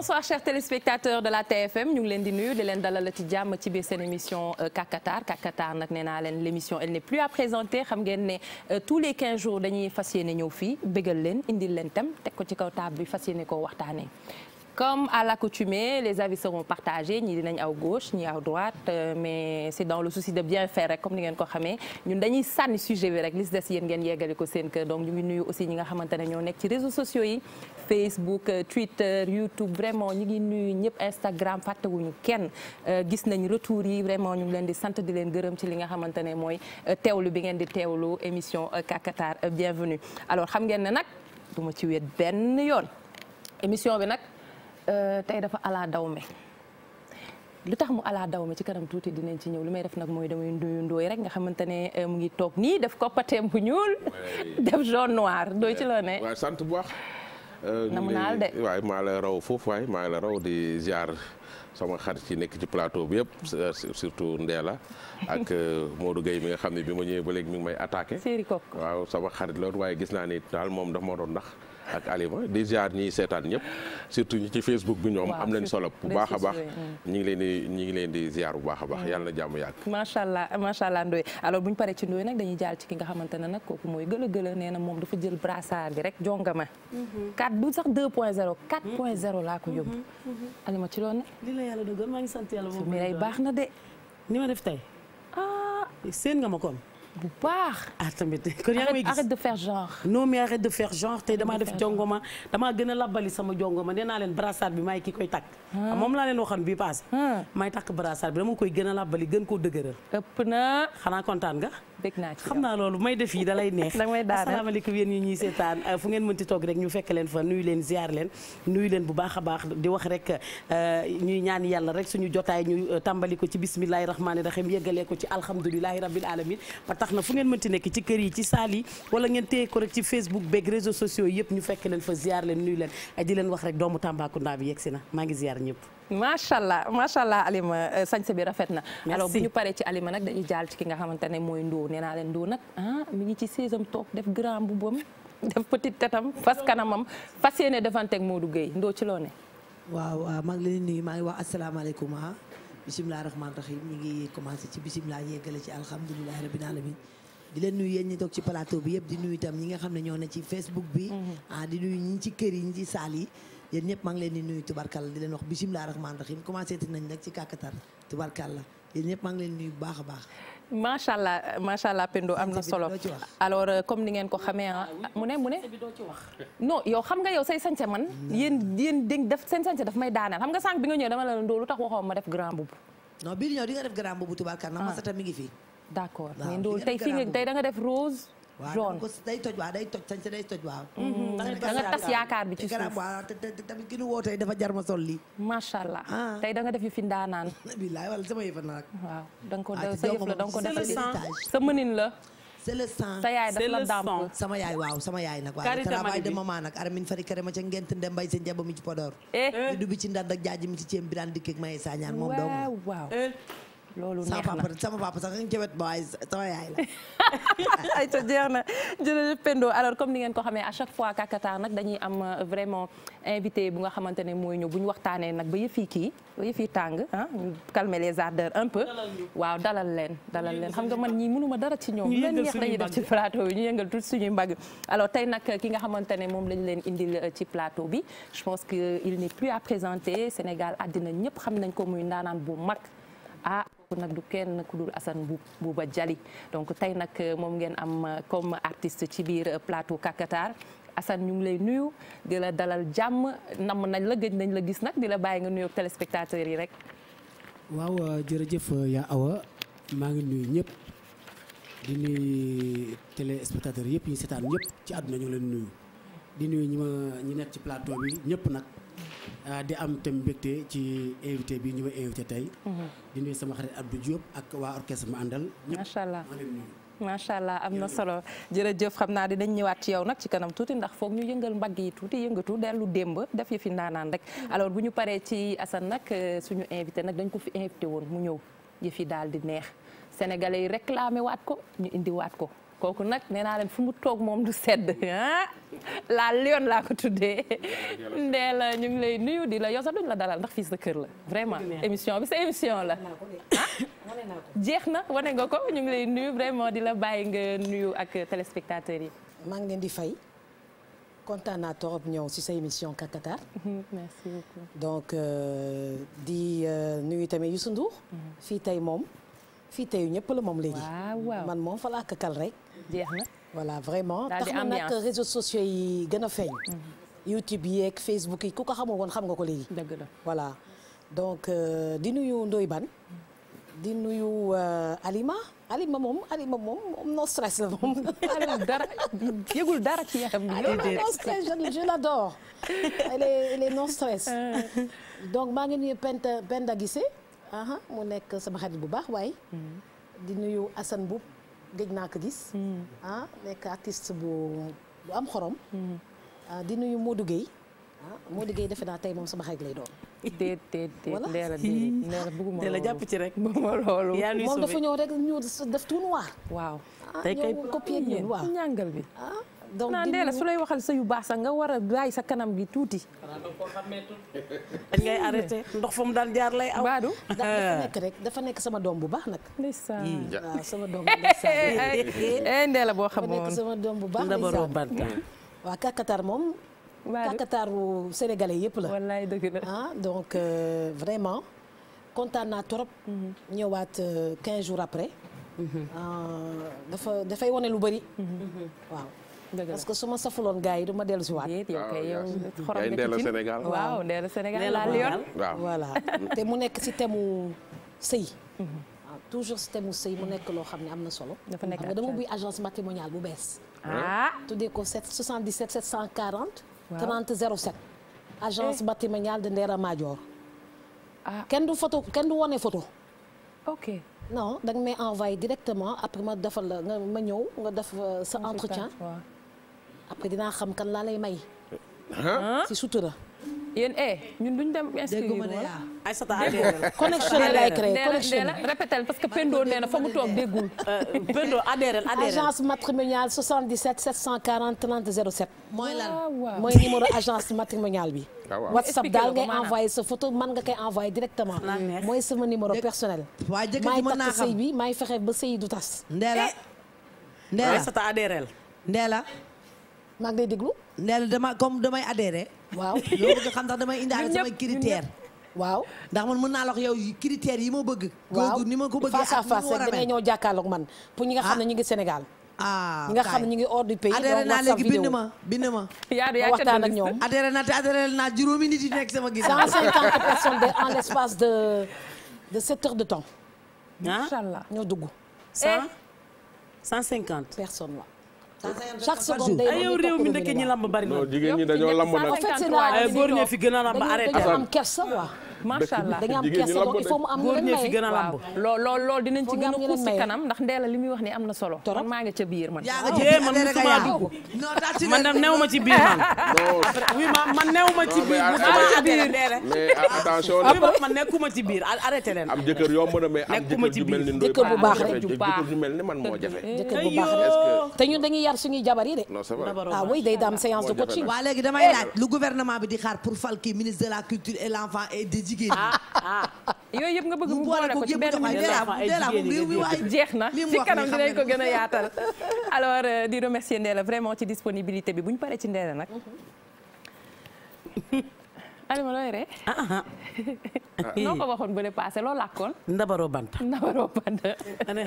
bonsoir chers téléspectateurs de la TFM ñu ngi leen di nuyu di leen dalal ci jàmm ci biir seen émission euh, Kakatar Kakatar nag nee naa leen l'émission elle n'est plus à présenter xam ngeen ne euh, tous les quinze jours dañuy fas yéene ñëw fii bégal leen indil leen thème teg ko ci kaw table bi fas yéene koo waxtaanee. comme à l'accoutumée les avis seront partagés ñi dinañ aw gauche ñi aw droite euh, mais c'est dans le souci de bien faire rek comme ni ngeen ko xamee ñun dañuy sànni sujet bi rek li si des yéen ngeen yeggale ko seen kër donc ñu ngi nuyu ñi nga xamante ne ñoo nekk ci réseaux sociaux yi Facebook euh, Twitter YouTube vraiment ñu ngi nuyu ñëpp Instagram fàttewuñu kenn euh, gis nañ retour yi vraiment ñu ngi leen di sant di leen gërëm ci li nga xamante ne mooy teewlu bi ngeen di teewlu émission Kakatar bienvenue alors xam ngeen ne nag du ci wet benn yoon émission bi nag Euh, tey dafa ala daw me lu tax mu ala daw me ci kanam tuuti dinañ ci ñëw li may def nag mooy damay ndoyu ndooy rek nga xamante ne euh, mu ngi toog nii def koppateem bu ñuul def jaune noir ci loo ne waaw sant bu baax euh, namu naal de waaye la raw foofu waaye maa la raw di ziar sama xarit yi nekk ci plateau bi yëpp surtout Ndéla ak Modou Gueye mi nga xam ne bi ma ñëwee ba léegi mi ngi may attaqué. Séri Kok waaw sama xarit la waaye gis naa ni daal moom daf moo doon ndax. ak Alima di jaar ñiy seetaan ñëpp surtout ñi ci Facebook bi ñoom am nañ solo bu baax a baax mm. ñi leen di ñi ngi leen di ziar bu baax a baax mm. yàlla na jàmm yàgg macha allah macha allah Ndoye alors bu ñu paree ci Ndoye nag dañuy jaal ci ki nga xamante ne nag kooku mooy gëla gëla nee na moom dafa jël brassard bi rek jongama 4 bu sax 2 point 0 4 mm-hmm. point 0 laa ko mm-hmm. yóbbu mm-hmm. Alima ci loolu ne li la yàlla dogal maa ngi sant yàlla moom lay baax na de ni ma def tey ah seen nga ma kon bu baax. ah tamit kon yaa ngi gis arrête de faire genre. non mais de faire genre te damaa def jongoma damaa gën a labbali sama jongoma nee naa leen brassard bi maay ki koy takk. Hmm. Ah, moom laa leen waxoon bii paase. Hmm. maay takk brassard bi dama koy gën a labbali gën koo dëgëral. ëpp na xanaa kontaan nga. bég naa ci xam naa loolu may def yi dalay neex asalaamaaleykum yéen ñi ñuy seetaan euh, fu ngeen mënti toog rek ñu fekk leen fa nuyu leen ziar leen nuyu leen bu baax a baax di wax rek euh, ñuy ñaan yàlla rek suñu jotaay ñu euh, tàmbali ko ci bismillahi rahmaani rahim yeggalee ko ci alhamdulilahi rabbil alamin ba tax na fu ngeen mënti nekk ci kër yi ci saal yi wala ngeen téye ko rek ci facebook beeg réseaux sociaux yëpp ñu fekk leen fa ziar leen nuyu leen di leen wax rek doomu Tambacounda bi yegg si na maa ngi ziar ñëpp macha allah macha allah Alima euh, sañse bi rafet na. alors bu ñu paree ci Alima nag dañuy jaal ci ki nga xamante ne mooy Ndo nee naa leen Ndo nag ah mi ngi ci saison toog def grand boubam def petit tetam fas kanamam fas yéene defanteeg Modou Gueye Ndo ci loo ne. waaw waaw maa ngi leen nuy maa ngi wax asalaamaaleykum ah bisimilah rahmaani rahiim ñu ngi commencé ci bisimilah yeggale ci alhamdulilah rabbil alamin di leen nuyu yéen ñi toog ci plateau bi yëpp di nuy tam ñi nga xam ne ñoo ne ci bi. Mm-hmm. ah di ci kër yi ñi ci saal yéen ñëpp maa ngi leen di nuyu tubarkalla di leen wax bisimilah rahmaani rahim commencé ti nañ nag ci kàkkatar tubarkalla yéen ñëpp maa ngi leen nuyu baax baax. macha allah macha am na solo alors euh, comme ni ngeen ko xamee ah. ah mu ne mu ne non yow xam nga yow say sañse man. yéen yéen dégg seen sañse daf may daaneel xam nga sànq bi nga ñëw dama la ndóol tax waxoon ma def grand boubou. non bii di ñëw di nga def grand boubou tubarkalla. ah masata mi ngi fi. d'accord mais ndóol tey jaune waaw day toj waaw day toj sañ si day toj waaw. da nga tas yaakaar bi ci suuf te tamit ki nu wootee dafa jar ma sol lii. macha allah tey da nga def yu fi ndaanaan. bilaay wala sama yëfa nag. waaw da nga ko sa yëf la da nga ko sa la. c'est le sang sa yaay daf la dàmp sama yaay waaw sama yaay nag waaw travail de maman nag aramin fari kare ma ca ngent nde mbay seen jaba mi ci Podor. du bi ci ndar ak jaaji mi ci ceeb bi daan dikk ak maye saa ñaan moom dong waaw loolu neex na sama papa sama yaay la. ayca jeex na jërëjëf Pendo alors comme ni ngeen ko xamee à chaque fois Kakatar nag dañuy am euh, vraiment invité bu nga xamante ne mooy ñëw bu waxtaanee nag ba yëf kii ba tàng ah ñu calmer waaw dalal leen dalal leen xam nga ñii mënuma dara ci ñoom. ñu yëngal suñuy def ci plateau bi ñu yëngal tout suñuy mbagg. alors tey nag ki nga xamante ne moom lañu leen indil euh, ci plateau bi je pense que il n'est plus à Sénégal àddina ñëpp xam nañ ko muy ndaanaan bu mag ah. kooku nag du kenn ku dul Assane Bouba Dialy donc tey nag euh, moom ngeen am euh, comme artiste ci biir euh, plateau Kakatar Assane ñu ngi lay nuyu di la dalal jàmm nam nañ la gëj nañ la gis nag di la bàyyi nga nuyoog téléspectateurs yi rek. waaw jërëjëf yaa Awa maa ngi nuyu ñëpp di nuyu téléspectateurs yëpp ñu seetaan ñëpp ci àdduna ñu leen nuyu di nuyu ñu ma ñi nekk ci plateau bi ñëpp nag. Euh, di am tam mbégte ci invité bi ñu ma invité tey. Mhm. di nuyu sama xarit Abdou Diop ak waa orchestre ma àndal. macha allah macha allah am na solo jërëjëf xam naa di dañ ñëwaat ci yow nag ci kanam tuuti ndax foog ñu yëngal mbagg yi tuuti yëngatu dellu démb def yëfi ndaanaan rek. Mhm. alors bu ñu paree ci Assane nag euh, suñu invité nag dañ ko fi invité woon mu ñëw yëfi daal di neex sénégalais yi réclamé waat ko ñu indi waat ko. kooku nag nee naa leen fu mu toog moom du sedd ah la lion laa ko tuddee ndee la ñu ngi lay nuyu di la yow sax duñ la dalal ndax fii sa kër la vraiment émission bi sa émission la ah, jeex na wane nga ko ñu ngi lay nuyu vraiment di la bàyyi nga nuyu ak téléspectateurs yi maa ngi leen di fay kontaan naa ñëw si sa émission Kakatar mhm, donc euh, di euh, nuyu tamit Youssou Ndour mhm. fii tey moom fii tey ñëpp la moom léegi man moom fa laa kakal rek jeex na voilà vraiment tax na nag réseaux sociaux yi gën a feeñ. Mhm. YouTube yi ak Facebook yi ku ko xamul woon xam nga ko léegi. dëgg la voilà donc euh, di nuyu Ndoye Bane di nuyu euh, Alima Alima moom Alima moom moom no stress la moom. alal dara yëgul dara ci yaram bi. Alima no stress je je l'adore. elle est elle est non stress. Euh. donc maa ngi nuyu Penda Penda Guissé. mu nekk sama xarit bu baax waaye. Mhm. di nuyu Assane Boub. géej naa ko gis. Hmm. ah nekk artiste bu bu am xorom. Hmm. Ah, di nuyu moo Guèye. moo Modou Guèye ah, defe tey moom sama xarit lay doon. déet déet déet leer a leer bëgguma loolu la jàpp ci rek bëgguma loolu. yaa ngi moom dafa ñëw rek ñu def tout noir. waaw ah, tey kay copier ñun waaw bi. donc Ndella su lay waxal sa yu baax sa nga war a bàyyi sa kanam gi tuuti. arrêté ndox fa mu daan jaar lay aw. baadu dafa nekk rek dafa sama doom bu baax nag. ndeysaan waaw sama doom bu eh, boo xamoon nekk sama doom bu baax ndeysaan. waa Kakatar moom. Kakataru sénégalais yëpp la. wallaay dëgg la ah donc euh, vraiment kontaan naa trop. Mhm. ñëwaat 15 euh, jours après. Mhm. Ah, dafa dafay wane lu bari. Mhm. parce que su ma safuloon gars yi du ma dellu si waat. xorom nga ci Sénégal waaw ndeelu Sénégal laa te mu nekk si temu sëy mhm. ah, toujours si temu sëy mu nekk loo xam ne am na solo. dafa nekk nga dama ubbi agence matrimoniale bu bees. ah, ah. tuddee ko 77 740. waaw 30 07. agence eh. matrimoniale de Ndera Madior. ah kenn du foto kenn du wone foto ok non da nga may envoyé directement après ma defal la nga ma ñëw nga def euh, sa entretien. après dinaa xam kan laa lay may. si sutura. yéen eh ñun duñ dem inscrire wala. Aïssata adhéré connexion lay créé connexion répétel parce que Pendo nee na fa mu toog déggul. Euh, Pendo adhéré adhéré agence matrimoniale 77 740 30 07. mooy lan mooy numéro agence matrimoniale bi. Ah, WhatsApp daal ngay envoyé sa photo man nga koy envoyé directement. mooy sama numéro personnel. waa jëkkër ji mën naa xam maay takk sëy fexe ba sëy du tas. Ndéla eh. Ndéla maa ngay déglu. nee dama comme damay adhéré. waaw loo bëgg xam ndax damay indaale samay critères. waaw ndax man mën naa la wax yow critères yi ma bëgg. waaw ni ma ko bëggee face à face rek dangay ñëw jàkkaarloog man pour ñi nga xam ne ah. ñu ngi Sénégal. ah ñi ñu ngi hors du pays. naa léegi bind ma bind ma. yaa yaa waxtaan ak ñoom. adhéré naa te adhéré naa juróomi nit yi nekk sama gis. 150 personnes de en espace de de 7 de temps. ah incha allah ñoo dugg. 100 150 eh. personnes waaw. chaque seconde réew mi ndekk ñi lamb bari na. non jigéen ñi dañoo lamb nag. en fait c'est la góor ñi fi gën a lamb arrêté am macha allah da nga am kersa donc il faut lool lool lool dinañ ci gën a xuus ci ndax ndeela li muy wax ni am na solo man maa ngi ca biir man man musuma dugg man new ma ci biir man man new ma ci biir musuma ci biir mais attention man nekkuma ci biir arrêté leen am jëkkër yomb na mais am jëkkër ju mel ni ndoy jëkkër bu baax rek ju man moo jafe jëkkër bu baax rek te ñun dañuy yar suñuy jabar yi de ah oui day daam séance de coaching waa léegi damay lu gouvernement bi di xaar pour fal ministre de la culture et l'enfant et jigéen ñi. Ah, ah. yooyu yëpp nga bëgg mu boole ko ci benn minute d'enfant ay jigéen ñi jeex na ci kanam dinañ ko gën a yaatal. alors euh, di remercier Ndella vraiment ci disponibilité bi bu ñu paree ci Ndella nag. Mhm. Alima looy ree. ah ah. ah. noo ko waxoon bële paase loo làkkoon. Ndabaro Banta. Ndabaro Banta. ma ne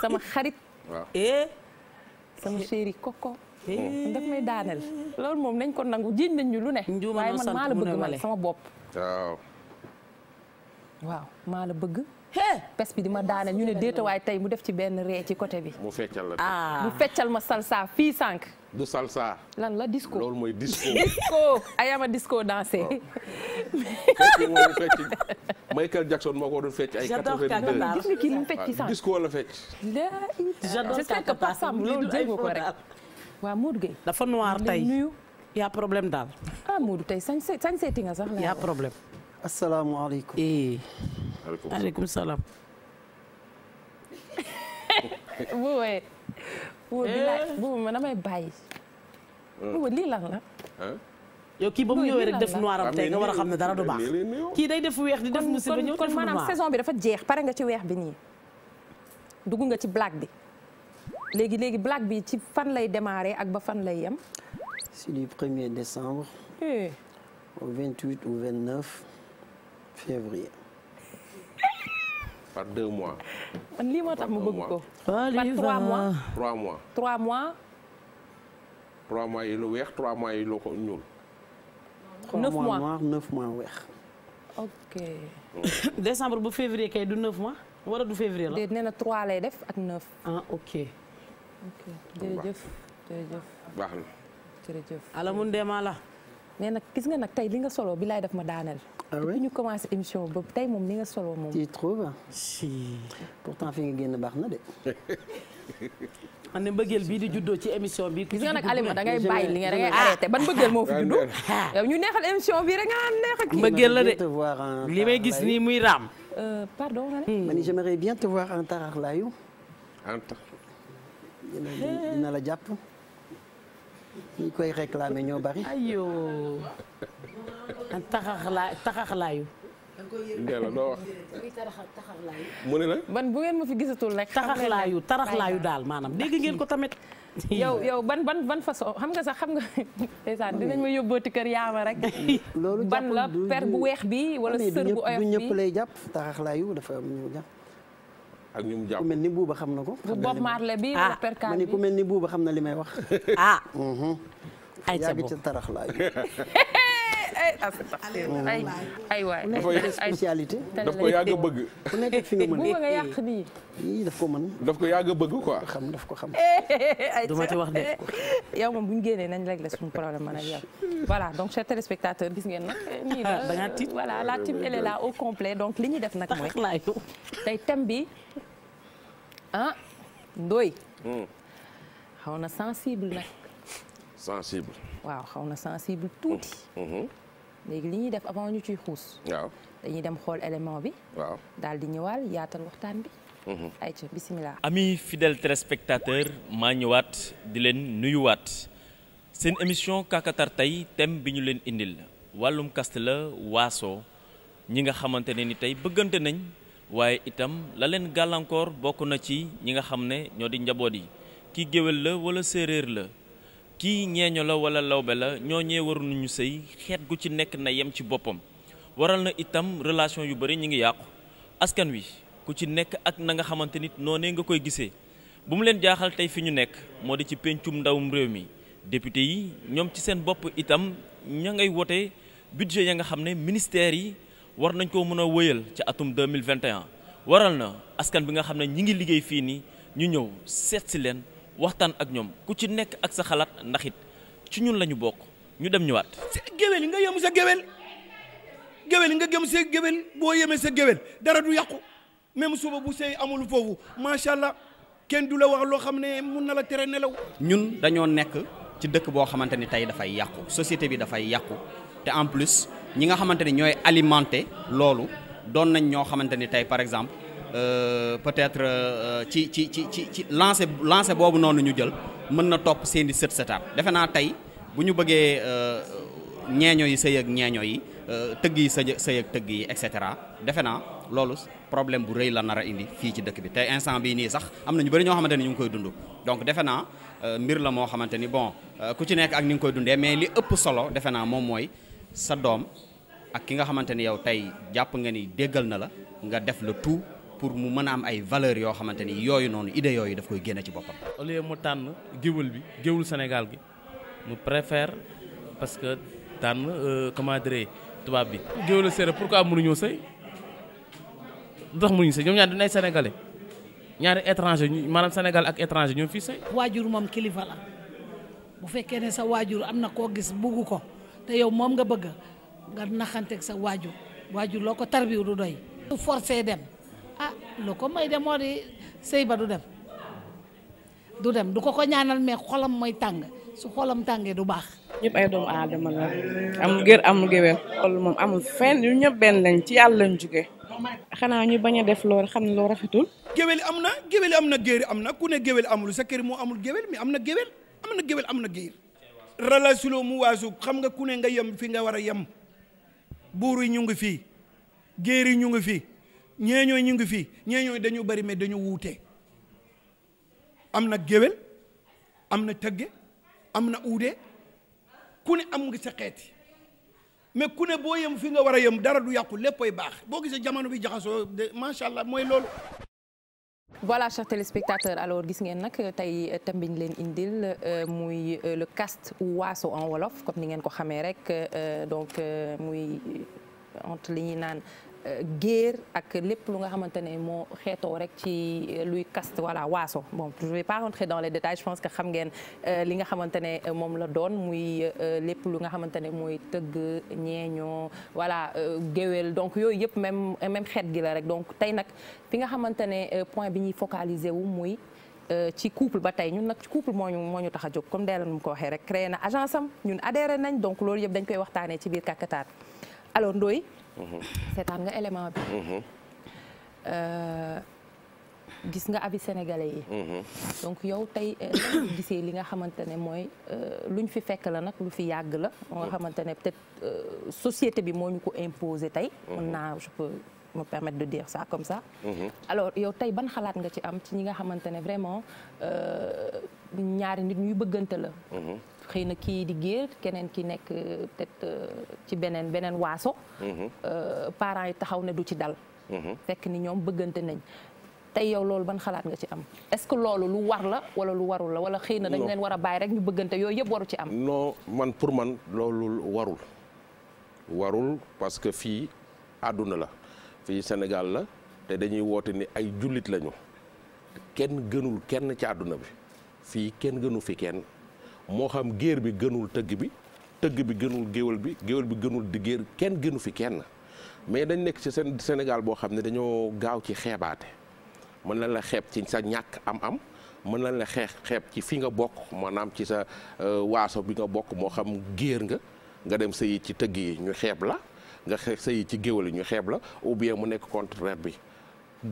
sama xarit. Eh? sama eh. chéri koko. Eh. daf may daaneel. loolu moom nañ ko nangu jiiñ nañ lu ne. waaye man maa la bëgg man sama bopp. waaw. waaw maa la bëgg. pes bi di ma daane ñu ne déetawaay tey mu def ci benn ree ci côté bi. mu feccal la ah. mu feccal ma salsa fii sànq. du salsa. lan la disco loolu mooy disco. disco ayama disco dansé. Michael Jackson moo ko doon fecc ay. quatre-vingt-deux gis nga mu fecc ci sànq. disco la fecc. j'adore quelque part loolu jéego ko rek. waa Modou Gueye dafa noir tey yaa problème daal. ah Modou tey sañ sañ seeti nga sax. y' a problème. asalaamualeykum. Eh. salaam. bu wee. bu wee bu ma damay bàyyi. Euh. bu lii lan la. yow kii ba mu ñëwee rek def noir am tey nga war a xam ne dara du baax. kii day def weex di def musiba ñëw kon maanaam saison bi dafa jeex pare nga ci weex bi nii. dugg nga ci black bi. léegi léegi black bi ci fan lay démarrer ak ba fan lay yem. C'est du 1er décembre oui. Eh. au 28 ou février. par deux mois. man lii tax ma bëgg ko. Ah, par trois mois trois mois. trois mois. lu weex trois mois yi lu ko ñuul. neuf mois neuf mois weex. ok. décembre bu février kay du neuf mois wala du février la. nee trois lay def ak neuf. ah ok. ok jërëjëf jërëjëf. baax na. jërëjëf alamun demaa la nee nag gis nga nag tey li nga solo bi laay daf ma daaneel ah depuis ñu commencé émission boobu tey moom li nga solo moom tu trouves si pourtant fi nga génn baax na de man ne mbëggeel bii di juddoo ci émission bi gis nga nag Alima da ngay bàyyi li nga da ngay arrêté ban mbëggeel moo fi juddu ah. yow ñu neexal émission bi rek nga naan neex ak mbëggeel la de li may gis nii muy raam euh, pardon nga ne hmm. man j'aimerais bien te voir en Taraxlaayu en Taraxlaayu dina la jàpp ñi koy réclamer ñoo bari. ayoo taxaxlaa taxaxlaayu. Ndella doo wax. mu ne la. ban bu ngeen ma fi gisatul rek. taxaxlaayu taraxlaayu daal maanaam dégg ngeen ko tamit. yow yow ban ban ban façon xam nga sax xam nga. ndeysaan dinañ ma yóbbooti kër yaama rek. loolu ban la per bu weex bi wala sër bu oyof bi lay jàpp taxaxlaayu dafa am ñu jàpp. ak ñu mu jàpp ku mel ni buuba xam na ko. bu Bob Marley bi ah ma ni ku mel ni buuba xam na li may wax. ah. Mm-hmm. ay ca boobu yaa ngi ci tarax laay. Ah, mm-hmm. ay ay waay ay spécialité. daf ko yàgg a bëgg. ku nekk fi nga mën buuba nga yàq nii. yii daf ko mën. daf ko yàgg a bëgg quoi. xam daf ko xam. Eh, eh, eh, du ma ci wax de. yow moom bu ñu génnee nañ régler suñu problème man ak yow. voilà donc chers téléspectateurs gis ngeen nag. nii la da ngaa tiit voilà la team elle est là au complet donc li ñuy def nag mooy. tey thème bi. ah hmm. xaw na sensible nag. sensible. waaw xaw na sensible tuuti. Hmm. Hmm. léegi li ñuy def avant ñu ciy xuus. dañuy dem xool élément bi. waaw daal di ñëwaal yaatal waxtaan bi. ayca bisimilah. amis fidèles téléspectateurs maa ñëwaat di leen nuyuwaat seen émission Kakatar tey thème bi ñu leen indil wàllum kast la waaso ñi nga xamante ne ni tey bëggante nañ. waaye itam la leen gàllankoor bokk na ci ñi nga xam ne ñoo di njaboot yi kii géwél la wala séeréer la kii ñeeño la wala lawbe la ñoo ñee waruñu nañu sëy xeet gu ci nekk na yem ci boppam waral na itam relation yu bëri ñu ngi yàqu askan wi ku ci nekk ak na nga xamante nit noonee nga koy gisee bu mu leen jaaxal tey fi ñu nekk moo di ci péncum ndawum réew mi député yi ñoom ci seen bopp itam ña ngay wote budget ya nga xam ne ministère yi war nañ koo mën a wëyal ci atum 2021 waral na askan bi nga xam ne ñi ngi liggéey fii nii ñu ñëw seet si leen waxtaan ak ñoom ku ci nekk ak sa xalaat ndax it ci ñun la ñu bokk ñu dem ñëwaat. géwél yi nga yem sa géwél géwél yi nga gëm sa géwél boo yemee sa géwél dara du yàqu même suba bu sëy amul foofu macha allah kenn du la wax loo xam ne mun na la tere nelaw. ñun dañoo nekk ci dëkk boo xamante ni tey dafay yàqu société bi dafay yàqu te en plus. ñi nga xamante ni ñooy alimenter loolu doon nañ ñoo xamante ni tey par exemple euh, peut-être euh, ci ci ci ci ci lancé lancé boobu noonu ñu jël mën na topp seen i sët sëtaat defe naa tey bu ñu bëggee euh, ñeeño yi sëy ak ñeeño yi tëgg yi sëy sëy tëgg yi et cetera defe naa loolu problème bu rëy la nara a indi fii ci dëkk bi tey instant bii nii sax am na ñu bëri ñoo xamante ni ñu ngi koy dund donc defe naa mbir la moo xamante ni bon ku ci nekk ak ni ngi koy dundee mais li ëpp solo defe naa moom mooy sa doom ak ki nga xamante ni yow tey jàpp nga ni déggal na la nga def la tout pour mu mën a am ay valeurs yoo xamante ni yooyu noonu idées yooyu daf koy génne ci boppam. au lieu mu tànn géwël bi géwël Sénégal gi mu préfère parce que tànn euh, comment dire tubaab bi. géwël séeréer pourquoi mënuñoo sëy lu tax mënuñu sëy ñoom ñaar dañu ay sénégalais ñaari étranger maanaam Sénégal ak étranger ñoom fii sëy. waajur moom kilifa la bu fekkee ne sa waajur am na koo gis bugg ko. te yow moom nga bëgg nga naxanteeg sa waajur waajur loo ko tarbiw du doy. su forcé dem ah loo ko may dem moo di sëy ba du dem du dem du ko ko ñaanal mee xolam mooy tàng su xolam tàngee du baax. ñëpp ay doomu aadama la amul gér amul géwél loolu moom amul fenn ñu ñëpp benn lañ ci yàlla lañ jóge xanaa ñu bañ a def loolu xam ne loo rafetul. géwél am na géwél am na géer am na ku ne géwél amul sa kër moo amul géwél am na géwél am na géwél am na géer ralasuloo mu waasu xam nga ku ne nga yem fi nga war a yem buur yi ñu ngi fii géer yi ñu ngi fii ñeeñooy ñu ngi fii ñeeñooy dañu bari mais dañu wuute am na géwél am na tëgge am na uude ku ne am nga sa xeeti mais ku ne boo yem fi nga war a yem dara du yàqu léppay baax boo gisee jamono bi jaxasoo de macha allah mooy loolu voilà chers téléspectateurs alors gis ngeen nag tey thème bi leen indil euh, muy euh, le caste ou waaso en wolof comme ni ngeen ko xamee rek euh, donc muy entre li ñuy naan géer ak lépp lu nga xamante ne moo xeetoo rek ci luy caste voilà waaso bon je vais pas rentrer dans les détails je xam ngeen euh, li nga xamante ne moom la doon muy euh, lépp lu nga xamante ne mooy tëgg ñeeñoo voilà euh, géwél donc yooyu yëpp même même xeet gi la rek donc tey nag fi nga xamante ne point bi ñuy focaliser wu muy ci couple ba tey ñun nag ci couple moo ñu moo ñu tax a jóg comme deelan mu ko waxee rek créé na agence am ñun adhéré nañ donc loolu yëpp dañ koy waxtaanee ci biir kàkataar alors Ndoye seetaan nga élément bi. Mhm. Euh, gis nga abi sénégalais yi. Mhm. donc yow tey euh, gisee li nga xamante ne mooy euh, ñu fi fekk la nag lu fi yàgg la. Mhm. nga xamante ne peut-être société bi moo ñu ko imposer tey. mën naa je peux me permettre de dire ça comme ça. alors yow tey ban xalaat nga ci am ci ñi nga xamante ne vraiment ñaari nit ñuy bëggante la. xëy na kii di géer keneen ki nekk euh, peut euh, ci beneen beneen waaso. Mhm. Euh, parent yi taxaw ne du ci dal. Mhm. fekk ni ñoom bëggante nañ. tey yow loolu ban xalaat nga ci am est-ce que loolu lu war la wala lu warul la wala xëy na dañ leen war a bàyyi rek ñu bëggante yooyu yëpp waru ci am. non man pour man loolu warul warul parce que fii àdduna la fii senegal la te dañuy woote ni ay jullit lañu kenn gënul kenn ci àdduna bi fii kenn gënu fi kenn. moo xam géer bi gënul tëgg bi tëgg bi gënul géwél bi géwél bi gënul di géer kenn gënu fi kenn mais dañ nekk ci seen Sénégal boo xam ne dañoo gaaw ci xeebaate mën na la xeeb ci sa ñàkk am-am mën nañ la xeex xeeb ci fi nga bokk maanaam ci sa euh, waaso bi nga bokk moo xam géer nga nga dem sëyi ci tëgg yi ñu xeeb la nga sëyi ci géwél yi ñu xeeb la ou bien mu nekk contraire bi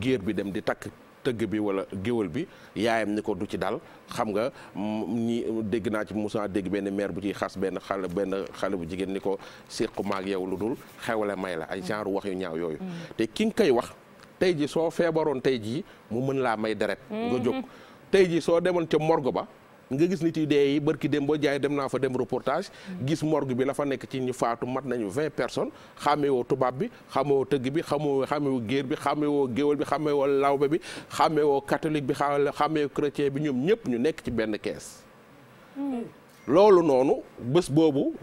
géer bi dem di takk tëgg bi wala géwal bi yaayam ni ko du ci dal xam nga mm, ñi dégg naa ci musaa dégg benn maire bu ciy xas benn xale benn xale bu jigéen ni ko séqu maag yow lu dul xewale may la ay mm. genre wax yu ñaaw yooyu mm. te ki nga koy wax tey ji soo feebaroon tey jii mu mën laa may deret nga jóg tey ji soo demoon ca morgue ba nga gis nit yi de yi barki dem boo jaay dem naa fa dem reportage mm. gis morgue bi la fa nekk ci ñu faatu mat nañu vingt personnes xàmmewoo tubaab bi xàmmewoo tëgg bi xàmmewoo xàmmewoo géer bi xàmmewoo géwél bi xàmmewoo lawbe bi xàmmewoo catholique bi xàmmewoo chrétien bi ñoom ñëpp ñu nekk ci benn kees mm. loolu noonu bés boobu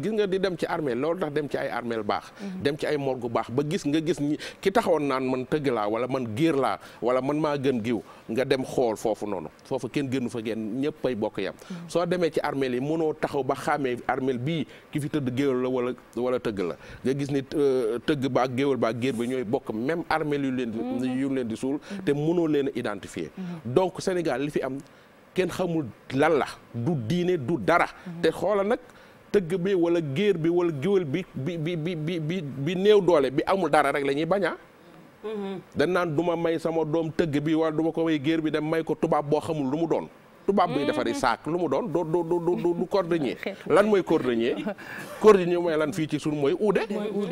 gis nga di dem ci armée loolu tax dem ci ay armée baax mhm. dem ci ay morgue baax ba gis nga gis ñi ki taxawoon naan man tëgg laa wala man géer laa wala man maa gën giw nga dem xool foofu noonu foofu kenn gënu fa genn ñëpp ay bokk yam mhm. soo demee ci armeel yi mënoo taxaw ba xàmmee armeel bii ki fi tëdd géwél la wala wala tëgg la nga gis ni euh, tëgg ba ak géwél ba géer bi ñooy bokk même armée yu leen di mhm. leen di suul te mënoo leen a identifier donc Sénégal kenn xamul lan la du diine du dara mm-hmm. te xoolal nag tëgg bi wala géer bi wala géwél bi bi bi bi bi néew doole bi amul dara rek la ñuy bañaa mm-hmm. dañ naan du ma may sama doom tëgg bi wala duma ko may géer bi dem may ko tubaab boo xamul lu mu doon tubaab buy defari mhm. saak lu mu doon do do do du cordonnier lan mooy cordonnier cordonnier mooy lan fii ci suñu mooy uude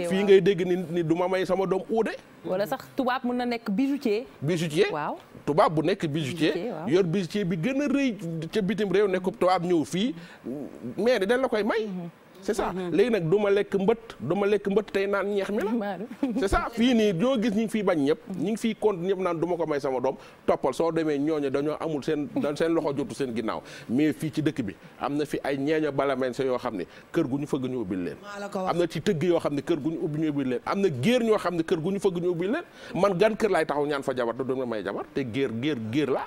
fii ngay dégg ni ni du may sama doom uude wala sax tubaab mën na nekk bijoutier bijoutier waaw tubaab bu nekk bijoutier yor bijoutier bi gën a rëy ca bitim réew nekkub tubaab ñëw fii mais dañ la koy may mhm. c'est ça mm-hmm. léegi nag du ma lekk mbët du ma lekk mbët tey naan ñeex mi la c'est ça fii nii ñoo gis ñi fii bañ ñëpp ñi ngi fiy compte ñëpp naan du ma ko may sama doom toppal soo demee ñooñu dañoo amul seen seen loxo jotu seen ginnaaw mais fii ci dëkk bi am na fi ay ñeeño balameen yoo xam ne kër gu ñu fëgg ñu ubbil leen am na ci tëgg yoo xam ne kër gu ñu ubbi ñu ubbil leen am na géer ñoo xam ne kër gu ñu fëgg ñu ubbil leen man gan laay taxaw ñaan fa jabar da may jabar te géer géer géer laa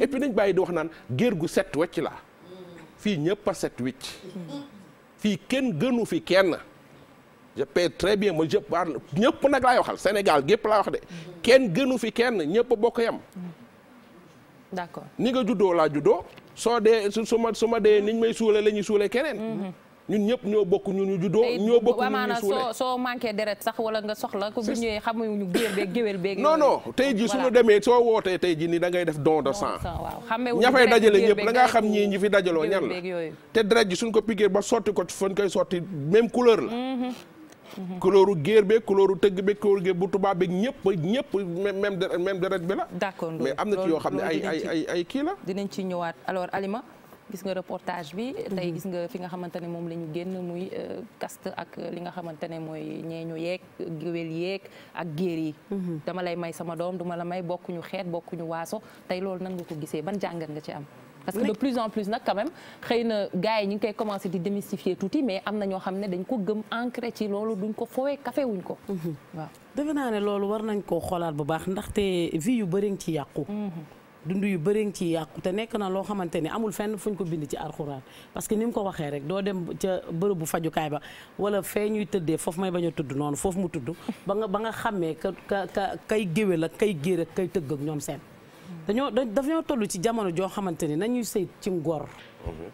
et puis nañ bàyyi di wax naan géer gu set wecc laa mm. fii ñëpp a set wecc mm. fii kenn gënu fi kenn je paie très bien ma je parle ñëpp nag laay waxal Sénégal gépp laa wax de kenn gënu fi kenn ñëpp bokk yam d'accord ni nga juddoo laa juddoo soo dee su ma su ma dee niñ may suule la ñuy suule keneen mhm. ñun ñëpp ñoo bokk ñun ñu juddoo ñoo bokk ñun ñu suulee soo manqué deret sax wala nga soxla ko bu ñëwee xamuñu géer beeg géwél beeg non non tey ji suñu demee soo wootee tey ji nii da ngay def don de sang ña fay dajale ñëpp da ngaa xam ñii ñi fi dajaloo ñan la te deret ji suñ ko piqué ba sotti ko ci fan koy sotti même couleur la kulóoru mm-hmm. mm-hmm. géer beeg kulóoru tëgg beeg kulóoru géer bu tubaab beeg ñëpp ñëpp même même deret bi la d'accord mais am na yoo xam ne ay ay ay kii la dinañ ci ñëwaat alors Alima gis nga reportage bi mhm. tey gis nga fi nga xamante ne moom la ñu génn muy kaste euh, ak li nga xamante ne mooy ñeeñu yeeg géwél yeeg ak géer yi mhm. dama lay may sama doom duma la may bokkuñu xeet bokkuñu waaso tey loolu nan nga ko gisee ban jàngat nga ci am parce que de plus en plus nag quand même xëy na gars yi ñu ngi koy commencé di démystifier tuuti mais am na ñoo xam ne dañ ko gëm ancré ci loolu duñ ko foowee café wuñ ko mhm. waaw defe naa ne loolu war nañ koo xoolaat dund yu bëri nga ciy yàqu te nekk na loo xamante ni amul fenn fuñ ko bind ci alxuraan parce que ni mu ko waxee rek doo dem ca bu fajukaay ba wala fee ñuy tëddee foofu may bañ a tudd noonu foofu mu tudd ba nga ba nga xàmmee ka kay géwél ak kay géer kay tëgg ak ñoom seen dañoo dañoo toll ci jamono joo xamante ni nañuy sëy ci ngor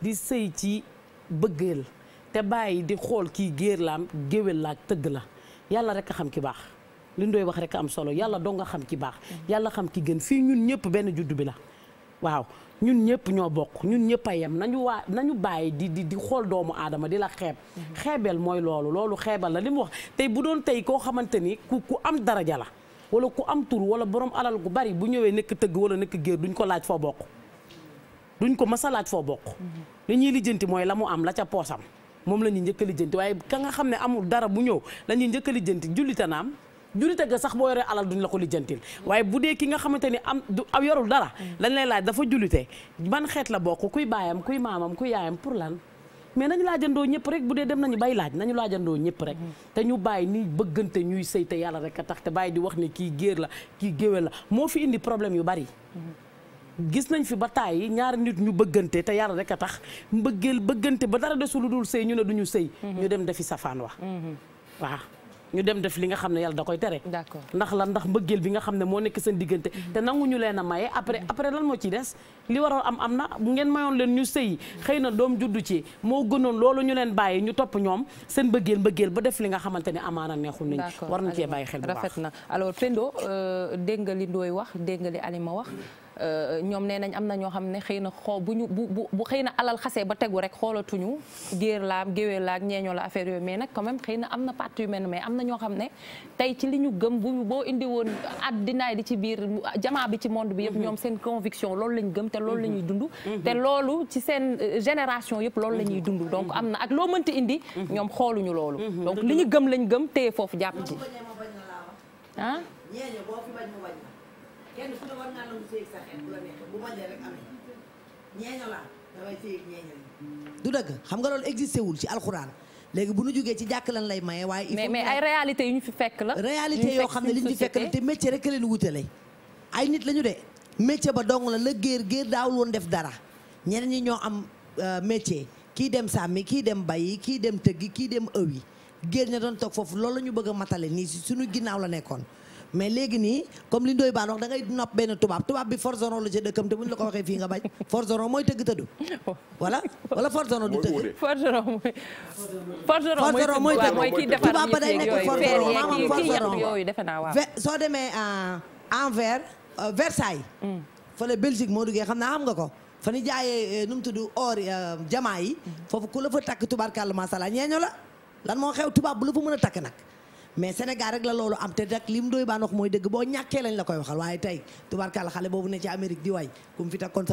di sëy ci bëggeel te bàyyi di xool kii géer laam géwél la ak tëgg la yàlla rek a xam ki baax li ndoy wax rek am solo yàlla doo nga xam ki baax yàlla xam ki gën fii ñun ñëpp benn juddu bi la waaw ñun ñëpp ñoo bokk ñun ñëpp a yem nañu waa nañu bàyyi di di di xool doomu aadama di la xeeb mm-hmm. xeebeel mooy loolu loolu xeebal la li mu wax tey bu doon tey koo xamante ni ku ku am daraja la wala ku am tur wala borom alal gu bari bu ñëwee nekk tëgg wala nekk géer duñ ko laaj foo bokk duñ ko mës laaj foo bokk mm-hmm. li ñuy lijjanti mooy la mu am la ca poosam moom la ñuy njëkk lijjanti waaye ka nga xam ne amul dara bu ñëw la ñuy njëkk lijjanti jullitanaam julite ga sax boo yoree alal duñ la ko lijjantil waaye bu dee ki nga xamante ni am du am yorul dara lañ lay laaj dafa jullite ban xeet la bokk kuy baayam kuy maamam kuy yaayam pour lan mais nañu laajandoo ñëpp rek bu dee dem nañu bay laaj nañu laajandoo ñëpp rek te ñu bàyyi ni bëggante ñuy sëy te yàlla rek a tax te bàyyi di wax ne kii géer la kii géwél la moo fi indi problème yu bari gis nañ fi ba tàyyi ñaari nit ñu bëggante te yàlla rek a tax mbëggeel bëggante ba dara desul lu dul sëy ñu ne duñu sëy ñu dem defi safaan wa mhm. ñu dem def li nga xam ne yàlla da koy tere ndax lan ndax mbëggeel bi nga xam ne moo nekk seen diggante mm-hmm. te nanguñu leen a maye après mm-hmm. après lan moo ci des li waroon am am na bu ngeen mayoon leen ñu sëy xëy na doom juddu ci moo gënoon loolu ñu leen bàyyi ñu topp ñoom seen mbëggeel mbëggeel ba def li nga xamante ne amaana neexul nañ war nañ cee bàyyi xel bu baax rafet na alors Pendo euh, dégg nga li Ndoye wax dégg nga li Alima wax Euh, ñoom nee nañ am na ñoo xam ne xëy na xoo bu ñu bu bu xëy na alal xasee ba tegu rek xoolatuñu géer laa géwél laa ak ñeeñoo la affaire yooyu mais nag quand xëy na am na partie yu mel ne mais am na ñoo xam ne tey ci li ñu gëm bu boo indi woon addinaay di ci biir jamaa bi ci monde bi yëpp mhm. ñoom seen conviction loolu lañ gëm te loolu la ñuy mhm. dund mhm. te loolu ci seen euh, génération yëpp loolu la ñuy dund donc am na ak loo mënti indi ñoom xooluñu loolu donc li ñu gëm lañ gëm téye foofu jàpp ci du dëgg xam nga loolu existé wul ci alxuraan léegi bu nu jugee ci jàkk lan lay maye waaye il faut mais ay réalité yu fi fekk la réalité yoo xam ne li ñu fekk la te métier rek leen wutale ay nit la ñu de métier ba dong la la géer géer daawul woon def dara ñeneen ñi ñoo am euh, métier kii dem sàmmi kii dem bayi kii dem tëggi kii dem ëwi géer ña doon toog foofu loolu la ñu bëgg a matale nii si suñu ginnaaw la nekkoon mais léegi nii comme li Ndoye Bane wax da ngay nopp benn tubaab tubaab bi forgeron la ci dëkkam te bu ñu la ko waxee fii nga bañ forgeron mooy tëgg tëddu voilà wala forgeron du tëgg forgeron mooy forgeron mooy tëgg tubaab ba day nekk forgeron maamam forgeron soo demee envers euh, euh, Versailles mm. fële Belgique moo duggee xam naa xam nga ko fa ñu jaayee euh, nu mu tudd or jamaa yi mm. foofu ku la fa takk tubaarkàlla masala ñeeño la lan moo xew tubaab bu la fa mën a takk nag mais Sénégal rek la loolu am te rek lim doy baan wax mooy dëgg boo ñàkkee lañ la koy waxal waaye tey tubarkalla xale boobu ne ci Amérique di way kum fi takkoon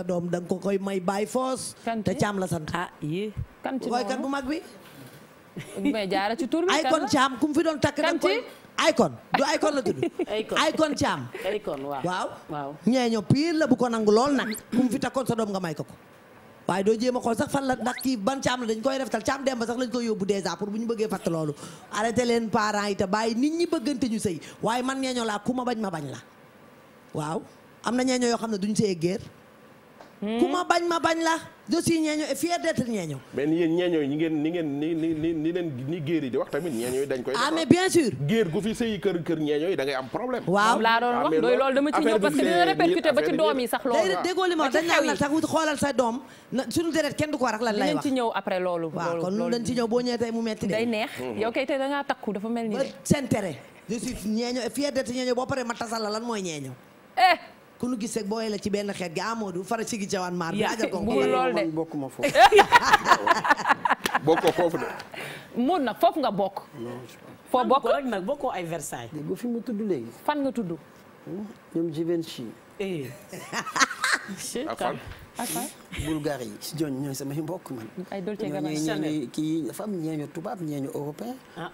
koy may bàyyi foos. te caam la sant. ah yii kan ci woykat mag bi. mais jaara ci tur bi ay kon caam fi doon takk da koy Akon du Akon la tudd. Akon Akon Thiam. Akon waaw waaw. ñeeño pire la bu ko nangu lool nag. ku fi takkoon sa doom nga may ko ko. waaye doo jéem a xool sax fan la ndax kii ban caam la dañ koy reftal caam dem ba sax lañ koy yóbbu dèjà pour bu ñu bëggee fatt loolu arrêté leen parents yi te bàyyi nit ñi bëggante ñu sëy waaye man ñeeñoo laa ku ma bañ ma bañ la waaw am na ñeeñoo yoo xam ne duñ sëy géer Hmm? ku ma bañ ma bañ la je suis ñeeño et fier d'être ñeeño mais ni yéen ñeeño ñi ngeen ni ngeen ni ni géer yi di wax tamit ñeeño yi dañ koy ah mais bien sûr géer gu fi sëyi kër kër ñeeño yi da ngay am problème waaw laa doon wax ah, doy loolu dama ci ñëw parce que dina répercuté ba ci doom loolu déggoo sa doom suñu deret kenn du ko lan lay wax ci ñëw après loolu waaw kon dañ ci ñëw boo ñëwee tey mu metti de day neex mhm. yow kay tey da ngaa takku dafa mel ni seen tere je suis ñeeño et fier d'être ñeeño boo paree ma tasal la lan mooy ñeeño eh ku nu gisee booy la ci benn xeet gi du fara ci gi jawaan maar. yaa bu lool de bokkuma foofu. bokkoo foofu de. mun nag foofu nga bokk. foo bokk rek nag bokkoo ay Versailles. dégg fi mu tudd léegi. fan nga tudd. Hmm? ñoom Givenchy. Eh. afal afal. Bulgarie si jooju ñooy samay mbokk man. ay Dolce Gabbana ñooñu ñooñu kii dafa am ñeeñu tubaab ñeeñu européen. ah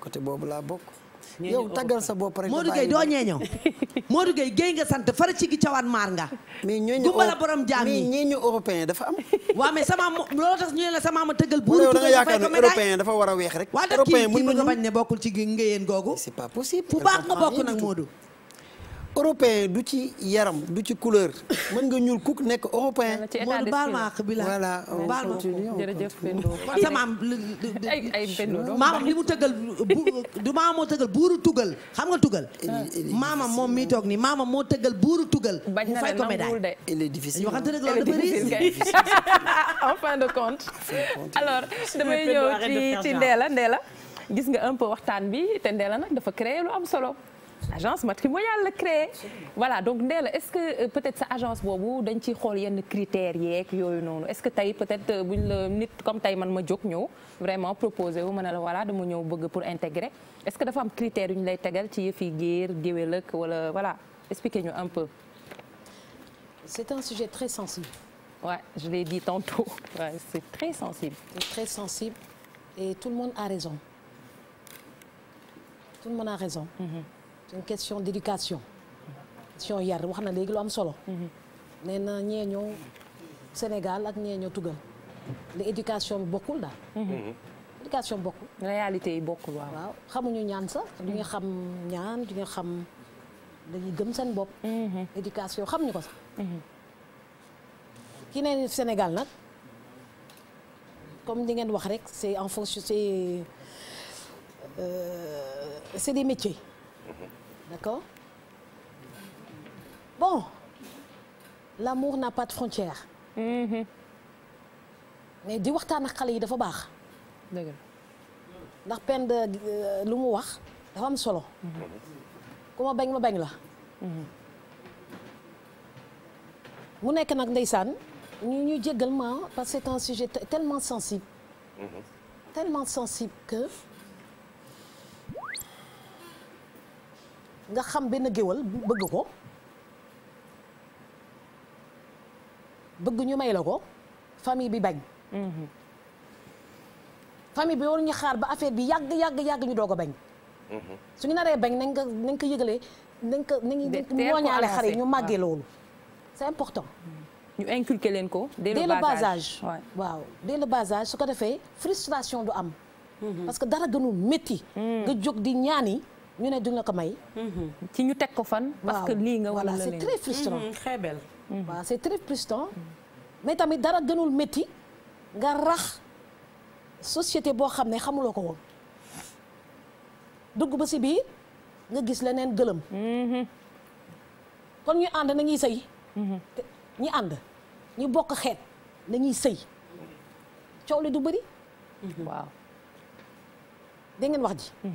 côté boobu laa bokk. yow taggal sa bopp rek. Modou Gueye doo ñeeñoo Modou Gueye Gueye nga sant far ci gi cawaan maar nga. mais ñooñu borom jaam yi mais ñooñu européen dafa am. waaw mais sama loolu tax ñu ne la sama ma tëggal. buuru tuuti dafay ko mel européen dafa war a weex rek. européen mën nañu waaw kii kii bëgg a bañ ne bokkul ci ngéyeen googu. c'est pas possible. bu baax nga bokk nag Modou. européen du ci yaram du ci couleur mën nga ñuul kuk nekk européen. moom baal ma àq bi la ay ay Pendo maamam li mu tëggal du maamam moo tëggal buuru tugal xam nga tugal. maamam moom mi toog nii maamam moo tëggal buuru tugal. bañ na la nanguwul de il est difficile damay ñëw ci ci Ndéla gis nga un peu waxtaan bi te Ndéla nag dafa créer lu am solo. agence matrimoniale la créé voilà donc Ndella est-ce que euh, peut-être sa agence boobu dañ ciy xool yenn critères yeeg yooyu noonu est-ce que tey peut-être euh, buñ la nit comme tey man ma jóg ñëw vraiment proposé wu ma ne la voilà dama ñëw bëgg pour intégrer est-ce que dafa am critères yu ñu lay tegal ci yëf yi géer géwél ak wala voilà expliquez ñu un peu. c'est un sujet très sensible. ouais je l'ai dit tantôt ouais c'est très sensible. c'est très sensible et tout le monde a raison tout le monde a raison. Mm-hmm. une question d'éducation question yar wax na léegi lu am solo mhm. nee na ñee ñoo Sénégal ak ñee ñoo tugal li éducation bokkul daal mhm. Mhm. éducation bokkul réalité yi bokkul waaw xamuñu ñaan sax du nga xam ñaan du nga xam dañuy gëm seen bopp éducation xam ñu ko sax ki ne Sénégal nag comme li ngeen wax rek c'est en fonction c'est euh, c'est des D'accord Bon, l'amour n'a pas de frontières. Mm-hmm. mais di waxtaan ak xale yi dafa baax. dëgg la ndax pend euh, lu mu wax dafa am solo. Mm-hmm. ku ma bañ ma bañ la. Mm-hmm. mu nekk nag ndeysaan ñu ñuy jéggal ma parce que c'est un sujet tellement sensible. tellement sensible que. nga xam benn géwal bëgg ko bëgg ñu may la ko famille bi bañ mhm. famille bi war ñu xaar ba affaire bi yàgg yàgg yàgg ñu doog a bañ mhm. suñu naree bañ nañ ko nañ ko yëgalee nañ ko nañ mooñaale xale ñu màggee loolu c'est important mhm. ñu inculquer leen ko dès le bas âge waaw dès le su ko defee frustration du am parce que dara gënul métti nga jóg di ñaani ñu ne duñ la ko may. Mhm. ci ñu teg ko fan. parce que lii nga wala c'est très frustrant. xeebel. Mhm, waaw mhm. c'est très frustrant. mais tamit dara gënul métti nga rax société boo xam ne xamuloo ko woon dugg ba si biir nga gis leneen gëlëm. kon ñu ànd nañuy sëy. ñi ànd ñu bokk xeet nañuy sëy coow li du bëri. waaw ngeen wax ji.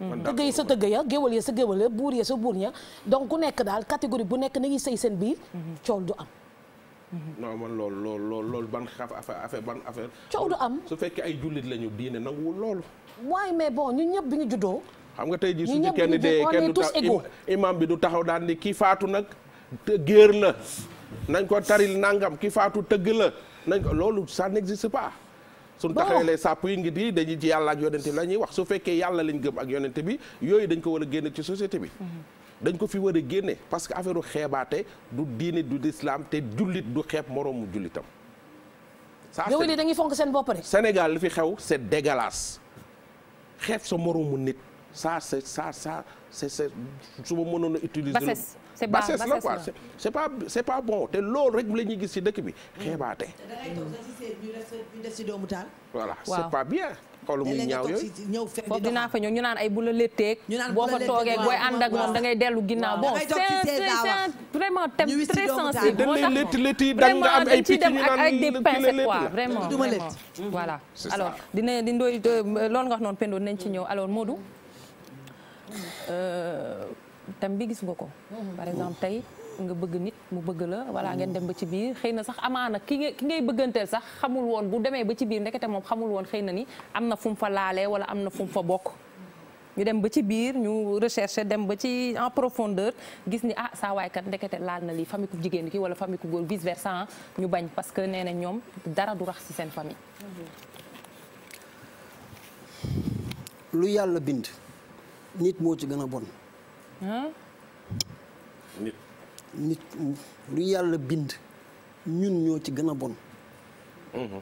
Mm. tëgg yi sa tëgg ya géwal ya sa géwal ya buur ya sa buur ya donc ku nekk daal catégorie bu nekk nañuy sëy seen biir mm-hmm. coow du am mm-hmm. non man loolu loolu ban loolu ban affaire ban affaire coow du am su fekkee ay jullit lañu diine nanguwul loolu waaye mais bon ñu ñëpp bi ñu juddoo xam nga tey jii suñu kenn dee kenn du tax imam bi du taxaw daan ni kii faatu nag géer la nañ ko taril nangam kii faatu tëgg la nañ ko loolu ça n'existe pas suñ taxawelee sàpp yi ngi di dañuy ci yàlla ak yonente bi la ñuy wax su fekkee yàlla lañ gëm ak yonente bi yooyu dañ ko war a génne ci société bi mm-hmm. dañ ko fi war a génne parce que affaire u xeebaate du diine du lislaam te jullit du xeeb moroomu jullitam ça yow dañuy fonk seen bopp de Sénégal li fi xew c'est dégueulasse xeeb sa moroomu nit ça c'est ça ça c'est c'est su ma mënoon a utiliser c'est bassesse la quoi c'est pas c'est pas bon te loolu rek la ñuy gis ci dëkk bi xeebaate. voilà c'est pas bien. xool muy ñaaw yooyu foofu dinaa fa ñëw ñu naan ay bu la létteeg boo fa toogee booy ànd ak moom da dellu ginnaaw bon c'est vraiment thème très sensible moo tax létt létt yi da nga am ay picc ñu naan avec des pincettes quoi vraiment mm-hmm. voilà alors dina di ndooy loolu nga wax noonu Pendo nañ ci ñëw alors Modou euh, thème bi gis nga ko. Mhm. par exemple tey nga bëgg nit mu bëgg la walla mhm. ngeen dem ba ci biir xëy na sax amaana ki ngay ki ngay bëgganteel sax xamul woon bu demee ba ci biir ndekete moom xamul woon xëy na ni am na fu mu fa laale walla am na fu mu fa bokk. ñu dem ba ci biir ñu recherche dem ba ci en profondeur gis ni ah saa waay kat ndekete laal na lii famille ku jigéen ki wala famille ku góor vice versa ñu bañ parce que nee ñoom dara du rax ci seen famille. lu yàlla bind. nit moo gën a bon. nit lu yàlla bind ñun ñoo ci gën a bon mhm.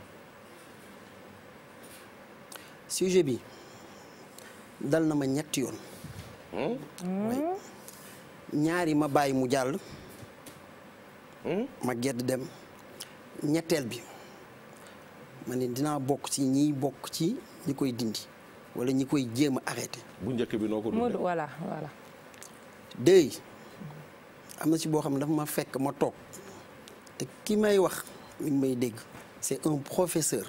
sujet bi dal na ma ñetti yoon hmm? ñaari ma bàyyi mu jàll hmm? ma gedd dem ñetteel bi ma ne dinaa bokk ci ñiy bokk ci ñi koy dindi wala ñi koy jéem a arrêté bu njëkk bi noo ko dundee voilà voilà déy am na si boo xam ne dafa ma fekk ma toog te ki may wax mi may dégg c'est un professeur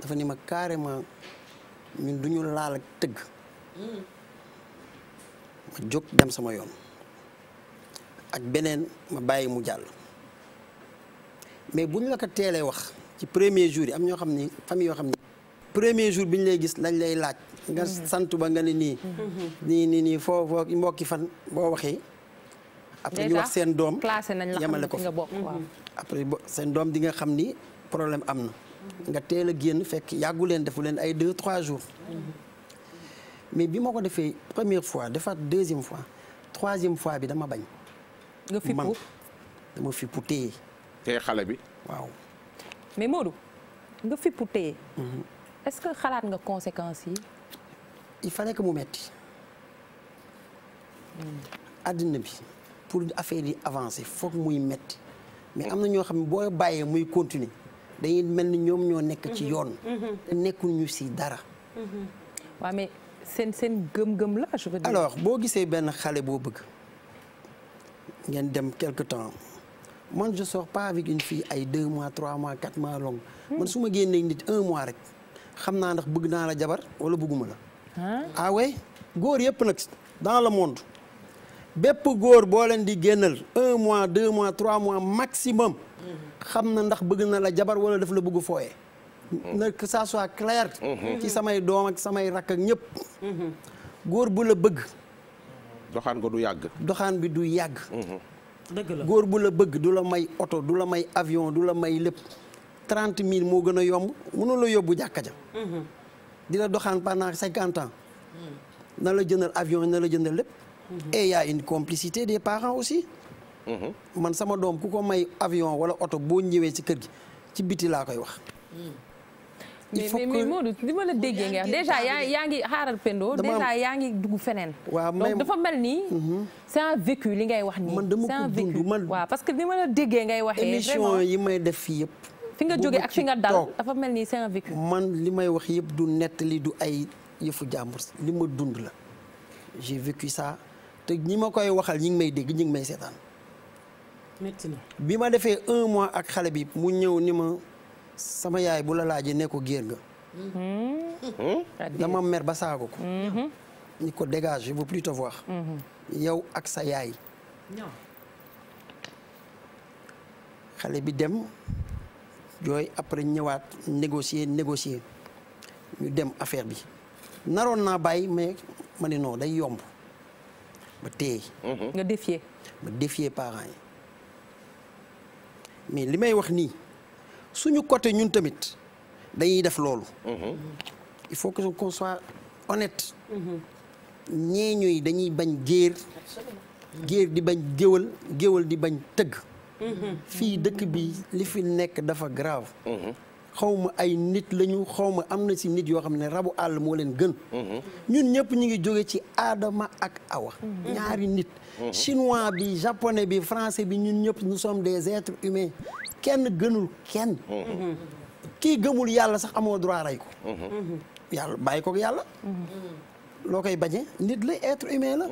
dafa ni ma carrément ñun du ñu laal ak tëgg ma jóg dem sama yoon ak beneen ma bàyyi mu jàll mais bu ñu la ko teelee wax ci premier jour yi am ñoo xam ne famille yoo xam ne premier jour bi ñu lay gis lañ lay laaj nga sant ba nga ne nii. nii nii nii foo foo mbokki fan boo waxee. après ñu wax seen doom yemale ko après seen doom di nga xam ni problème am na. nga teel a génn fekk yàggu leen defu leen ay deux trois jours. mais bi ma ko defee première fois defaat deuxième fois troisième fois bi dama bañ. nga fippu dama fippu téye. téye xale bi waaw. mais Modou nga fippu téye. Mhm. est-ce que xalaat nga conséquences yi. il fallait que mu metti àddina bi pour affaire yi avancer foog muy metti mais am na ñoo xam ne boo bàyyee muy continuer dañuy mel ni ñoom ñoo nekk ci mhm. yoon mhm. nekkuñu si dara mhm. waaw seen seen gëm-gëm la je veux dire boo gisee benn xale boo bëgg ngeen dem quelque temps man je sors pas avec une ay deux mois trois mois quatre mois long man su ma génnee nit un mois rek xam naa ndax bëgg naa la jabar wala bëgguma la ah góor yëpp nag dans le monde bépp góor boo leen di génnal un mois deux mois trois mois maximum xam na ndax bëgg na la jabar wala daf la bëgg fooye mm-hmm. na que ça soit clair mm-hmm. ci samay doom ak samay rakk ak ñëpp mm-hmm. góor bu la bëgg doxaan ko du yàgg doxaan bi du yàgg góor bu la bëgg du la may oto du la may avion du la may lépp trente mille moo gën a yomb mënu la yóbbu jàkka ja dina la doxaan pendant cinquante ans na la jëndal avion na la jëndal lépp mhm. et une complicité des parents aussi mhm. man sama doom ku ko may avion wala oto boo ñëwee ci kër gi ci biti laa koy wax mhm. il faut que mais ma la déggee nga déjà yaa ngi xaaral Pendo. déjà yaa ngi dugg feneen. waaw donc dafa mel ni. c'est un vécu li ngay wax nii. man dama ko dund man waaw parce que ni ma la déggee ngay waxee. vraiment émission yi may def fii yëpp. fi nga jóge ak fi nga dal dafa mel ni c'est un vécu man li may wax yépp du nettali du ay yëfu jàmbur li ma dund la j'ai vécu ça te ñi ma koy waxal ñi ngi may dégg ñi ngi may seetaan. métti bi ma defee un mois ak xale bi mu ñëw ni ma sama yaay bu la laajee ne ko géer nga. Hmm. Hmm? dama mer ba saago ko. Hmm. ni ko dégage je veux plus te yow ak sa yaay. xale bi dem jooy après ñëwaat négocier négocier ñu dem affaire bi naroon naa bàyyi mais ma day yomb ba téye. Mhm. nga défier. ma défier parents yi mais li may wax nii suñu côté ñun tamit dañuy def loolu. Mhm. il faut que qu'on soit honnête. Mhm. ñeeñu yi dañuy bañ géer. géer di bañ géwal géwal di bañ tëgg. fii dëkk bi li fi nekk dafa grave. xaw ma ay nit lañu xaw ma am na si nit yoo xam ne rabu àll moo leen gën. ñun ñëpp ñu ngi jóge ci Adama ak Awa. ñaari nit. chinois bi japonais bi français bi ñun ñëpp nous sommes des êtres humains kenn gënul kenn. kii gëmul yàlla sax amoo droit rey ko. bàyyi ko yàlla. loo koy bañee nit la être humain la.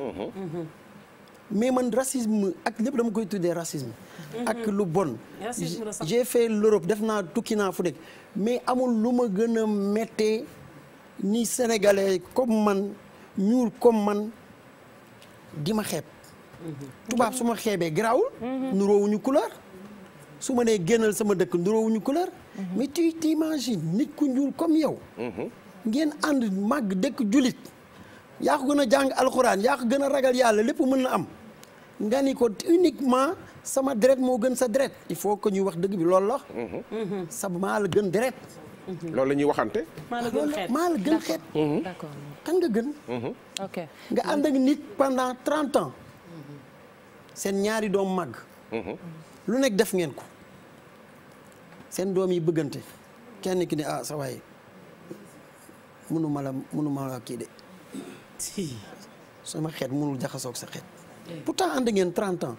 mais man racisme ak lépp dama koy tuddee racisme. Mhm. ak lu bon. j'ai fait l'Europe def naa tukki naa fu nekk mais amul lu ma gën a mettee ni sénégalais comme man ñuul comme man di ma xeeb. Mhm. tubaab su ma xeebee garaawul. Mhm. nuroowuñu couleur. su ma nee génnal sama dëkk nuroowuñu couleur. mais tu nit ku ñuul comme yow. ngeen ànd màgg dëkk jullit yaa ko gën a jàng alxuraan yaa ko gën a ragal yàlla lépp mën na am. nga ni ko uniquement sama deret moo gën sa deret il faut que ñuy wax dëgg bi loolu la mhm. sa maa la gën deret mhm. loolu la ñuy waxante maa la gën xeet maa xeet mhm. d'accord kan nga gën nga ànd ak nit pendant trente ans seen ñaari doom màgg lu nekk def ngeen ko seen doom yi bëggante kenn ki ne ah sa waay la munu la kii de si sama xeet munul jaxasoog sa xeet pourtant ànd ngeen 30 ans.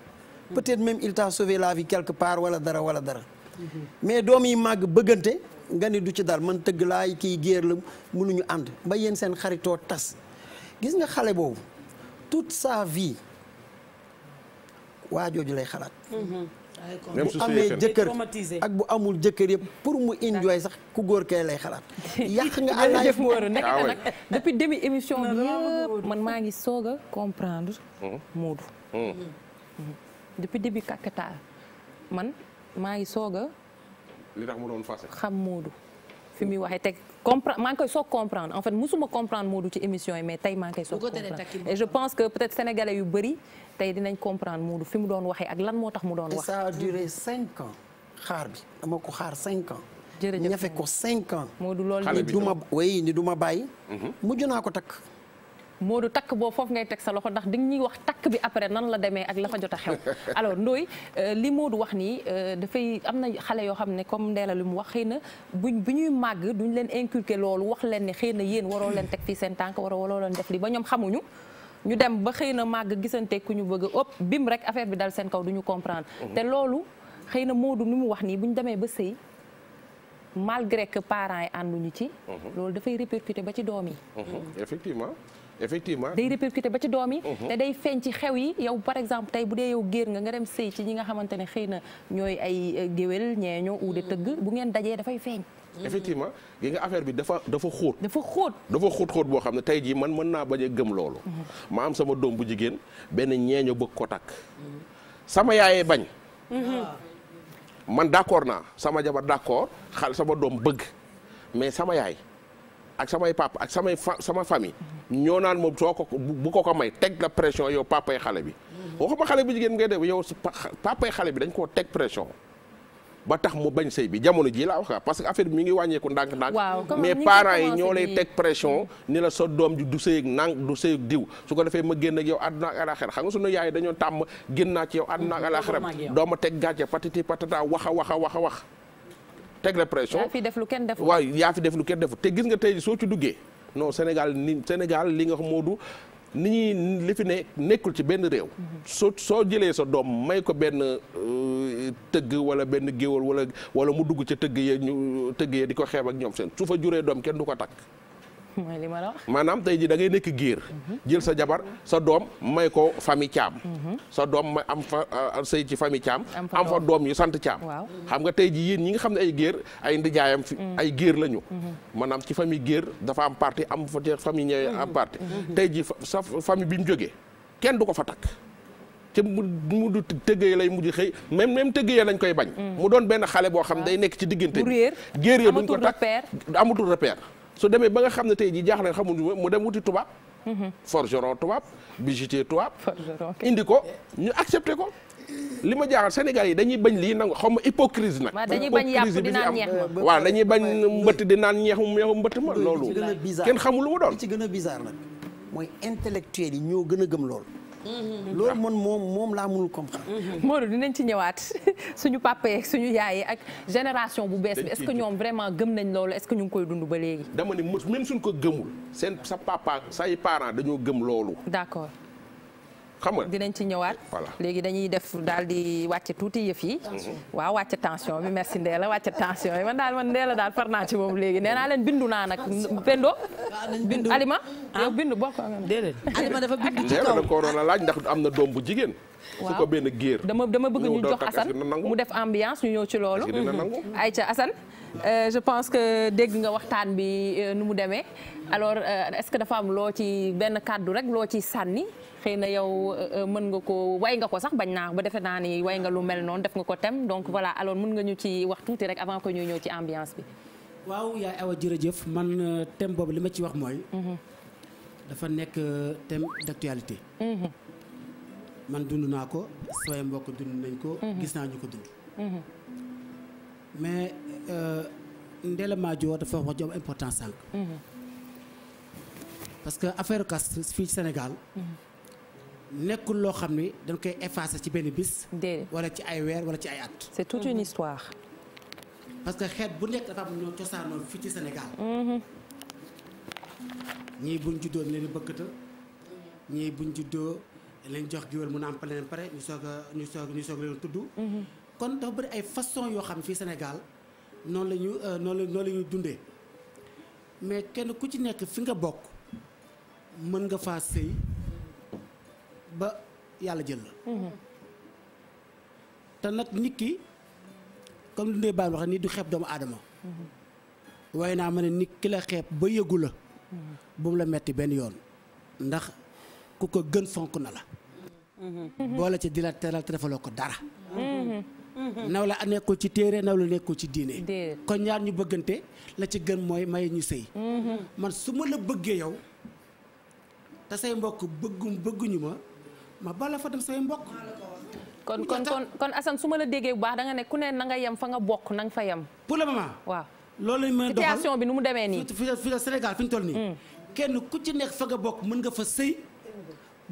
peut-être même il t'a sauvé la vie quelque part wala dara wala dara. Mhm. mais doom yi màgg bëggante nga ni du ci dal man tëgg laay kii géer la ñu ànd ba yéen seen xaritoo tas gis nga xale boobu tout sa vie waa jooju lay xalaat. Mhm. même su amee jëkkër ak bu amul jëkkër yëpp pour mu enjoy sax ku góor kee lay xalaat. yàq nga àll yëpp nekk na ah, nag depuis demi émission bi yëpp man maa ngi soog a comprendre. Hmm. Moodu. Hmm. Hmm. depuis début kàkkataa man maa ngi soog a. li tax mu doon fase xam Moodu. fi muy waxee teg comprendre maa musuma comprendre Moodu ci émission yi mais tey maa ngi koy soog comprendre et je pense que peut-être sénégalais yu bëri. tey dinañ comprendre Moodu fi mu doon waxee ak lan moo tax mu doon wax. ça a mm. duré xaar bi dama ko xaar cinq ans. jërëjëf ñafe ko cinq ans. Moodu loolu ni du ma oui ni du ma bàyyi. Mhm. mujj naa ko takk. du takk boobu foofu ngay teg sa loxo ndax di ñuy wax takk bi après nan la demee ak la fa jot a xew alors Ndoye euh, li mu Moodu wax nii euh, dafay am na xale yoo xam ne comme ndeela lu mu wax xëy na buñ bu ñuy màgg duñ leen inculquer loolu wax leen ne xëy na yéen waroo leen teg fii seen tànk waroo waroo def li ba ñoom xamuñu. ñu dem ba xëy na màgg gisante ku ñu bëgg a ëpp bim rek affaire bi dal seen kaw duñu ñu comprendre. Mhm. te loolu xëy na Moodu ni mu wax nii bu ñu demee ba sëy malgré que parents yi ànduñu ci. Mhm. loolu dafay répercuter ba ci doom yi. Mhm. effectivement effectivement. day ba ci doom yi. te day feeñ ci xew yi yow par exemple tey bu dee yow géer nga nga dem sëy ci ñi nga xamante ne xëy na ñooy ay eh, géwél ñee ñoo uude tëgg bu ngeen dajee dafay feeñ. Mm-hmm. effectivement gi nga affaire bi dafa dafa xóot dafa xóot dafa xóot xóot boo xam ne tey jii man mën naa bañ gëm loolu mm-hmm. ma am sama doom bu jigéen benn ñeeño bëgg ko takk sama yaayee bañ mm-hmm. man d'accord naa sama jabar d'accord xal sama doom bëgg mais sama yaay ak samay papa ak samay fa sama famille ñoo naan moom soo ko bu ko ko may teg la pression yow papay xale bi a xale bu jigéen ngay def yow papay xale bi dañ koo teg pression ba tax mu bañ sëy bi jamono jii laa wax ah parce que affaire bi mi ngi wàññeeku ndànk-ndànk mais parents yi ñoo lay teg pression mm-hmm. ni la sa doom ji du sëy ak nànk du sëy ak diw su ko defee ma génn ak yow àdduna ak alaxira xam nga sunu yaay dañoo tàmm génn naa ci yow àdduna ak mm-hmm. alaxira dooma teg gàcce patiti patata wax a wax a wax wax teg la pression yaa fi def lu kenn deful waaw yaa fi def lu kenn deful te gis nga tey soo ci duggee non Sénégal nii Sénégal li nga xam moo du ni ñuy li fi ne nekkul ci benn réew. soo soo jëlee sa doom may ko benn euh, tëgg wala benn géwal wala wala mu dugg ca tëgg ya ñu tëgg ya di ko xeeb ak ñoom seen su fa juree doom kenn du ko takk. mooy li maanaam tey ji dangay nekk géer mhm. jël sa jabar sa doom may ko famille Thiam mhm. sa doom may am fa euh, sëy ci famille Thiam am fa doom yu sant Thiam xam nga tey ji yéen ñi nga xam ne ay géer ay ndijaayam fi mhm. ay géer lañu maanaam ci famille géer dafa am parti am fa ci famille ñëwee am parti tey ji sa famille bi ñu jógee kenn du ko fa takk ci mu mu tëggee lay mujj xëy même même tëggee lañ koy bañ mu doon benn xale boo xam day nekk ci diggante bi géer yooyu duñ ko takk amatul repère su demee ba nga xam ne tey ñi ji jaaxle xamuñu mu dem wuti tubaab. Mhm. forgeron tubaab bijoutier tubaab. indi ko ñu accepté ko. li ma jaaxal Sénégal yi dañuy bañ lii nangu xaw ma hypocrisie nag. dañuy bañ yàpp di naan ñeex ma waaw dañuy bañ mbëtt di naan ñeex mu mbëtt ma loolu. kenn xamul lu mu doon li ci gën a bizarre nag mooy intellectuel yi ñoo gën a gëm lool Mm-hmm. loolu man moom moom laa mënul comprendre. Mm-hmm. Modou dinañ ci ñëwaat suñu papa yeeg suñu yaay yi ak génération bu bees bi est-ce que ñoom vraiment gëm nañ loolu est-ce que ñu ngi koy dund ba léegi. dama ne même suñ ko gëmul seen sa papa say parent dañoo gëm loolu. d'accord. xam nga dinañ ci ñëwaat. voilà léegi dañuy def daal di wàcc tuuti yëf yi. Mhm. waaw wàcc tension bi merci Ndéla wàcc tension yi man daal man Ndéla daal far naa ci moom léegi nee naa leen bindu naa nag. Pendo Alima ah? yow bindu bokk déedéet Alima ko waroon a laaj ndax am na doom bu jigéen. waaw su ko benn géer. dama dama bëgg ñu jox Assane mu def ambiance ñu ñëw ci loolu. ca Assane Euh, je pense que dégg nga waxtaan bi euh, nu mu demee alors euh, est-ce que dafa am loo ci benn kàddu rek loo ci sànni xëy na yow mën nga ko way nga ko sax bañ naa ba defe naa ni way nga lu mel noonu def nga ko tem donc voilà alors mën nga ñu ci wax tuuti rek avant que ñuy ñëw ci ambiance bi. waaw yaay Awa jërëjëf man thème boobu li ma ci wax mooy. Mhm. dafa nekk thème d'actualité. Mhm. man dund naa ko sooy mbokk dund nañ ko. Mhm. gis naa ñu ko dund. Euh, Ndella Madior dafa wax ju am importance sànq. Mhm. parce que affaire caste fii ci Sénégal. Mhm. nekkul loo xam ni dañ koy effacer ci benn bis. wala ci ay weer wala ci ay at. c'est toute une histoire. parce que xeet bu nekk dafa am ñoo cosaanoo fii ci Sénégal. Mhm. ñii buñ juddoo leen bëkkata ñii buñ juddoo leen jox giwél mu nàmpal leen pare ñu soog ñu soog ñu soog leen tudd. kon dafa bëri ay façon yoo xam fii Sénégal. noonu la ñu euh, noonu la ñu dundee mais kenn ku ci nekk fi nga bokk mën nga fa sëy ba yàlla jël la. Mhm. te nag nit ki comme dundee baan wax ni du xeeb doomu aadama. Mhm. waaye naa ma ne nit ki la xeeb ba yëgu la. Mhm. bu mu la metti benn yoon ndax ku ko gën fonk na la. boole ci di la teral te ko dara. Mm-hmm. naw la nekkoo ci téere naw la nekkul ci diine kon ñaar ñu bëggante la ci gën mooy may ñu sëy mm-hmm. man su ma la bëggee yow te say mbokk bëggum bëgguñu ma ma bala fa dem say mbokk kon kon kon kon Assane su ma la déggee bu baax da ne ku ne na nga fa nga bokk na fa yam pour le moment waaw loolu lañ mën doxal situation bi nu mu demee nii fi Sénégal fi ñu toll nii mm. kenn ku ci nekk fa nga bokk mën nga fa sëy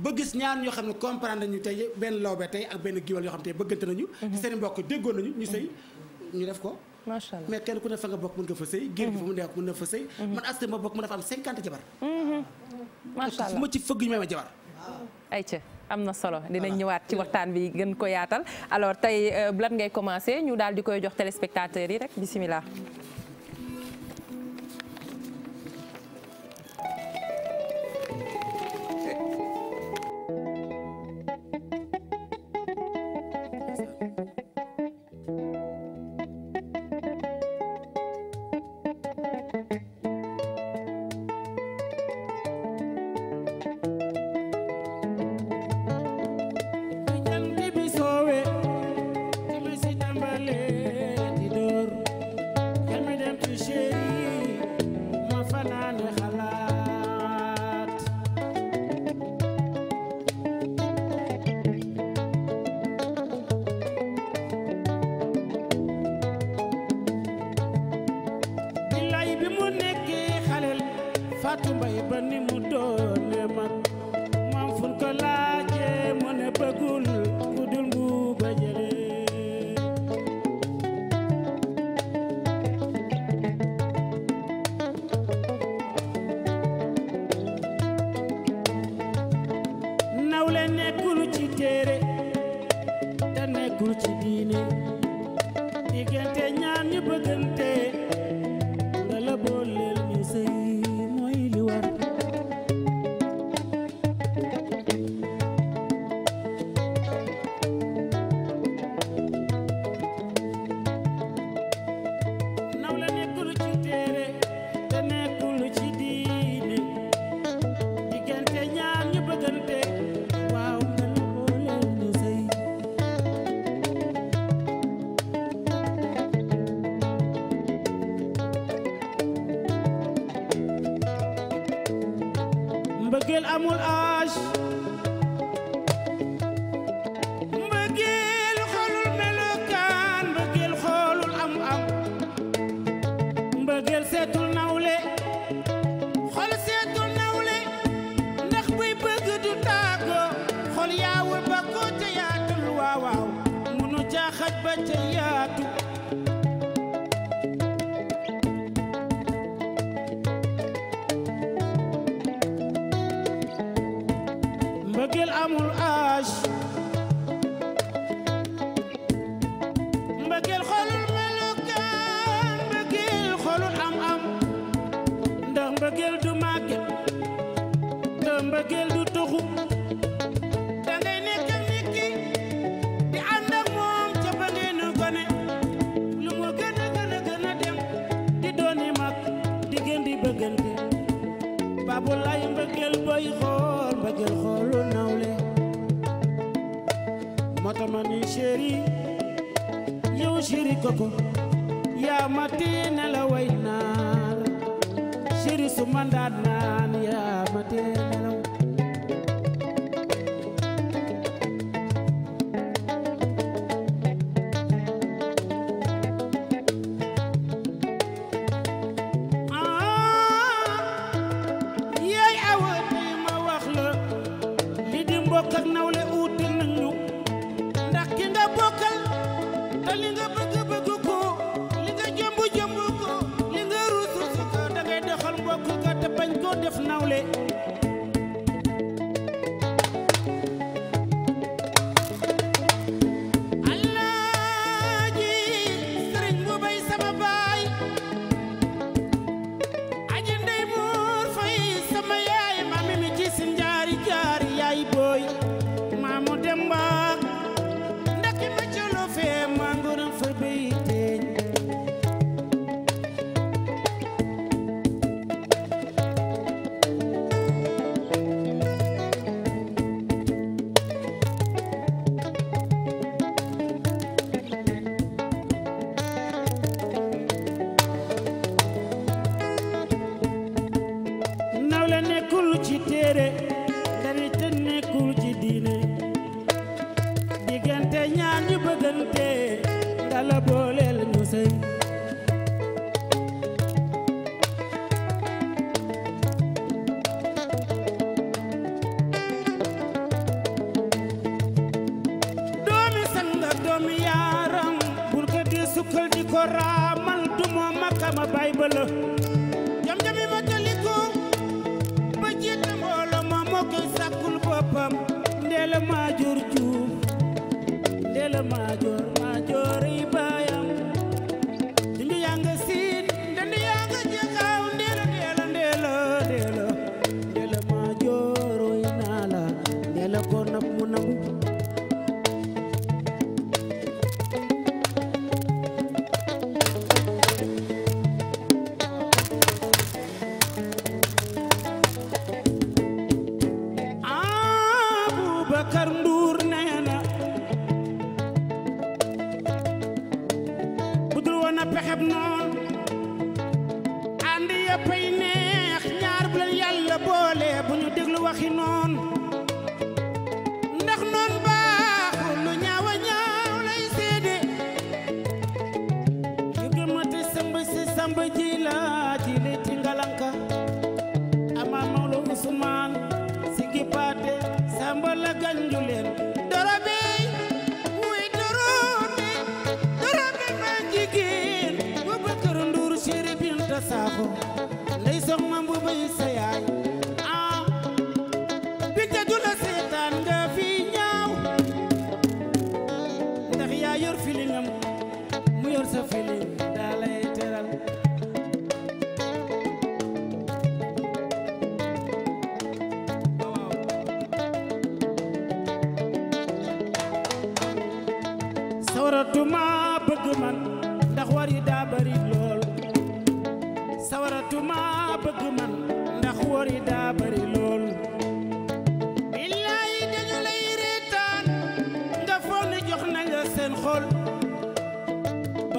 ba gis ñaar ñoo xam ne comprendre nañu tey benn lawbe tey ak benn giwal yoo xam tey bëggante nañu mhm. seen mbokk déggoon nañu ñu sëy ñu def ko macha allah mais kenn ku ne fa nga bokk mën nga fa sëy géer gi fa mu mhm. nekk fa sëy mhm. man asta ma bokk mën na fa am cinquante jabar macha allah ci fëgg ñu may ma jabar am na solo dinañ ñëwaat ci waxtaan bi gën ko yaatal alors tey euh, lan ngay commencé ñu daal di koy jox téléspectateurs yi rek bisimilah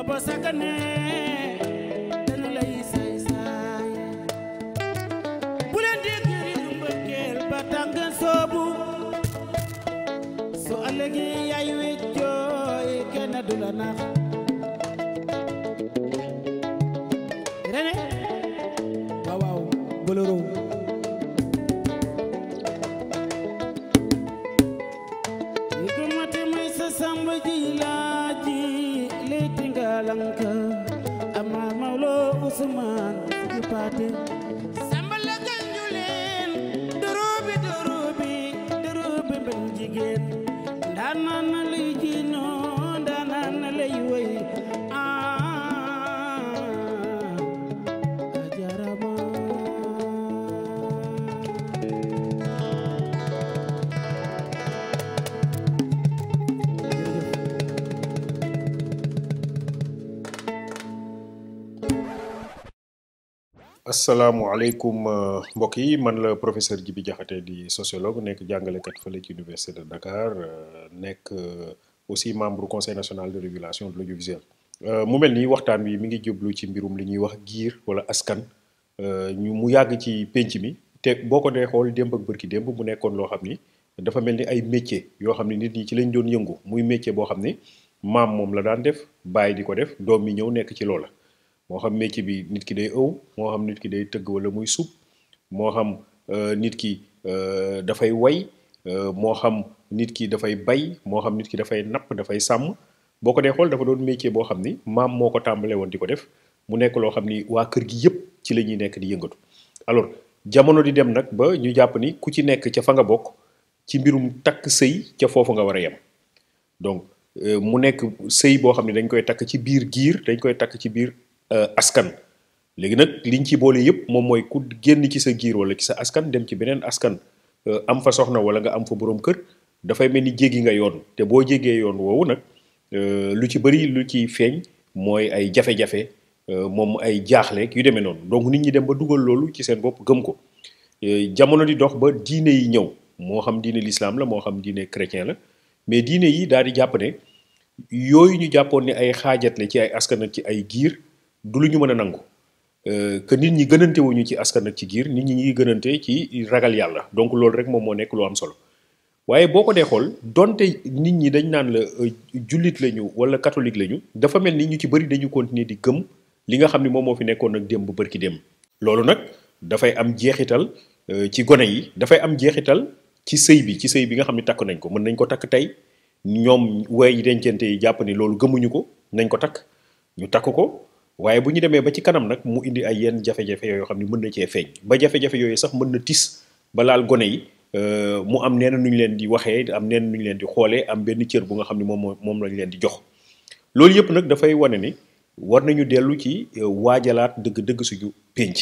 booba sagane dana lay saay saay bu leen dégg riiru mbëggeel ba tàng soobu su ëllëgee yaay wéet jooy kenn du la nax asalaamualeykum euh, mbokk yi man la professeur Djibi Diakhaté di sociologue nekk jàngalekat fële ci université de Dakar euh, nekk euh, aussi membre conseil national de régulation de l'audiovisuel mu mel ni waxtaan wi mi ngi jublu ci mbirum li ñuy wax giir wala askan ñu mu yàgg ci penc mi te boo ko dee xool démb ak bërki démb mu nekkoon loo xam ni dafa mel ni ay métier yoo xam ne nit ñi ci lañ doon yëngu muy métier boo xam ni maam moom la daan def bàyyi di ko def doom mi ñëw nekk ci loola. moo xam métier bi nit ki day ëw moo xam nit ki day tëgg wala muy suub moo xam euh, nit ki euh, dafay way euh, moo xam nit ki dafay bay moo xam nit ki dafay napp dafay sàmm boo ko dee xool dafa doon métier boo xam ni maam moo ko tàmbalee woon di ko def mu nekk loo xam ni waa kër gi yëpp ci la ñuy nekk di yëngatu alors jamono di dem nag ba ñu jàpp ni ku ci nekk ca fa nga bokk ci mbirum takk sëy ca foofu nga war a yem donc mu nekk sëy boo xam ne dañ koy takk ci biir giir dañ koy takk ci biir Euh, askan léegi nag liñ ci boole yëpp moom mooy ku génn ci sa giir wala ci sa askan dem ci beneen askan euh, am fa soxna wala nga am fa boroom kër dafay mel ni jéggi nga yoon te boo jéggee yoon woowu nag euh, lu ci bari lu ci feeñ mooy ay jafe-jafe moom ay jaaxleeg yu demee noonu donc nit ñi dem ba dugal loolu ci seen bopp gëm ko jamono di dox ba diine yi ñëw moo xam diine l'islam la moo xam diine chrétien la mais diine yi daal di jàpp ne yooyu ñu jàppoon ni ay xaajat la ci ay askan ci ay giir du lu ñu mën a nangu euh, que nit ñi gënante wuñu ci askan ak ci giir nit ñi ñuy gënante ci ragal yàlla donc loolu rek moom moo nekk lu am solo waaye boo ko dee xool donte nit ñi dañ naan la euh, jullit lañu wala catholique lañu dafa mel ni ñu ci bëri dañu continuer di gëm li nga xam ni moom moo fi nekkoon nag démb bërki démb loolu nag dafay am jeexital euh, ci gone yi dafay am jeexital ci sëy bi ci sëy bi nga xam ni takk nañ ko mën nañ ko takk tey ñoom way dencante yi jàpp ni loolu gëmuñu ko nañ ko takk ñu takk ko waaye bu ñu demee ba ci kanam nag mu indi ay yenn jafe-jafe yoo xam ne mën na cee feeñ ba jafe-jafe yooyu sax mën na tis ba laal gone yi euh, mu am nee na nu ñu leen di waxee am nee na nu ñu leen di xoolee am benn cër bu nga xam ne moom moom lañ leen di jox loolu yëpp nag dafay wane ni war nañu dellu ci euh, waajalaat dëgg-dëgg suñu pénc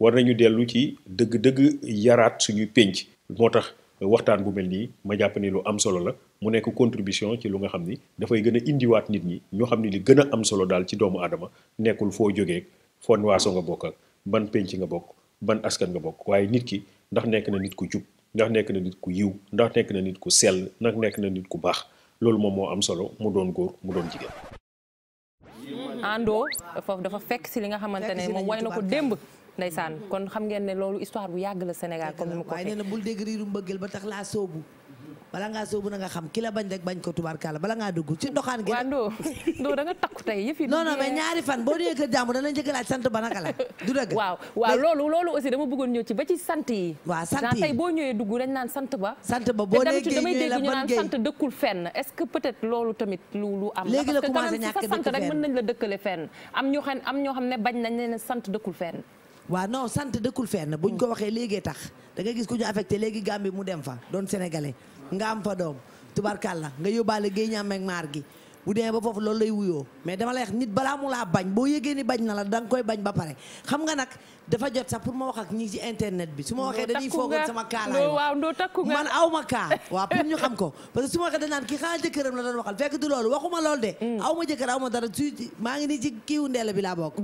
war nañu dellu ci dëgg-dëgg yaraat suñuy pénc moo tax waxtaan bu mel nii ma jàpp ni lu am solo la mu nekk contribution ci lu nga xam ni dafay gën indiwaat nit ñi ñoo xam ni li gën a am solo daal ci doomu aadama nekkul foo jógee foo waaso nga bokk ak ban penc nga bokk ban askan nga bokk waaye nit ki ndax nekk na nit ku jub ndax nekk na nit ku yiw ndax nekk na nit ku sell ndax nekk na nit ku baax loolu moom moo am solo mu doon góor mu doon jigéen. àndoo foofu dafa fekk ndeysaan mm-hmm. kon xam ngeen ne loolu histoire bu yàgg la Sénégal comme ni mu ko waaye nee na bul dégg riiru mbëggeel ba tax laa soobu bala ngaa soobu na ko tubaarkaala bala ngaa dugg ci ndoxaan gi. waaw Ndo Ndo da nga takku ñaari fan boo déggee kër ba naka la du dëgg. waaw waaw loolu loolu aussi dama bëggoon ñëw ba ci sant yi. waaw sant yi tey boo naan sant ba. sant ba boo déggee damay dégg ñu naan sant dëkkul fenn est-ce que peut loolu tamit lu lu am. léegi la commencé ñàkk dëkk fenn sant rek mën nañ la dëkkale fenn am ñoo xam am ñoo xam ne bañ nañ leen sant dëkkul fenn waaw non sant dëkkul bu ñu ko waxee léegi tax da gis ku ñu affecté léegi Gambie mu dem fa doon sénégalais nga am fa doom tubarkalla nga yóbbaale géej ñam maar gi bu demee ba foofu loolu lay wuyoo mais dama wax nit balaa mu laa bañ boo yëgee ni bañ na la da koy bañ ba pare xam nga nag dafa jot sax pour ma wax ak ñi ci internet bi su ma waxee dañuy foogoon sama kaa laay wax aw ma kaa waaw pour ñu xam ko parce que su ma waxee dañ naan kii xanaa jëkkëram la doon waxal fekk du loolu waxuma loolu de mm. jëkkër aw dara su maa ngi nii ci kiiwu ndeela bi laa bokk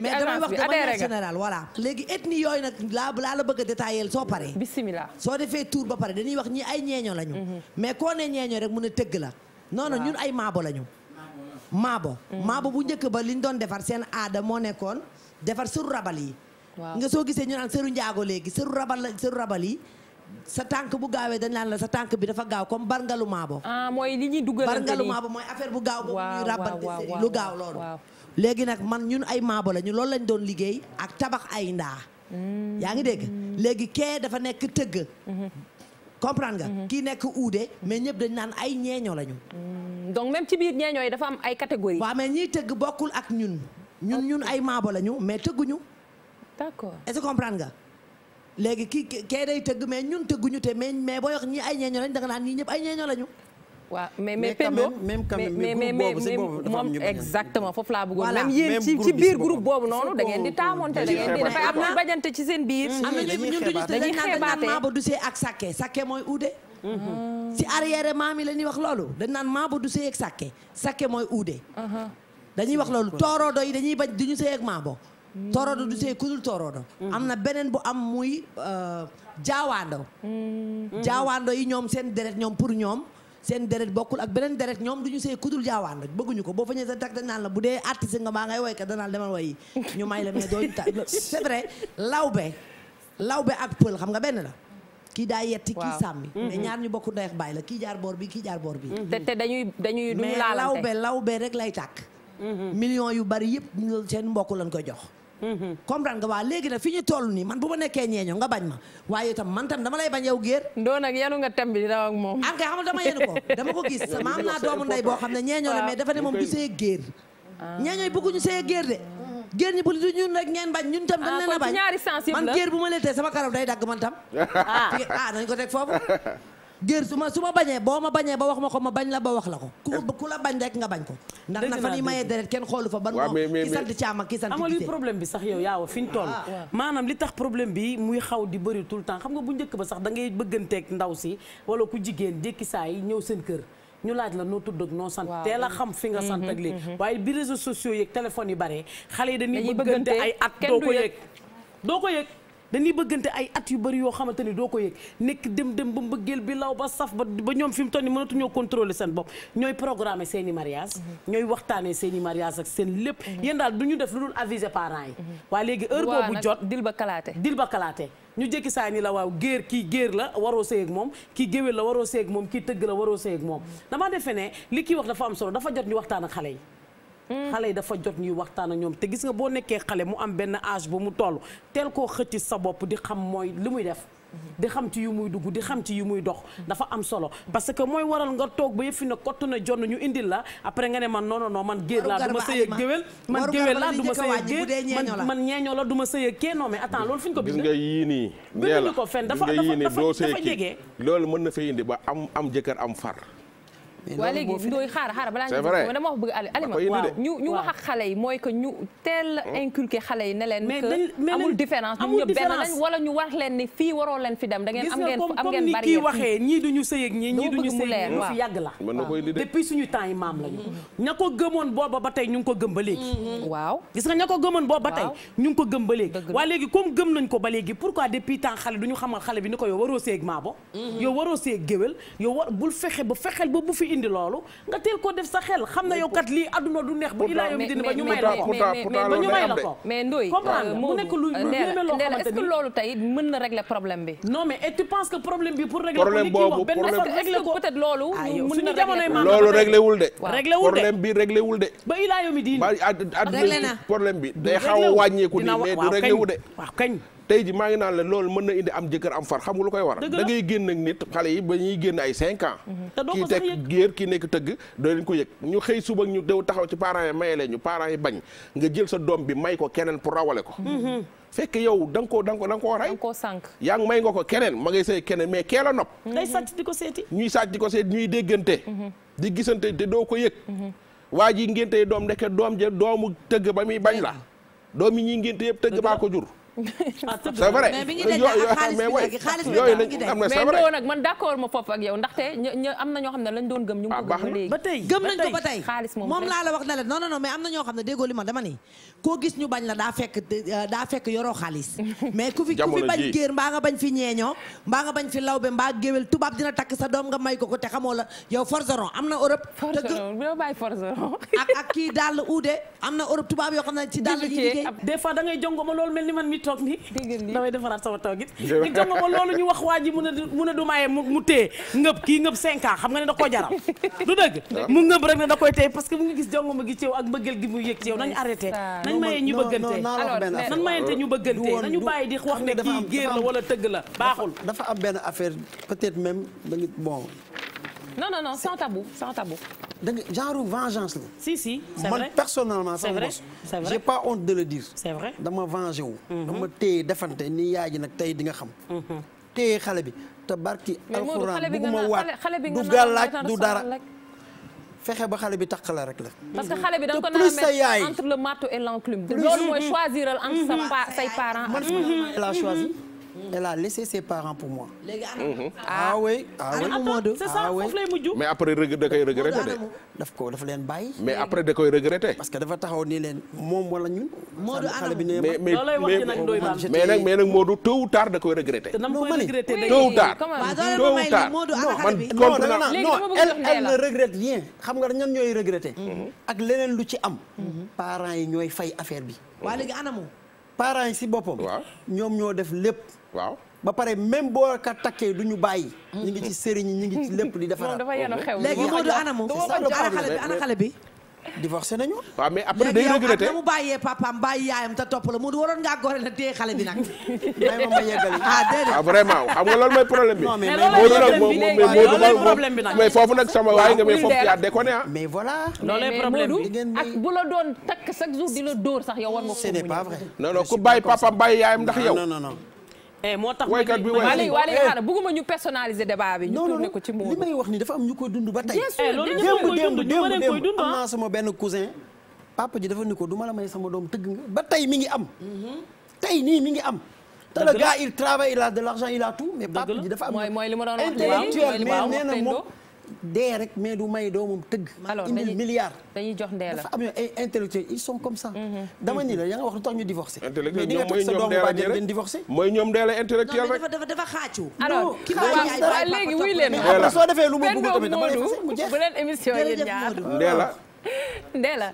mais damay wax de manière générale voilà léegi ethnie yooyu nag laa laa la bëgg a détaillé soo paree bismillah soo defee tour ba pare dañuy wax ñi ay ñeeño lañu mm-hmm. mais koo ne ñeeño rek mu a tëgg la non non ñun ay maabo lañu. maabo maabo bu njëkk ba liñ doon defar seen aada moo nekkoon defar sëru rabal yi. nga soo gisee ñu naan sëru njaago léegi sëru rabal la sëru rabal yi. sa tànk bu gaawee dañ naan la sa tànk bi dafa gaaw comme barngalu maabo. ah mooy li ñuy dugalante barngalu maabo mooy affaire bu gaaw. boobu ñuy rabante lu gaaw loolu. léegi nag man ñun ay maabo lañu lool lañ doon liggéey ak tabax ay ndaa. Mm. yaa ngi dégg mm. léegi kee dafa nekk tëgg. Mm-hmm. comprendre nga. Mhm. kii nekk uude mais ñëpp dañ naan ay ñeeño lañu. Mm, donc même ci biir ñeeño yi dafa am ay catégories. waaw mais ñiy tëgg bokkul ak ñun. ñun ñun ay maabo lañu mais tëgguñu. d'accord est-ce que nga. léegi kii kee day tëgg mais ñun ñu te mais mais boo wax ñi ay ñeeño lañ danga naan ñii ñëpp ay ñeeño lañu. waaw mais mais Pendo même quand même groupe boobu exactement foofu laa bëggoon. même yéen ci ci biir groupe boobu noonu da ngeen di taamonte da ngeen di dafay am lu bajante ci seen biir. am na ñun dañuy xeebaate maa ba du see ak sakke sakke mooy uude. si mm-hmm. arrière maam yi la ñuy wax loolu dañ naan maa ba du see ak sakke sakke mooy uude. Uh-huh. dañuy wax loolu tooroodo yi dañuy bañ du ñu see ak maa bo tooroodo du see kudul tooroodo. Mm-hmm. am na beneen bu am muy jaawaando. Euh, jaawaando mm-hmm. yi ñoom seen deret ñoom pour ñoom. seen deret bokkul ak beneen deret ñoom du ñu sëy kudul jaawaan rek bëgguñu ko boo fa ñëwee sa tak dañ naan la bu dee artiste nga maa ngay woykat danaan demal woy ñu may la doo ta c'est vrai lawbe ak pël xam nga benn la kii daa yetti kii sàmmi mm-hmm. mais ñaar ñu bokku ndeex bàyyi la kii jaar boor bi kii jaar boor bi mm-hmm. te dañuy dañuy duñu laalante mais lawbe rek lay tàkk mm-hmm. millions yu bari yëpp seen mbokk lañ koy jox Mm-hmm. comprendre nga waa léegi nag fi ñu tol nii man bu ma nekkee ñeeño nga bañ ma waaye itam mantam tam dama lay bañ yow géer ndoon ak yenu nga tem bi raw ak moom an ah, kay dama yenu ko naa doomu nday boo xam ne ñeeñoo la mais dafa ne moom du see géer ah. ñeeñooy bëgguñu see géer de mm-hmm. géer ñi bu du ñun rek ngeen bañ ñun tam ah, dañ leen a bañ man géer bu ma leetee sama karaw day dagg mantam tam ah nañ ko teg foofu géer su ma su ma bañee boo ma bañee ba wax ma ko ma bañ la ba wax la ko ku eh. la bañ rek nga bañ ko ndax nag fa ñuy mayee deret kenn xoolu fa ban moom ki sant caama ki sant ama luy problème bi sax yow yaawa fi ñu toll ah, maanaam li tax problème bi muy xaw di bëri tout le temps xam nga bu njëkk ba sax da ngay bëgganteeg ndaw si wala ku jigéen jékki saa yi ñëw seen kër ñu laaj la noo tudd ak noo sant teel a xam fi nga mm-hmm, sant ak léegi mm-hmm. waaye bi réseaux sociaux yeeg téléphone yi bare xale yi dañuy bëggante ay at doo ko yëg doo ko yëg dañuy bëggante ay at yu bëri yoo xamante ni doo ko yëg nekk dem dem ba mbëggeel bi law ba saf ba ba ñoom fi mu toll nii mënatuñoo contrôler seen bopp ñooy programmer seen i mariage mhm. ñooy waxtaanee seen mariage ak seen lépp mhm. yéen daal du ñu def lu dul aviser parents yi mhm. waaye léegi heure boobu jot dil ba kalaate dil ba kalaate ñu jékki saa ni la waaw géer kii géer la waroo sëy ak moom kii géwél la waroo sëy ak moom kii tëgg la waroo sëy ak moom dama defee ne li kii wax dafa am solo dafa jot ñu waxtaan xale yi Mm. xale yi dafa jot ñuy waxtaan ak ñoom te gis nga boo nekkee xale mu am benn âge ba mu toll teel koo xëcc sa bopp di xam mooy li muy def mm-hmm. di xam ci yu muy dugg di xam ci yu muy dox mm-hmm. dafa am solo parce que mooy waral nga toog ba yëf fi ne kott na jonn ñu indil la après nga ne man non non man géer laa du ma sëy ak géwél man géwél laa du ma sëy ak géer man ñeeñoo la du ma sëy ak kee non mais loolu fi ñu ko bind gis nga yii nii binduñu ko fenn dafa dafa dafa jege loolu mën na fa indi ba am am jëkkër am far waa léegi dooy xaar hmm? ne leen que amul différence ñu ñëpp benn lañ wala ñu war leen ni fii waroo leen da ngeen am am ngeen bari kii waxee ñii duñu sëy ak ñii ñii duñu sëy ak ñii fi suñu temps yi maam lañu ko gëmoon booba ba tey ñu ngi ko gëm ba léegi waaw gis nga ña ko gëmoon booba ba tey ñu ngi ko gëm ba léegi hmm. Hmm. waa léegi comme gëm nañ ko ba léegi pourquoi depuis temps xale duñu xamal xale bi ni ko yow waroo sëy maabo yow waroo sëy géwél yow war bul fexe ba fexeel ba fi indi loolu nga teel koo def sa xel xam na yow kat lii adduna du neex ba ilaa yow din ba ñu may la ko ba ñu may la ko mais Ndoye comprendre mu euh, nekk lu yéeme loo xamante ni est-ce que loolu tey mën na régler problème bi non mais et tu penses que problème bi pour régler problème boobu problème est-ce que peut-être loolu ah, mën na jamonoy maam loolu réglé wul de réglé wul de problème bi réglé wul de ba ilaa yow mi din ba adduna problème bi day xaw a wàññeeku nii mais du réglé wul de waaw kañ tey maa ngi naan la loolu mën na indi am jëkkër am far xam koy waral da ngay génn ak nit xale yi ba ñuy génn ay cinq ans mhm. kii teg géer kii nekk tëgg doo leen ko yëg ñu xëy suba ñu dew taxaw ci parents yi maye leen ñu parents yi bañ nga jël sa doom bi may ko keneen pour rawale ko mhm. fekk yow da nga koo da nga koo rey da nga sànq yaa ngi may ko keneen ma ngay sëy keneen mais kee la nopp mhm. day sàcc di ko seeti ñuy sàcc di ko seeti ñuy déggante di gisante te doo ko yëg waa ji ngénte doom ndeke doom ja doomu tëgg ba muy bañ la doom yi ñuy ngénte yëpp tëgg baa ko jur c'est vrai yooyu nañ am na c'est vrai mais nag man d'accord ma foofu ak yow ndaxte ñu am na ñoo xam ne lañ doon gëm ñu ngi ko gëm ba tey gëm nañ ko ba tey xaalis moom moom laa la wax na la non non non mais am na ñoo xam ne déggoo li ma dama ni koo gis ñu bañ la daa fekk daa fekk yoroo xaalis mais ku fi ku fi bañ géer mbaa nga bañ fi ñeeñoo mbaa nga bañ fi lawbe mbaa géwél tubaab dina takk sa doom nga may ko ko te xamoo la yow forgeron am na Europe ak ak kii dàll uude am na Europe tubaab yoo xam ne ci dàll yi liggéey des fois da ngay jongo ma loolu mel ni man mi toog ni damay defaraat sama toog nga ma loolu ñu wax waa ji mun a mun a du maye mu téye ngëb kii ngëb cinq xam nga ne da koo jaral du dëgg ah. mu ngëb rek ne da koy téye parce que mu ngi gis jongo ma gi ci yow ak mbëggeel gi mu yëg ci yow nañ arrêté nañ maye ñu bëggante nañu bàyyi di wax ne kii géer la tëgg la baaxul dafa am benn affaire peut-être même da bon non non non sans tabou sans tabou. da nga genre vengeance la. si si c'est vrai man personnellement. c'est vrai c'est vrai j'ai pas honte de le dire. c'est vrai dama venger wu. dama téye defante ni yaay ji nag tey di nga xam. téye xale bi te barki. alxuraan bugguma waat du gàllaaj du dara. fexe ba xale bi takk la rek la. parce que xale bi da nga ko naan mettre entre le marteau et l'enclume. loolu mooy choisiral entre sa say parents. man elle a choisi. Mm-hmm. elle a laissé ses pour moi. léegi mm-hmm. ah, ah oui ah oui c'est ça ah mais après da koy regretter de. ko def leen bàyyi. mais après da koy regretter. parce que dafa taxaw ni leen moom wala ñun. Modou anam mais mais mais nag mais nag Modou tôt ou tard da koy regretter. te nam koy regretter day tôt ou tard. tôt ou tard man comprendre non elle elle ne regrette rien xam nga ñan ñooy regretter. Mm-hmm. ak leneen lu ci am. parents yi ñooy fay affaire bi. waa léegi anamu. parents yi si boppam. ñoom ñoo def lépp. waaw ba pare même boo ka takkee du ñu bàyyi. ñu ngi ci sëriñ ñi ñu ngi ci lépp di defaraat. dafa yéen a xew léegi Modou ana moom ana xale bi. divorcé nañu. waaw mais après day regretté léegi yow mu bàyyee papaam bàyyi yaayam te topp la Modou waroon ngaa gore la téye xale bi nag. may ma ma yeggali ah déedéet. ah vraiment xam nga loolu mooy problème bi. non mais loolu mooy problème bi nag mais foofu nag sama waaye nga mais foofu yaa déconné ah. mais voilà. loolu problème bi ak bu la doon takk chaque jour di la dóor sax yow war nga ko. ce n'est pas vrai. non non ku bàyyi papaam bàyyi yaayam ndax yow. non non non. Eh, moo tax waykat bi waay wala eh. xana bëgguma ñu personnaliser débat bi ñu tourné ko ci moom am ñu koy dund ba tey eh, démb démb ah. am naa sama benn cousin papa ji dafa ni ko ma la may sama doom tëgg nga ba tey mi ngi am mhm. tey nii mi ngi am te la gars il travaille a de l'argent il a tout mais papa ji dafa am mooy li ma doon mais nee na moom dee rek mais du may doomam tëgg. alors dañuy milliard dañuy jox ndee la dafa am ay intellectuels ils sont comme ça. Mm-hmm. Mm-hmm. dama ni la ya nga wax lu tax ñu divorcé. mais di nga teg mooy ñoom dee la rek. dafa dafa xaaju. alors waaw léegi wuy leen. ndee soo defee lu mu bëgg tamit dama lay fas bu leen émission yéen ñaar ndee la. ndee la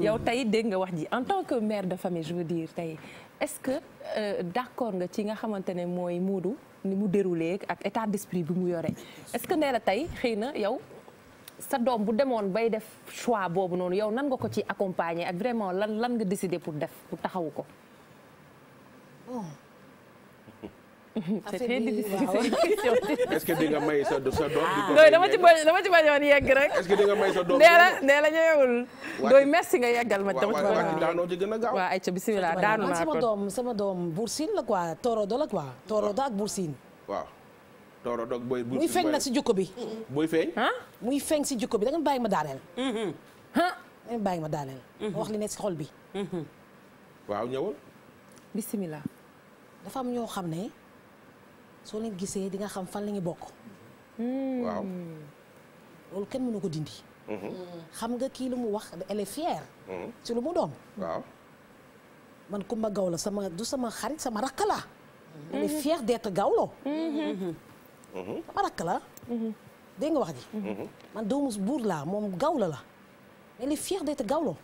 yow tey dégg nga wax ji en tant que maire de famille je veux dire tey est-ce que euh, d'accord nga ci nga xamante ne mooy Moodu ni mu déroulé ak état d'esprit bi mu yoree est-ce que nee na tey xëy na yow sa doom bu demoon bay def choix boobu noonu yow nan nga ko ci accompagner ak vraiment lan lan nga décider pour def pour taxawu ko. c'est très difficile est-ce que di nga may sa sa doom dooy dama ci bañ dama ci bañoon yegg rek est-ce que di nga may sa doom nee la nee la ñëwul dooy merci nga yeggal ma dama ci bañ daanoo ci gën a gaaw waaw ay ca bismillah daanu naa sama doom sama doom bursin la quoi toorodo la quoi toorodo ak bursin waaw toorodo ak booy bursin muy feeñ nag si jukko bi muy feeñ ah muy feeñ si jukko bi da nga bàyyi ma daaneel ah da nga bàyyi ma daaneel wax li ne si xol bi waaw ñëwul bismillah dafa am ñoo xam ne soo leen gisee di nga xam fan la ñu bokk. Hmm. waaw. loolu kenn mënu ko dindi. Mm-hmm. xam nga kii lu mu wax elle est fière. Mm-hmm. lu mu doon. waaw. man Kumba Gawlo sama du sama xarit sama rakk la. Mm-hmm. elle nga wax ji. man doomu buur laa moom Gawlo la. elle est fière Gawlo.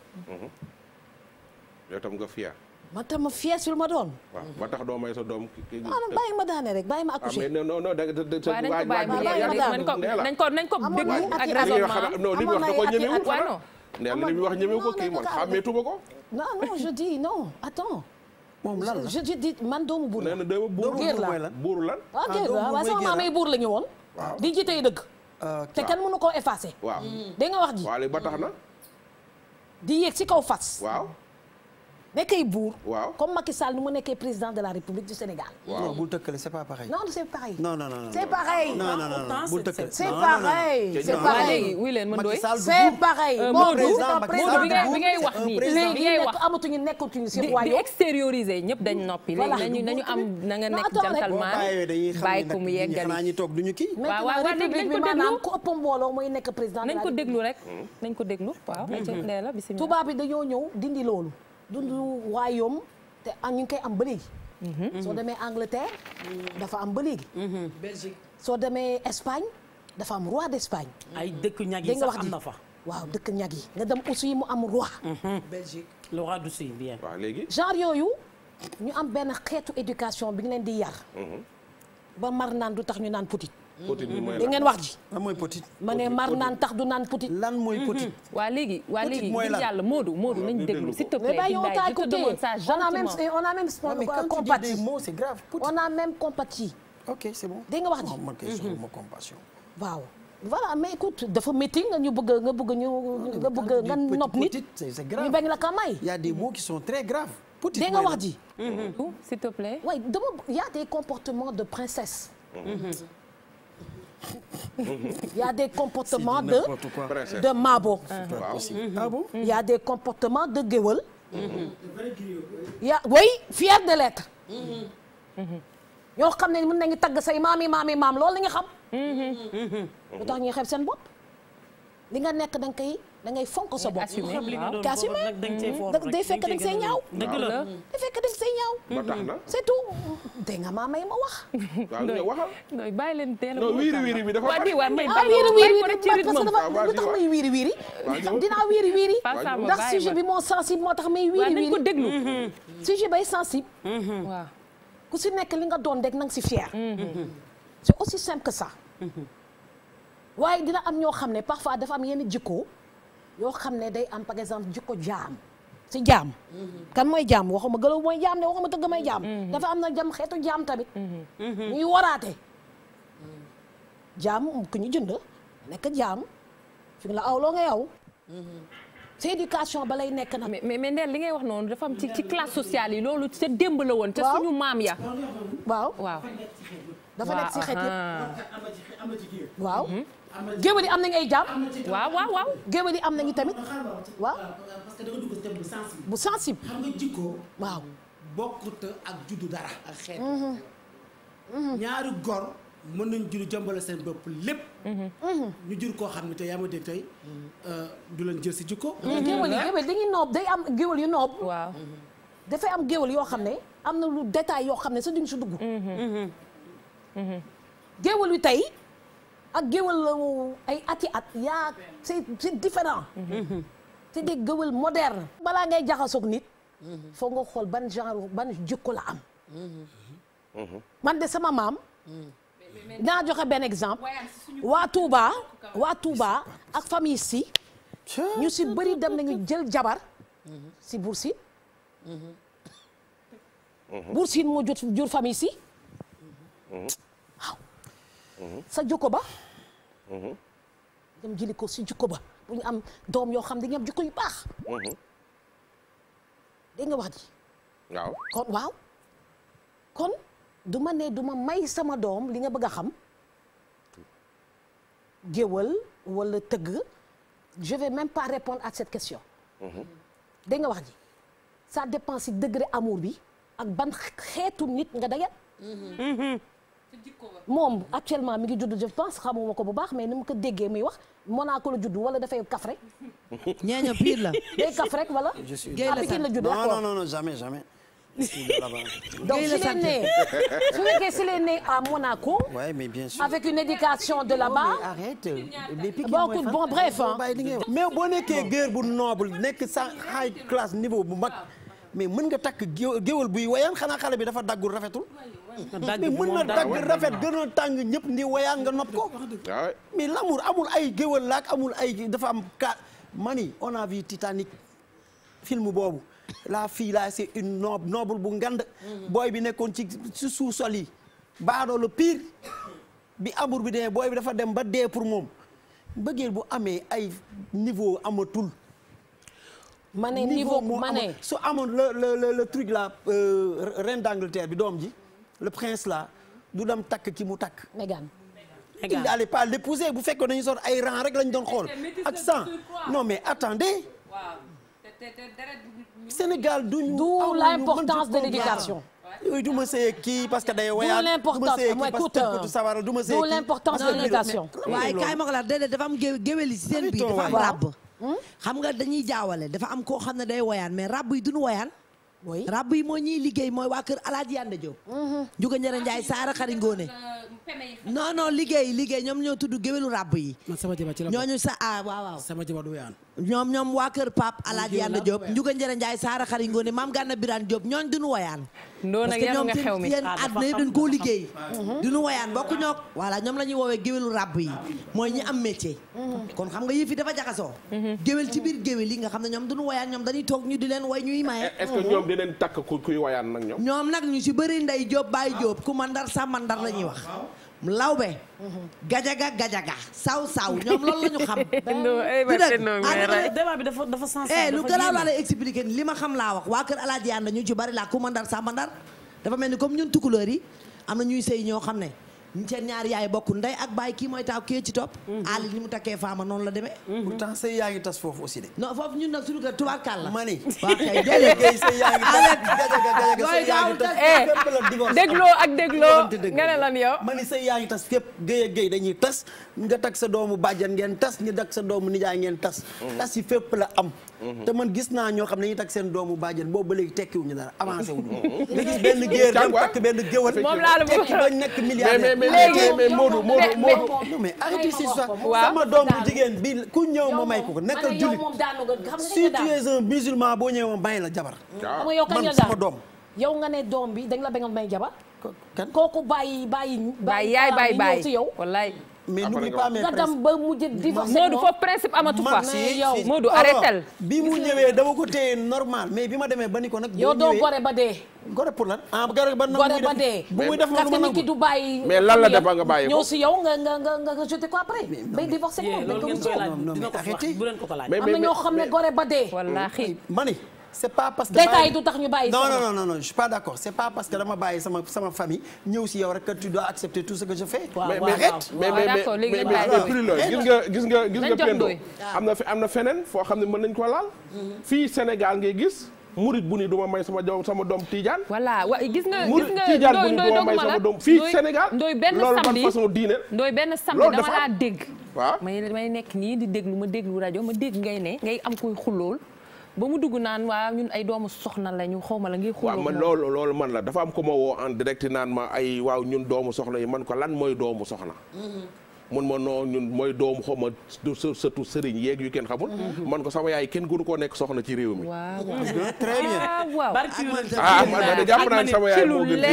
yow tam nga fière. man tam ma fiesul ma doom. waaw ba tax doo may sa doom. maanaam ah, bàyyi ma daane rek bàyyi ma ah, accouché. non non non da nga da nga waaj waaj nañ ko nañ ko déglu ak raisonnement non li mu wax da ko ñemewu ko waaw non. li mu wax ñemewu ko kii man xàmmeetuma ko. non non je dis non attends. moom lan la je dis man doomu buur la. nee na doomu buur la buur lan. ah géer ah, la waaw sama maam ay buur la ñu woon. waaw di jiite dëgg. te kenn mënu koo effacé. waaw dégg nga wax ji. waaw ba tax na. di yéeg si kaw fas. waaw. nekkee buur. waaw comme Macky Sall nu mu nekkee président de la République du Sénégal. waaw non bul tëkkale c'est pas pareil. non c'est pareil. non c'est pareil. non non non tëkkale c'est pareil. leen mën doy. c'est pareil. Euh, Moodu Moodu bi ngay bi ngay wax nii. léegi ngay wax amatuñu nekkatuñu si waaye. di dañ hmm. noppi. voilà léegi nañu am na nga nekk gentleman. bàyyi ko mu yeggali xanaa ñi toog duñu kii. waaw waaw république bi maanaam ku ëpp mbooloo mooy nekk président de la République. nañ ko déglu rek hmm. nañ ko déglu waaw. Hmm. tubaab bi dañoo ñëw dindi loolu du royaume te ñu ngi koy am ba léegi. Mhm. soo demee Angleterre. dafa am ba léegi. Mhm. soo demee Espagne dafa am roi d'Espagne. ay dëkk ñag yi sax am na fa waaw dëkk ñag yi nga dem aussi mu am roi. Mhm. Belgique le roi du sud bien. genre yooyu ñu am benn xeetu éducation bi ñu leen di yar. ba mar naan du tax ñu naan petit. potit bi mooy lan mooy potit ma ne mar naan tax du naan potit. lan mooy potit. Mm-hmm. waa léegi waa léegi ngir yàlla Moodu Moodu nañu déglu s'il te plaît. mais bàyyi on t'a écouté on a même on a même compati. mais quand a même compati. ok c'est bon dégg nga wax mm-hmm. ma écoute dafa métti nga ñu bëgg nga bëgg ñu nga bëgg nga nopp nit. c'est bañ la ka may. y a des mots qui sont très graves. potit dégg nga wax ji. Mm-hmm. te plaît. waay dama y des comportements de princesse. il y a des comportements de de mabo. ah bon il a des comportements de géwël. Mhm. Mhm. il y fier de l'être. ñoo mhm. xam ne mën nañu tagg say maam yi maam yi maam loolu la ñu xam. lu tax ñuy xeeb seen bopp li nga nekk da nga da ngay fonk sa bopp. assumé nag mm. day fekk da nga say ñaaw. fekk da nga say ñaaw. ba mm. nga maa ma wax. waaw ñu waxal. leen teel a. non wiiri wiiri bi dafa. waa di waay may ah, bàyyi ko rek ci rythme am waaw tax may wiiri wiiri. dinaa wiiri wiiri. ndax bi moo sensible moo tax may wiiri wiiri. Mm-hmm. Mm-hmm. waaw nañu ko déglu. sujet sensible. ku si nekk li nga doon rek na nga si fier. Mm-hmm. c'est aussi simple que ça. waaye dina am ñoo xam ne parfois dafa am yenn jikko yoo xam ne day am par exemple jikko jaam ci jaam kan mooy jaam waxuma gëlaw mooy jaam ne waxuma tëgg may jaam mm-hmm. dafa am na jam xeetu jaam tamit mm-hmm. Mm-hmm. ñuy waraate jaam ku ñu jënd nekk jaam fi la aw loo nga yow si éducation ba lay nekk nag mais mais ndeel li ngay wax noonu dafa am ci ci classe social yi loolu te démb la woon te suñu maam ya waaw waaw dafa nekk ci xeet yëpp waaw uh-huh. géwél yi am na ay jaam. waaw waaw waaw géwél yi am nañu tamit. waaw parce bu sensible. bu xam nga jikko. waaw bokkut ak juddu dara. ak xeet. Mm-hmm. Mm-hmm. Mm-hmm. ñaari góor mën nañ jur jëmbale seen bopp lépp. ñu jur koo xam ne te yaa ma dégg tey euh, du leen jël si jikko. mais géwél yi géwél dañuy noob day am géwél yu noob. waaw dafay am géwél yoo xam ne am na lu détail yoo xam ne sa duñ si dugg. géwél yi tey. ak géwël ay ati at yaa c'est c'est différent te de géwël moderne balaa ngay jaxasook nit foog nga xool ban genre ban jikko la am man de sama maam dinaa joxe benn exemple waa Touba ak famille si ñu si bëri dem nañu jël jabar si Buur Siin moo jot jur famille si sa jikko ba dem jëli ko si jikko ba bu ñu am doom yoo xam dañuy am jikko yu baax. Mhm. dégg nga wax ji. waaw kon waaw. kon du ma ne du ma may sama doom li nga bëgg a xam. géwal wala tëgg je vais même pas répondre à cette question. Mhm. dégg nga wax ji sa dépend si degré bi ak ban xeetu nit nga dajal. Mhm. moom actuellement mi ngi judd je pense xamuma ko bu baax mais ni mu ko déggee muy wax Monaco la juddu wala dafay kaf rek. ñeeño pire la. day kaf rek wala. je suis la la judd non non non jamais jamais. donc s'il est né su fekkee s'il Monaco. bien sûr avec une éducation de là-bas. arrête bon bon bref mais boo nekkee géer bu noble nekk sa high class niveau bu mag mais mën nga takk géwél buy wayaan xanaa xale bi dafa daggul rafetul. mais mën na dagg rafet gën a tàng ñëpp ndi wayaan nga nopp ko ah mais l'amour amul ay géwël laak amul ay dafa am ka mani on a vu film boobu la fille là c'est une noble bu ngand mhm. booy bi nekkoon ci ci sous-sol yi baadoo le bi amour bi demee booy bi dafa dem ba dee pour moom mbëggeel bu amee ay niveau amatul ma ne niveau ma ne su amoon le le le truc là euh, reine d'Angleterre bi doom ji le prince là du dem takk ki mu takk. Mégane il n'allait pas l'épouser bu fekkoon dañu soon ay ran rek lañu doon xool. ak sang non mais attendez. Sénégal du ñu. d'où l'importance de l'éducation. yooyu du ma see kii day. Ah, woyaat du ma see kii parce que kutu euh, sawara du ma see kii. d'où l'importance de l'éducation. waaye ma ko dafa am seen ràbb. Hmm? xam nga dañuy jaawale dafa am koo xam ne day woyaan mais ràbb yi duñu woyaan. rab yi moo ñuy liggéey mooy waa kër alaaji Yande Diop mm-hmm. njuga ñere Njaay ah, saara xari ngoone non liggéey liggéey ñoom ñoo tudd géwélu rab yi ñooñu sa a ah, waaw waaw sama jabar du ñoom ñoom waa kër Pape Alaaji Yàlla Diop Njuga Njëra Njaay Saara Xari Ngoone maam Gànna Biraan Diop ñooñ duñu woyaan parce que ñoom seen yéen àdduna yi dañ koo liggéey mhm. duñu woyaan bokku ñook voilà la ñuy woowee géwélu ràbb yi mooy ñi am métier mhm. kon xam nga yëf yi dafa jaxasoo mhm. géwél ci biir géwél yi nga xam ne ñoom duñu woyaan ñoom dañuy toog ñu di leen woy ñuy maye est-ce que ñoom di leen takk kuy woyaan nag ñoom ñoom nag ñu si bëri Ndey Diop Baay Diop ku ma ndar sàmma ndar la ñuy wax lawbe gajaga gajaga saw saw ñoom loolu la ñu xam. Eh, dëgg débat bi dafa dafa sensibiliser. Eh, lu gën laa lay expliquer li ma xam laa wax waa kër Alaaji Yaan ñu ci bari laa ku mandar sa mandar dafa mel ni comme ñun tukulóor yi am na ñuy sëy ñoo xam ne. seen ñaari yaay bokk ndey ak baay kii mooy taaw kii ci topp mhm. àll ni mu takkee faama noonu la demee mhm. pourtant say yaa ngi tas foofu aussi de non foofu ñun nag suñu kër tubaarkàl la ma ni waaw kay déggéey say yaa ngi tas eh, dégloo ak dégloo nga ne lan yow ma ni say yaa ngi tas fépp géy ak géy dañuy tas nga takk sa doomu bàjjan ngeen tas nga takk sa doomu nijaay ngeen tas mhm. tas yi fépp la am Mhm. te man gis naa ñoo xam ne ñu takk seen doomu bàjjen boobu ba léegi tekki wuñu dara avancé wuñu nga mhm. gis benn géer dem takk benn géwal tekki ba nekk milliardaire mais Modou Modou doom bu jigéen bi ku ñëw may ko ko nekkal julit si tu es un musulman boo ñëwee ma bàyyi la jabar ah. man sama doom yow nga ne doom bi dañ la ba nga may jabar kan kooku bàyyi bàyyi bàyyi yaay bàyyi bàyyi yow wallaay mais n'oublie pas mes principes ba mujj divorce Modou foofu principe amatu fa yow Modou arrêtel bi mu ñëwee dama ko téye normal mais bi ma demee ba ni ko nag yow doo gore ba dee gore pour lan ah, gore ba dee bu muy def ki du bàyyi mais lan la def nga bàyyi ko ñëw si yow nga nga nga nga ko après bay divorcé moom dañ ko mujj mais arrêté bu leen ko am na ñoo xam ne gore ba dee c'est pas parce que détail du tax ñu bàyyi. non non non non je suis pas d'accord c'est pas parce que dama bàyyi sama sama famille ñëw si yow rek que tu dois accepter tout ce que je fais. waaw waaw mais mais ah, mais gis nga gis nga gis nga Pendo am na fi am na feneen foo xam ne mën nañu ko laal. Mhm. fii Sénégal ngay gis. murit bu ni duma may sama doom sama doom Tidiane. voilà wa gis nga gis nga ndoy ndoy doguma la fii Sénégal ndoy benn samedi loolu façon diine. ndoy benn samedi dama laa dégg. waaw may may nekk nii di déglu ma déglu rajo ma dégg ngay ne ngay am koy xulool ba mu dugg naan waa ñun ay doomu soxna lañu xaw ma la ngi xuloo waaw man loolu loolu man la dafa am ko ma woo en direct naan ma ay waaw ñun doomu soxna yi man ko lan mooy doomu soxna mm-hmm. mun ma noo ñun mooy doomu xaw ma surtout sëriñ yeeg yu kenn xamul. Mhm. man ko sama yaay kenn gënu koo nekk soxna ci réew mi. très bien. ah, ah man de ne sama yaay moo gën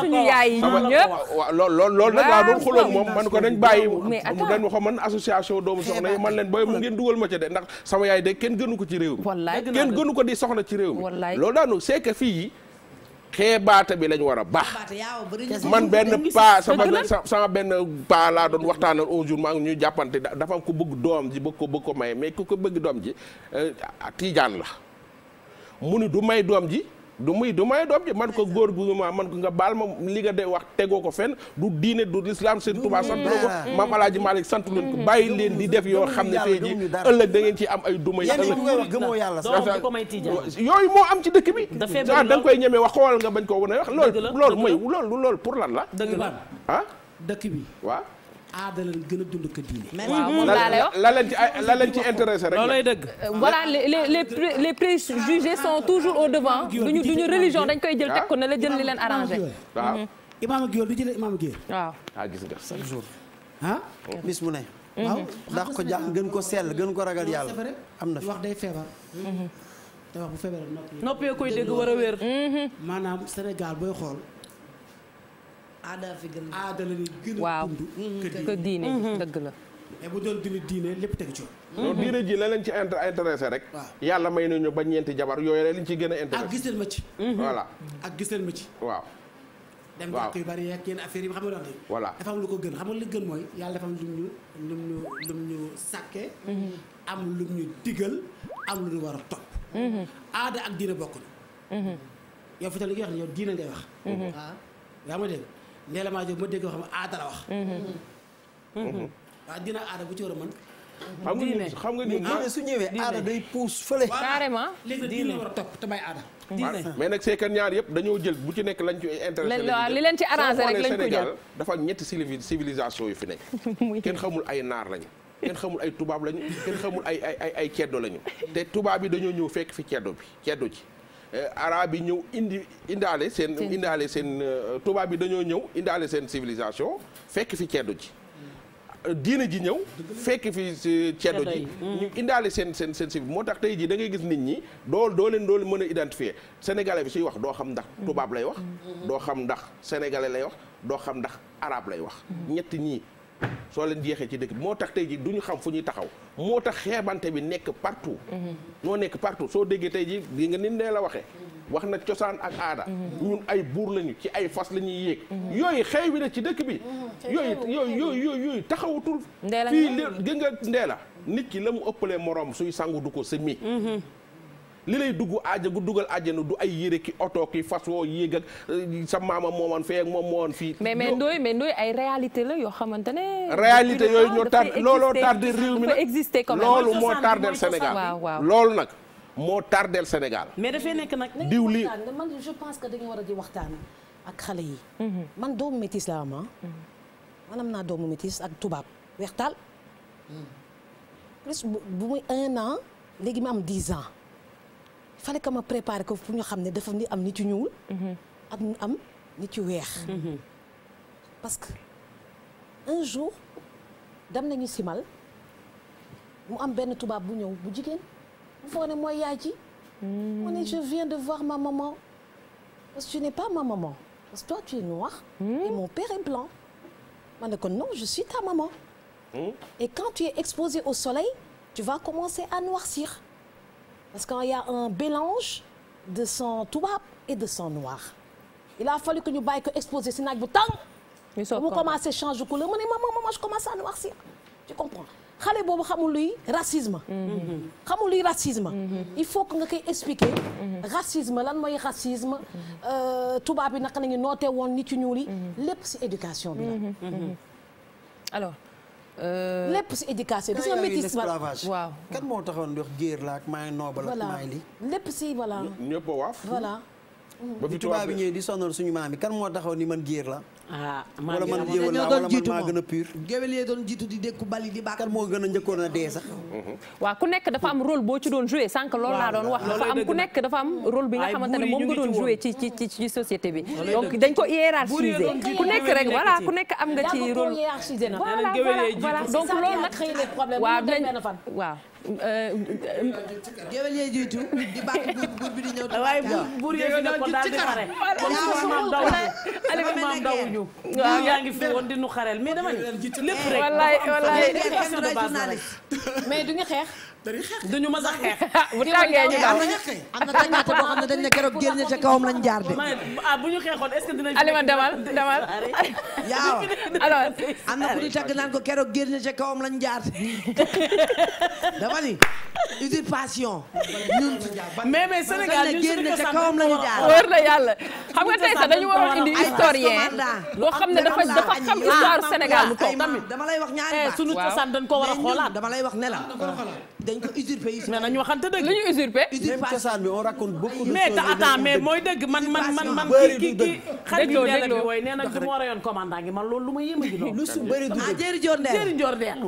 suñu yaay yi ñun ñëpp. lool lool loolu nag laa doon xulóog moom man ko dañ bàyyi. mu dañ association doomu soxna yi man leen booy mu ngeen dugal ma ca de ndax sama yaay de kenn gënu ko ci réew mi. kenn gënu ko di soxna ci réew mi. loolu daanu c'est fii yi baata bi lañ war a baax man benn paa sama sama benn paa laa doon waxtaanal au jour maa ngi ñuy jàppante dafa ko bëgg doom ji bëgg ko bëgg ko may mais ku ko bëgg doom ji euh, tiijaan la mu ni du may doom ji du muy du may doom ji man ko góor gu ma man ko nga baal ma li nga de wax tegoo ko fenn du diine du lislaam seen Tuubaa sant loo ko maam alaaji sant leen mm-hmm. bàyyi leen di def yoo xam ne tey ji ëllëg da ngeen ci am ay duma yi yooyu moo am ci dëkk bi da ah, nga koy ñemee wax xoolal nga bañ ko wane wax loolu loolu mooy loolu lool pour lan la ah dëkk bi waaw aada lañ gën a dund ko diine. waaw moom laa leen ci intéressé rek. loolay dëgg. Euh, voilà les les les préjugés sont toujours au devant. duñu duñu religion dañ koy jël teg ko ne la jël li leen arrangé. waaw mhm. imaam du jëlee imaam Guèye. waaw mu ah, ah? oh. ne. Mhm. waaw ndax ko jàng gën ko sell gën ko ragal yàlla. am na fi wax day feebar. te mhm. wax bu feebaree noppi. noppi koy dégg war a wér. maanaam Sénégal booy xool. aada fi gën a aada la ñuy gën a dund mhm. que diine mhm. dëgg la mais bu doon dindi diine lépp teg ci yoon mhm. diine ji la leen ci intéressé rek yàlla may nañu ba ñeenti jabar yooyu rek lañ ci gën a intéressé ak gis leen ma ci voilà ak gis leen ma ci waaw dem jàkk yu bari ak yenn yi xam nga doon voilà dafa lu ko gën xam nga gën mooy yàlla dafa am lum ñu lum ñu lum ñu sàkke am lum ñu digal am lu ñu war a topp aada ak diine bokk yow fi tam li ngay wax yow diine ngay wax waaw ah. yaa ma dégg Leela Madior ma dégg xam aada la wax. waaw dina aada bu ci war a mën. xam nga ni xam nga ni su ñëwee aada day pousse fële. carrément léegi nag diine war a topp te bàyyi aada. mais nag seekan ñaar yëpp dañoo jël bu ci nekk lañ ci intérêt li leen ci arrangé rek lañ ko jël dafa am ñetti civilisation yu fi nekk kenn xamul ay naar lañu kenn xamul ay tubaab lañu kenn xamul ay ay ay ceddo lañu te tubaab yi dañoo ñëw fekk fi ceddo bi ceddo ci Euh, arabe yi ñëw indi indaale seen indaale seen euh, tubaab yi dañoo ñëw indaale seen civilisation fekk fi ceddo ji euh, diine ji ñëw fekk fi ceddo ji mm. ñu indaale seen seen seen moo tax tey jii da ngay gis nit ñi doo doo leen doo leen mën a identifier sénégalais bi suy wax doo xam ndax mm. tubaab lay wax mm. doo xam ndax sénégalais lay wax doo xam ndax arabe lay wax ñetti ñii soo leen jeexee ci dëkk bi moo tax tey ji du ñu xam fu ñuy taxaw moo tax xeebante bi nekk partout moo mhm. nekk partout soo déggee tey ji di nga nit nee la waxee mhm. wax na cosaan ak aada mhm. ñun ay buur lañu ci ay fas la ñuy yéeg yooyu xew wi na ci dëkk bi yooyu yooyu yooyu yooyu taxawatul fii li gënga nga ndee la nit ki la mu ëppalee moroom suy sangu du ko sëmmi li lay dugg àjj gu dugal àjjana du ay yére ki oto ki fas woo yéeg ak euh, sa maama moo woon ak moom moo fii. mais mais Ndoye mais Ndoye ay réalité la yoo xamante ne. réalité yooyu ñoo tard looloo tardé mi nag exister comme loolu moo tardel Sénégal loolu nag moo tardel Sénégal. mais dafay nekk nag. diw lii man je pense que dañu war a ji waxtaan ak xale yi. Mhm. man doomu métis laa am ah. mhm. man am naa doomu métis ak tubaab weextaal. Mhm. presque bu muy un an léegi mu am dix ans. fale que ma préparé ko pour ñu xam ne dafa ni am nit yu ñuul. Mhm. ak am nit yu weex. Mhm. parce que un jour dem nañu simal mu am benn tubaab bu ñëw bu jigéen mu foog ne mooy yaay ji. Mhm. mu je viens de voir ma maman parce que tu n'es pas ma maman parce que toi tu es noir. et mon père est blanc. ma ne ko non je suis ta maman. et quand tu es exposé au soleil tu vas commencer à noircir. Parce que y a un mélange de sang tubaab et de sang noir. il a fallu que ñu bàyyi ko exposé si naaj bu tàng. ñu soog mu change changer couleur mu ne maman maman je commence à noircir tu comprends xale boobu xamul luy racisme. Mm-hmm. xamul luy racisme. Mm-hmm. il faut que nga koy expliquer. Mm-hmm. racisme lan mooy racisme. Euh, tubaab bi naka la ñu noote woon nit yu ñuul yi. lépp si éducation bi alors. Euh, lépp si éducation gis nga métis waaw kan moo taxoon di wax géer la ak maay nooba ak maay li lépp si voilà ñëpp waaf voilà bi tubaab bi ñëwee di sonal suñu maam yi kan moo taxoon ni man géer la ah wala man géwél laa wala man maa gën a pur géwél jiitu di dékku bali di moo gën a njëkkoon a dee sax mhm. waaw ku nekk dafa am rôle boo ci doon sànq loolu laa doon wax nekk dafa am rôle bi nga ci ci ci ci société bi dañ ko hiérarchisé ku nekk rek voilà ku nekk am nga ci rôle voilà voilà donc loolu nag waaw waaw géwél yee jiitu di bàq buur bi di buur yee fi ne ko daal di xare kon suñu maam daw suñu maam daw ñu waaw yaa ngi fi woon di nu xareel mais dama ni lépp rek wallaay wallaay mais du ñu xeex dañuy xeex duñu mës a xeex. Ah, bu tàngee ñu daal am na xeex am na tàngaate boo xam ne dañ ne keroog génne ca kawam lañ jaar de. ah bu ñu xeexoon est-ce que dinañ. Alima demal demal. yaaw alors am na ku ñu tàgg naan ko keroog génne ca kawam lañ jaar de dama ni. usurpation. ñun mais mais Sénégal ñun suñu ca kawam lañu jaar. wóor na yàlla xam nga tey sax dañu waroon indi historien loo xam ne dafa dafa xam histoire Sénégal lu toog tamit. dama lay wax ñaari eh, baat suñu cosaan dañ ko war a xoolaat dama lay wax ne la dañ ko usurpé usurpé. mais nañu waxante dëgg. lu ñu usurpé. mooy dëgg man man man man kii kii kii. dégloo dégloo xarit bi nee na bi wooy nee ma war a yoon man loolu lu ma yéeme ji loolu. Ah, Jordan.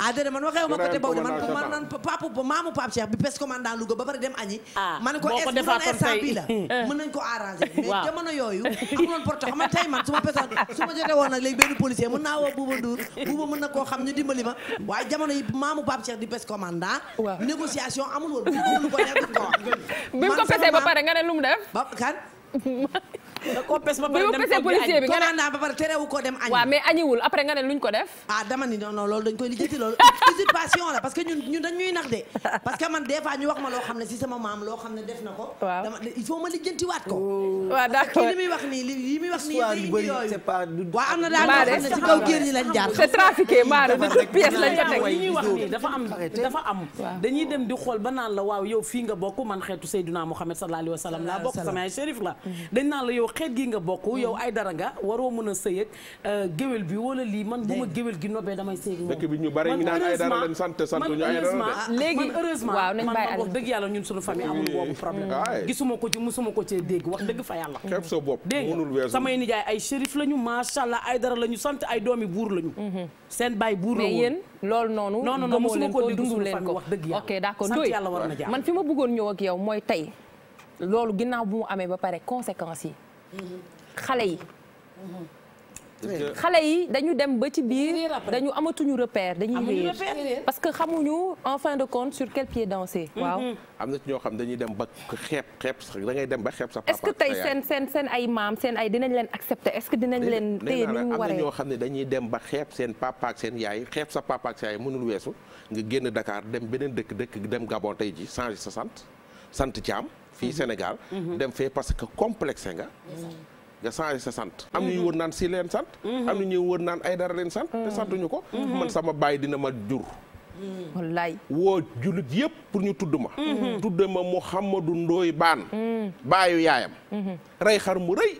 ah déedéet man waxee ma côté boobu man man papu maamu Pape Cheikh bi pes commandant Louga ba pare dem añi ah, ma ko est-ce eh. nañ ko arranger mais jamono yooyu amuloon porte xam nga tey man su ma pesoon su ma jotee woon nag benn policier mën naa woo Bouba Ndour Bouba mën na koo xam ñu dimbali ma waaye jamono yi maamu Pape Cheikh di pes commandant négociation amul woon bu ko neex ko ko pesee ba pare nga ne lu mu da koo pes ba pare dem ko ba pare terewu ko dem añ waaw mais añiwul après nga ne luñ ko def ah dama ni non loolu dañ koy lijjanti loolu usurpation la parce que ñun dañ ñuy nax de parce que ma loo xam ko dama il ko waaw d'accord wax nii li muy wax nii dafa am dafa am dañuy dem di xool ba naan la waaw yow fii nga bokk man xeetu Seydina Mouhamed sallallahu alayhi wa bokk sama ay shérif la mm-hmm. dañ naan la yow xeet gi nga bokk hmm. yow ay dara nga waroo mën a sëy ak euh, géwél bi wala lii man bu ma géwél gi nobee damay sëy ak moom dëkk bi ñu bari ñu naan ay dara lañ ah, wax dëgg yàlla ñun suñu famille amul ko ci musuma ko ci dégg wax fa yàlla mm-hmm. xeeb sa bopp mënul weesu samay nijaay ay shérif lañu macha allah ay dara lañu sant ay doomi buur lañu mm-hmm. seen baay buur la woon loolu noonu gëmoo leen ko dundul leen ko ok d'accord Ndoye man fi ma bëggoon ñëw ak yow mooy tey loolu ginnaaw bu mu amee ba pare conséquences yi xale yi. xale yi dañu dem ba ci biir dañu amatuñu repère dañuy réer parce que xamuñu en fin de compte sur quel pied danser mm-hmm. waaw am na ñoo xam dañuy dem ba xeeb xeeb sax da ngay dem ba xeeb sax est-ce ay maam seen ay dinañ leen accepter est-ce que dinañ leen téye ni mu waree xam ne dañuy dem ba xeeb seen papa seen yaay xeeb sa papa ak sa yaay mënul weesu nga génn dakaar dem beneen dëkk dëkk dem Gabon tey ji changer sa sant sant Thiam fii Sénégal mhm. dem fee parce que complexe nga mhm. nga changé sa sant am na ñuy mhm. wër naan si leen sant am na ñuy wër naan ay dara leen sant te santuñu ko man sama baay dina ma jur wallaay woo jullit yëpp pour ñu tudd ma tudd ma Mouhamadou Ndoye Bane baayu yaayam rey xar mu rëy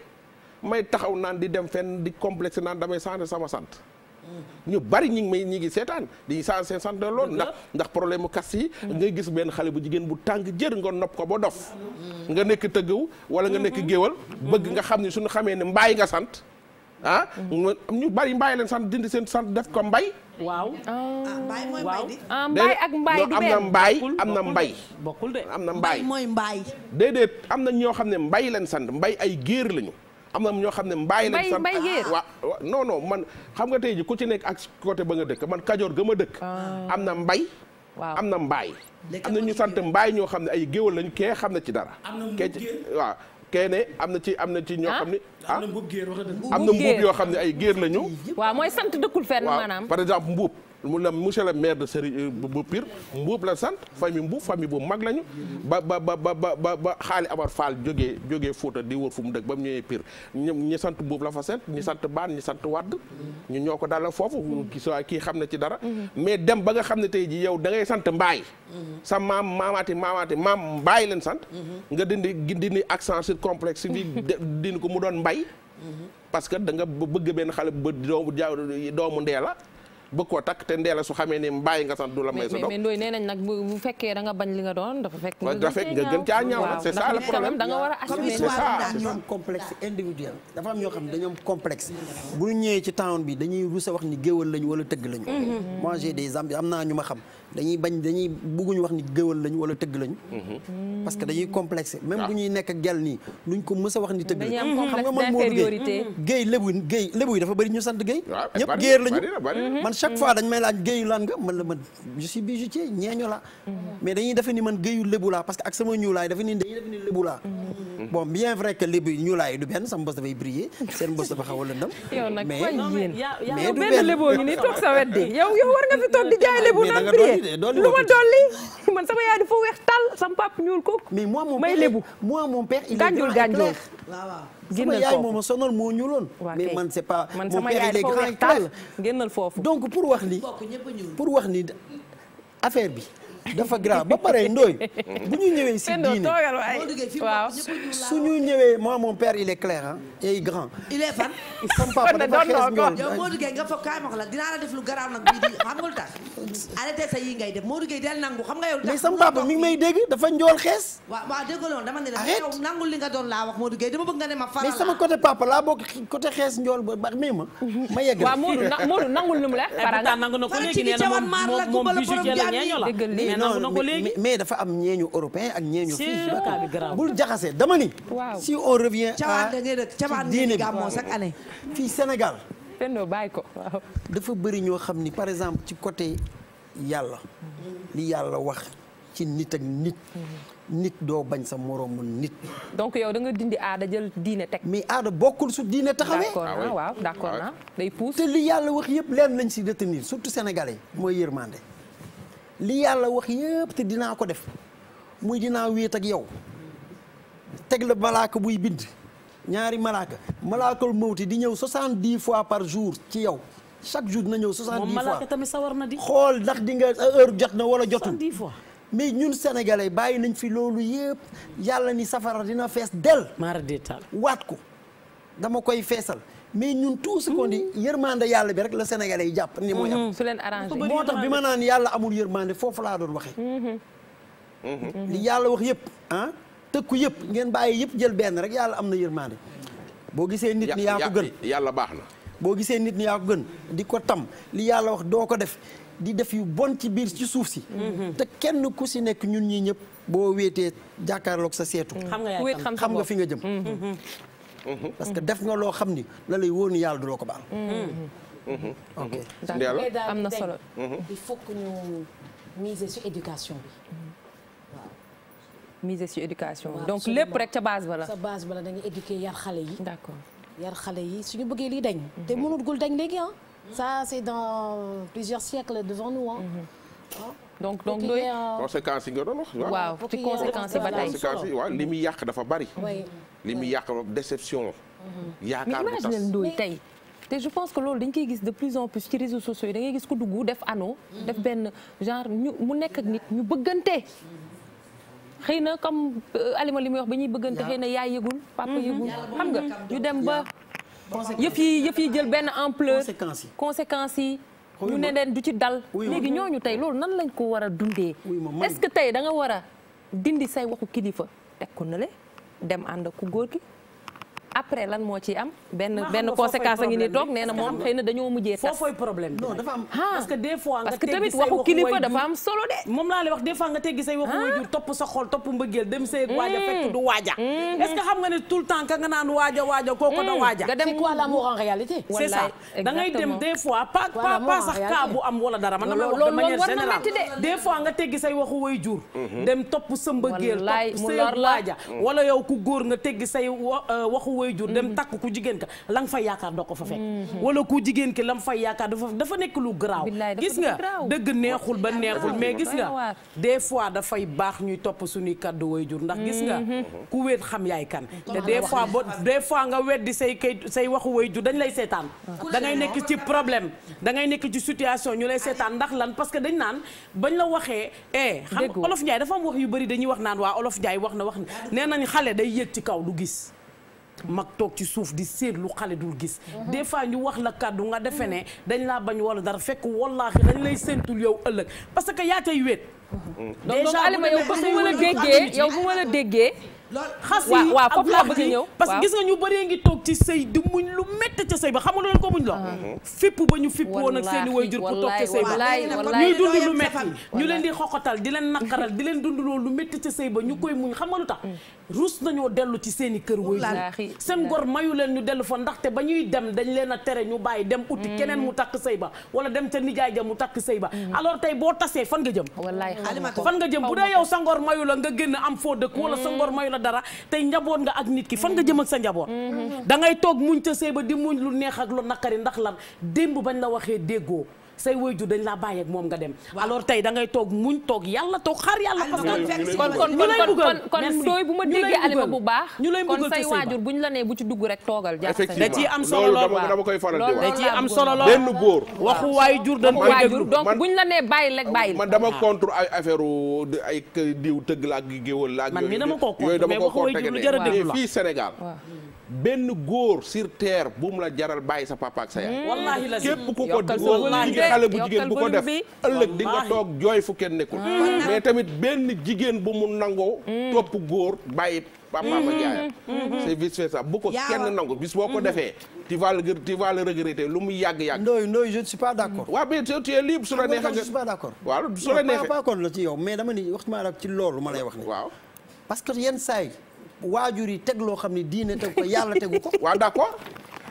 may taxaw naan di dem fenn di complexe naan damay changé sama sant ñu bari ñi ngi may ñi ngi seetaan di dañuy cent sant loolu ndax ndax problème mu kas yi mm. ngay gis benn xale bu jigéen bu tàng jër nga nopp ko ba dof mm. nga nekk tëggaw wala nga nekk mm-hmm. géwal bëgg nga mm-hmm. xam ne suñu xamee ne mbaay nga sant ah mm. ñu bari mbay leen sant dindi seen sant def ko mbay waaw ah, mbay ah, ak mbaay am na mbaay am na mbay bokkul am na mbaay mooy mbaay déedéet am na ñoo xam ne mbay leen sant mbay ay géer lañu am na ñoo xam ne mbaay lañ sant waaw non non man xam nga tey ji ku ci nekk ak côté ba nga dëkk man kajoor ga ma dëkk ah. am na mbay waaw am na mbaay am na ñu sant mbaay ñoo xam ne ay géwal lañ kee xam na ci dara kee waaw kee ne am na ci am na ci ñoo ah. xam ne ah am na mbuub yoo xam ne ay géer lañu waaw mooy sant dëkkul fenn maanaam par exemple mbuub mu la monsieur le maire de Serigne euh, bu Pire Mbuub la sant famille Mbuub famille bu mag lañu. ba ba ba ba ba ba xaali Amar Fall jóge jóge Fouta di wër fu mu dëkk ba mu ñëwee piir ñoom ñi sant Mbuub la fa sant ñi sant Baan ñi sant Wadd. ñu ñoo ko dalal foofu. kii soo kii xam na ci dara. mais dem ba nga xam ne tey jii yow da ngay sant Mbaay. sa maam maamaati maamaati maam Mbaay leen sant. nga dindi dindi accent sur complexe bi dindi ko mu doon mbay. parce que da nga bëgg benn xale ba doomu doomu ndee la bëgg koo takk te ndee la su xamee ni mbaay nga sant du la may sa doom mais ndooy nee nañ nag bu fekkee danga bañ li nga doon dafa fekk nga gën caa ñaaw nag c'est a le problème da war a assumer c'est ça dañu am complexe individuel dafa am ñoo xam ne dañu complexe bu ñëwee ci town bi dañuy rusa wax ni géwal lañu wala tëgg lañu mm-hmm. moi j'ai des am am naa ñu ma xam dañuy bañ dañuy bëgguñu wax ni géwël lañu wala tëgg lañu. Mm-hmm. parce dañuy complexé. Mm-hmm. même bu ah. ñuy nekk ak nii luñ ko mës wax ni tëgg lañu. Mm-hmm. xam nga man Modou Gueye Gueye lébu Gueye lébu yi dafa bëri ñu sant Gueye. ñëpp géer lañu. man chaque fois dañ may laaj Gueye lan nga man la man man Gueye lébu parce que a lëndam. mais mais du benn lébu ngi ni toog sa wet de war nga fi toog di jaay lébu naan briller de dolli lu ma dolli man sama yaay dafa weex tal sama papa ñuul ko. mais moo mon père lébu moi mon père il est gànjul gànjul sama yaay moom a sonal moo ñuuloon mais man c'est pas mon père il est grand et li génnal foofu donc pour wax ni pour wax ni affaire bi dafa grave ba pare ndooy bu ñu ñëwee si diine waaw su ñu ñëwee moi mon père il e clair ah et il est grand. il est fan. sama papa dafa xees ñoom yow dinaa la def lu garaaw nag bii di xam nga lu tax arrêté sa nga yow. mais sama papa mi ngi may dégg dafa njool xees. waaw waaw dégg loolu dama ne la yow nangul li ma faral mais sama côté papa laa bokk côté xees njool ba ba ma ma yegg. waaw Modou nangul lu mu la. faral eh, nangu na ko léegi nee na moom moom moom bijoutier la ñeeño la mais non mais mais dafa am ñeeñu européen ak ñeeñu fii bul jaxasee dama ni. si on revient à ci diine bi chaque année fii Sénégal. bàyyi ko dafa bëri ñoo xam ni par exemple ci côté yàlla. li yàlla wax ci nit ak nit. nit doo bañ sa moroomu nit. donc yow da nga dindi aada jël diine teg. mais aada bokkul su diine taxawee. waaw waaw d'accord naa ah day pousse. te li yàlla wax yëpp leen lañ si retenir surtout sénégalais mooy yërmande. li yàlla wax yëpp te dinaa ko def muy dinaa wéet ak yow teg la malaaka buy bind ñaari malaaka malaakal mawti di ñëw soixante-dix fois par jour ci yow chaque jour na ñëw soixante-dix fois tamit sawar na di xool ndax di nga euh, heure jot na wala jotul soixante mais ñun sénégalais bàyyi nañ fi loolu yëpp yàlla ni safara dina fees del waat ko dama koy feesal mais ñun tout ce qu'on hmm. yàlla bi rek la sénégalais yi jàpp ni mooy am hmm, hmm, su leen arrangé moo tax bi ma naan yàlla amul yërmande foofu laa doon waxee li yàlla wax yëpp ah tëkku yëpp ngeen bàyyi yëpp jël benn rek yàlla am na yërmande boo gisee nit ni yaa ko gën yàlla baax na boo gisee nit ni yaa ko di ko tam li yàlla wax doo ko def di def yu bon ci biir ci suuf si te kenn ku si nekk ñun ñii ñëpp boo wéetee jàkkaarloog sa seetu xam nga fi nga jëm Mm-hmm. parce que def nga loo xam ni la lay wóor ni yàlla du la ko baal. Mm-hmm. ok mm-hmm. am na solo il que ñu miser sur éducation miser sur éducation donc lépp rek ca base ba la. ca dañuy éduquer yar xale yi. d'accord yar xale yi suñu bëggee lii dañ. te mënul dañ léegi ah. ça c'est dans plusieurs siècles devant nous ah. ah. donc donc looy. conséquences yi nga doon wax. waaw yi li muy yàq dafa bari. li muy yàq déception. Mhm. yaakaar bu tas mais imagine Ndoye tey te je pense que loolu dañ koy gis de plus en plus ci réseaux sociaux yi da ngay gis ku dugg def anneau. Mhm. def benn genre ñu mu nekk ak nit ñu bëggante. xëy na comme euh, alima li muy wax ba ñuy bëggante xëy na yaay yëgul papa mhm. yëgul xam nga ñu dem ba. yëf yi yëf yi jël benn ampleur conséquences yi ñu ne leen du ci dal léegi ñooñu tey loolu nan lañ ko war a dundee est-ce que tey da nga war a dindi say waxu kilifa teg ko dem ànd ak ku góor gi après lan moo ciy am. benn benn conséquence a ngi ni toog nee na moom xëy na dañoo mujjee tas. foofu problème non dafa am ah. parce que des fois nga teggi say waxu kilifa dafa am solo de. moom laa lay wax des fois nga teggi say waxu ah. waajur topp sa xol topp mbëggeel dem say la mm. fekk du waaja. Mm. Mm. est wala dara man damay wax nga teggi say mm-hmm. sa mbëggeel topp say yow ku góor nga teggi say euh, waxu way jur dem mhm. takk ku jigéen ka la fay yaakaar doo ko fa fekk mhm. wala ku jigéen ki la nga fay yaakaar dafa dafa nekk lu garaaw gis nga dëgg neexul ba neexul mais gis nga des fois dafay baax ñuy topp suñuy kaddu way jur ndax gis nga mhm. ku wéet xam yaay kan te des fois ba des fois nga weddi say kay say waxu way jur dañ lay seetaan da ngay nekk ci problème da ngay nekk ci situation ñu lay seetaan ndax lan parce que dañ naan bañ la waxee eh xam olof Njaay dafa am wax yu bëri dañuy wax naan waa olof Njaay wax na wax ne nee nañ xale day yéeg ci kaw du gis mag toog ci suuf di seet lu xale dul gis des fois ñu wax la kàddu nga defe ne dañ laa bañ wala dara fekk wallaahi dañ lay séentul yow ëllëg parce que yaa tey wéet mm-hmm. déjà donc Alima yow bu ma la déggee yow bu ma la déggee xas yi waaw foofu laa bëgg ñëw parce que gis nga ñu bëree ngi toog ci sëy di muñ lu métti ca ko muñ la uh-huh. Uh-huh. fipp ba ñu fipp woon ak seen i lu métti ñu leen di xoxotal di leen naqaral di leen dund lu métti ca sëy ba ñu koy muñ xam nga lu tax ruus dellu ci seen i kër wayjur seen gor mayu leen ñu dellu fa ndaxte ba ñuy dem dañ leen a tere ñu bàyyi dem uti mm. keneen mu takk sëy ba wala dem ca nijaay ja mu takk sëy ba mm. alors tey boo tasee fan nga jëm fan nga jëm bu dee yow sa ngor mayu la nga génn am foo dëkk wala sa mm. ngor mayu la dara tey njaboot nga ak nit ki fan nga jëm sa njaboot mm-hmm. da ngay toog muñ ca sëy ba di muñ lu neex ak lu naqari ndax lan démb bañ la waxee déggoo say waajur dañ laa bàyyi moom nga dem alors tey dangay toog muñ toog yàlla toog xaar yàlla parce que kon kon kon kon dooy bu ma déggee alima bu baax ñu lay kon say waajur buñ la nee bu ci dugg rek toogal effectivement da ciy am solo lool dama koy faral di wax da am solo lool benn góor waxu waajur dañ koy déglu donc buñ la nee bàyyi rek bàyyi man dama contre ay affaire ay diw tëgg la ak géwël la ak yooyu dama ko contre mais waxu waajur lu jar a déglu la fii Sénégal benn góor sur terre bu mu la jaral bàyyi sa papa ak sa yaay. Hmm. la képp ku ko jigéen xale bu jigéen bu ko def ëllëg di nga toog jooy fu kenn nekkul. Hmm. mais tamit benn jigéen bu mu nangoo. Hmm. topp góor bàyyi papaam ak yaayam. c'est vice sax bu ko kenn nangu bis boo ko defee. tu vas le lu mu yàgg yàgg. ndoy ndoy je ne suis pas d'accord. waaw mais tu es libre su la neexee. je suis pas d'accord. waaw su la neexee. pas d'accord la ci yow mais dama ni wax ma la ci loolu ma lay wax. waaw parce que yenn saa waajur yi teg loo xam ne diine teg ko yàlla tegu ko. waaw d'accord.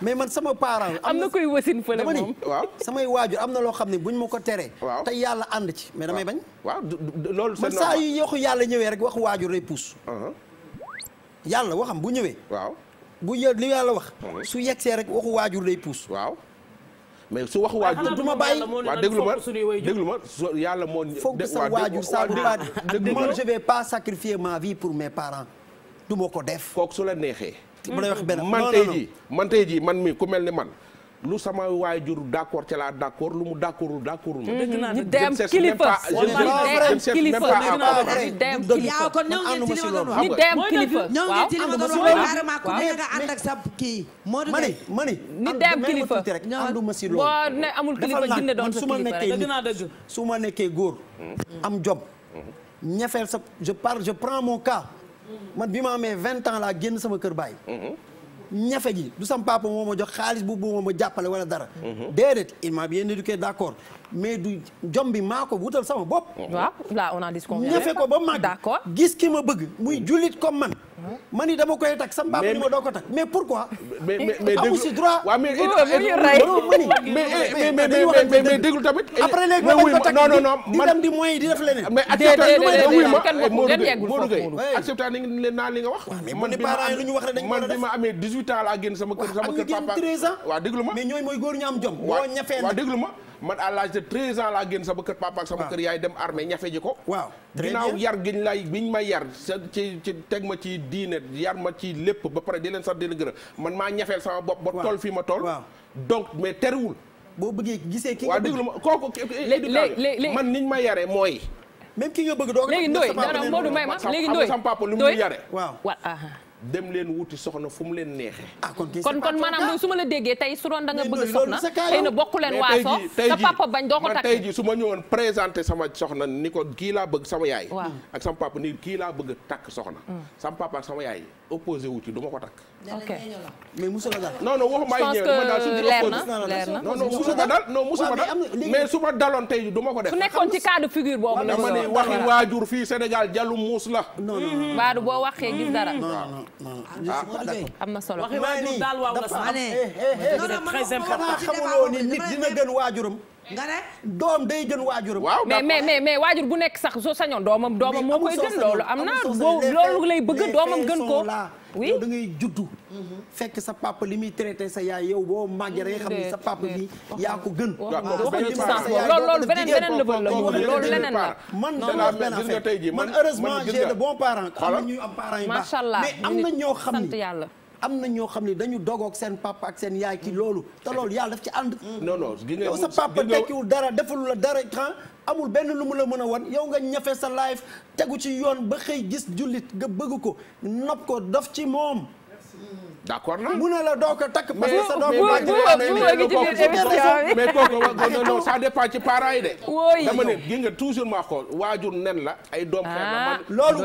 mais man sama parent. am na koy wasin fële moom waaw samay waajur am na loo xam ne bu ñu ma ko teree. waaw te yàlla ànd ci mais damay bañ. waaw loolu man saa yu waxu yàlla ñëwee rek waxu waajur lay puus. Uh-huh. yàlla waxam bu ñëwee. waaw bu ñëw li yàlla wax. Uh-huh. su yegsee rek waxu waajur lay puus. waaw mais su waxu waajur. du ma bàyyi waaw déglu ma déglu ma yàlla moo. foog sa waajur saa bu baax man je vais pas sacrifier ma vie pour mes parents. du ma ko def. kooku su la neexee. ma lay wax benn man tey ji man tey ku mel ni man. lu sama waajur d'accord ci laa d'accord lu mu d'accordul d'accordul ma. nit day am kilifa kon ñoo ngi ci li ma doon wax nit day am kilifa ñoo ngi ci li ma doon wax carrément ku ne nga ànd ak kilifa ànduma amul kilifa jinne doon su ma nekkee góor am job mm-hmm. ñafeel sa je parle je prends mon cas man bi ma amee vingt ans laa génn sama kër baay. ñafe ji du sam papa moo a jox xaalis bu bu ma jàppale wala dara. Mhm. déedéet il m'a bien éduqué d'accord mais du jom bi maa ko wutal sama bopp. waaw ko ba mag d'accord gis bëgg muy jullit comme man. man ni dama koy takk sama baab ni ma doo ko takk mais pourquoi. mais mais di ma amee 18 ans laa génn sama kër sama kër papa. waaw am ñu génn 13 ans. waaw déglu ma mais ñooy mooy góor ñu am jom. waaw waaw déglu ma man à l'âge de 13 ans laa génn sama kër papa ak kër yaay dem armée ñafe ji ko waaw ginnaaw yar giñ lay biñ ma yar sa ci teg ma ci diine yar ma ci lépp ba pare di leen sax di leen gërëm man maa ñafeel sama bopp ba tool fii ma tool donc mais terewul boo bëggee gisee ki waaw déglu ma kooku man niñ may yare mooy même ki nga bëgg doo léegi ndooy dara Modou may ma léegi ndooy sama papa lu mu yare waaw waaw ah, ah. dem leen wuti soxna fu mu leen neexee. ah kon kon kon maanaam su ma la déggee tey su doon da nga bëgg soxna xëy na bokku leen waaso sa papa bañ doo ko takk tey jii su ma ñëwoon présenté sama soxna ni ko kii laa bëgg sama yaay. ak sama papa ni kii laa bëgg takk soxna. Mm. sama papa ak sama yaay. opposé wu ci du ma ko takk. ok mais Moussa la daal. non non waxuma ay ñëw dama daal suñu opposé. leer na non non Moussa ma daal non Moussa ma daal mais su ma daloon tey du ma ko def. su nekkoon ci cas de figure boobu. dama ne waxi waajur fii Sénégal jalu muus la. non non Badou boo waxee gis dara. non ah, ah, na solo. Eh, eh, eh. nit dina gën waajuram. nga ne doom day gën waajuram. waaw mais mais mais waajur bu nekk sax soo sañoon doomam doomam moo koy gën loolu am na loolu lay bëgg doomam gën ko oui da ngay juddu. Mhm. fekk sa papa li muy traité sa yaay yow boo màggee rek xam ne sa papa bi yaa ko gën. waxuñu sens loolu loolu beneen beneen level la loolu leneen la. man heureusement j'ai de bons parents. am na ñuy mais am na ñoo xam ne am na ñoo xam ne dañu dogoog seen papa ak seen yaay ci loolu te loolu yàlla daf ci ànd. non non yow sa papa tekkiwul dara defalu la dara temps amul benn lu mu la mën a wan yow nga ñafe sa life tegu ci yoon ba xëy gis jullit nga bëgg ko nopp ko daf ci moom. d'accord na mu a la doo ko takk. parce que sa doom bi mais kooku non non ça dépend ci parents yi de. wooyi dama ne gi nga la ay doom xeer la man. Ah, loolu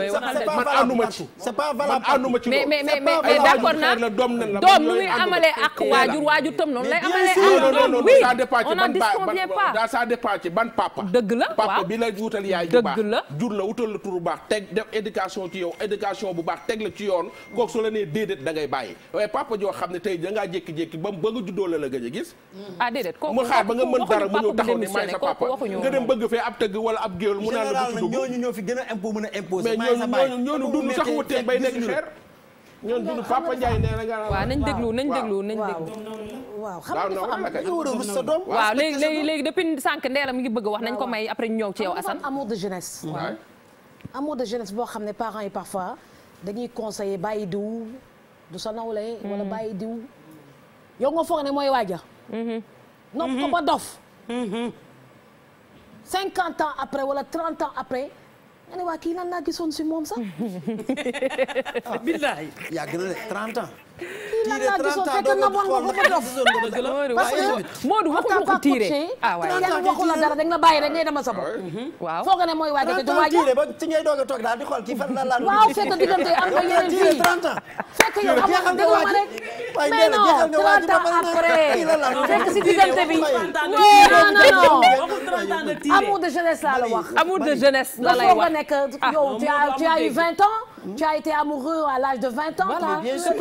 c'est pas valable c'est ci loolu. mais na doom nen la doom nu muy amalee tam noonu lay amalee ak doom oui on ban papa. dëgg la waaw papa bi la wutal yaay bu baax. dëgg la jur la wutal la tur bu baax teg def éducation ci yow éducation bu baax teg la ci yoon kooku su la nee déedéet da ngay bàyyi waaye papa joo xam ne tey dangaa jékki-jékki ba ba nga juddoo la la gëj gis ah mu xaar ba nga mën dara mu ñëw taxaw sa papa nga dem bëgg fee ab tëgg wala ab géwél mu naan la bu tudd ñooñu ñoo fi gën a impo mën a imposer mais ñooñu ñooñu sax wutee bay nekk xeer ñoon dund papa Ndiaye nee na nga waaw nañ déglu nañ déglu nañ déglu waaw xam nga dafa am nga war a ngi bëgg wax nañ ko may après ñëw ci yow Assane amour de jeunesse boo xam ne parents yi parfois dañuy conseiller bàyyi diw du sa nawle. wala mm-hmm. bàyyi diw. yow nga ne mooy waaja. Mm-hmm. nopp ko mm-hmm. ba cinquante ans après wala trente ans après. nga waa kii lan laa gisoon si moom sax. billaay. yàgg na de trente ans. tiire 30 ans doo ko xool nga ko gisoon nga ko doon. parce que Modou waxuñu ko tiire ah waay kenn waxu la dara da nga bàyyi rek ngay dama sa bopp. waaw foog ne mooy waaj a te waaj tiire ba ci ngay doog a toog daal di xool kii fan la la. waaw fekk diggante am nga yeneen fii fekk yow xam nga déglu ma rek. waaye nee na jeexal na waa ji dama la fekk si diggante bi non non non amour de jeunesse laa la wax. amour de jeunesse la lay wax nekk tu as eu 20 ans. tu mm. as été amoureux à l'âge de 20 ans.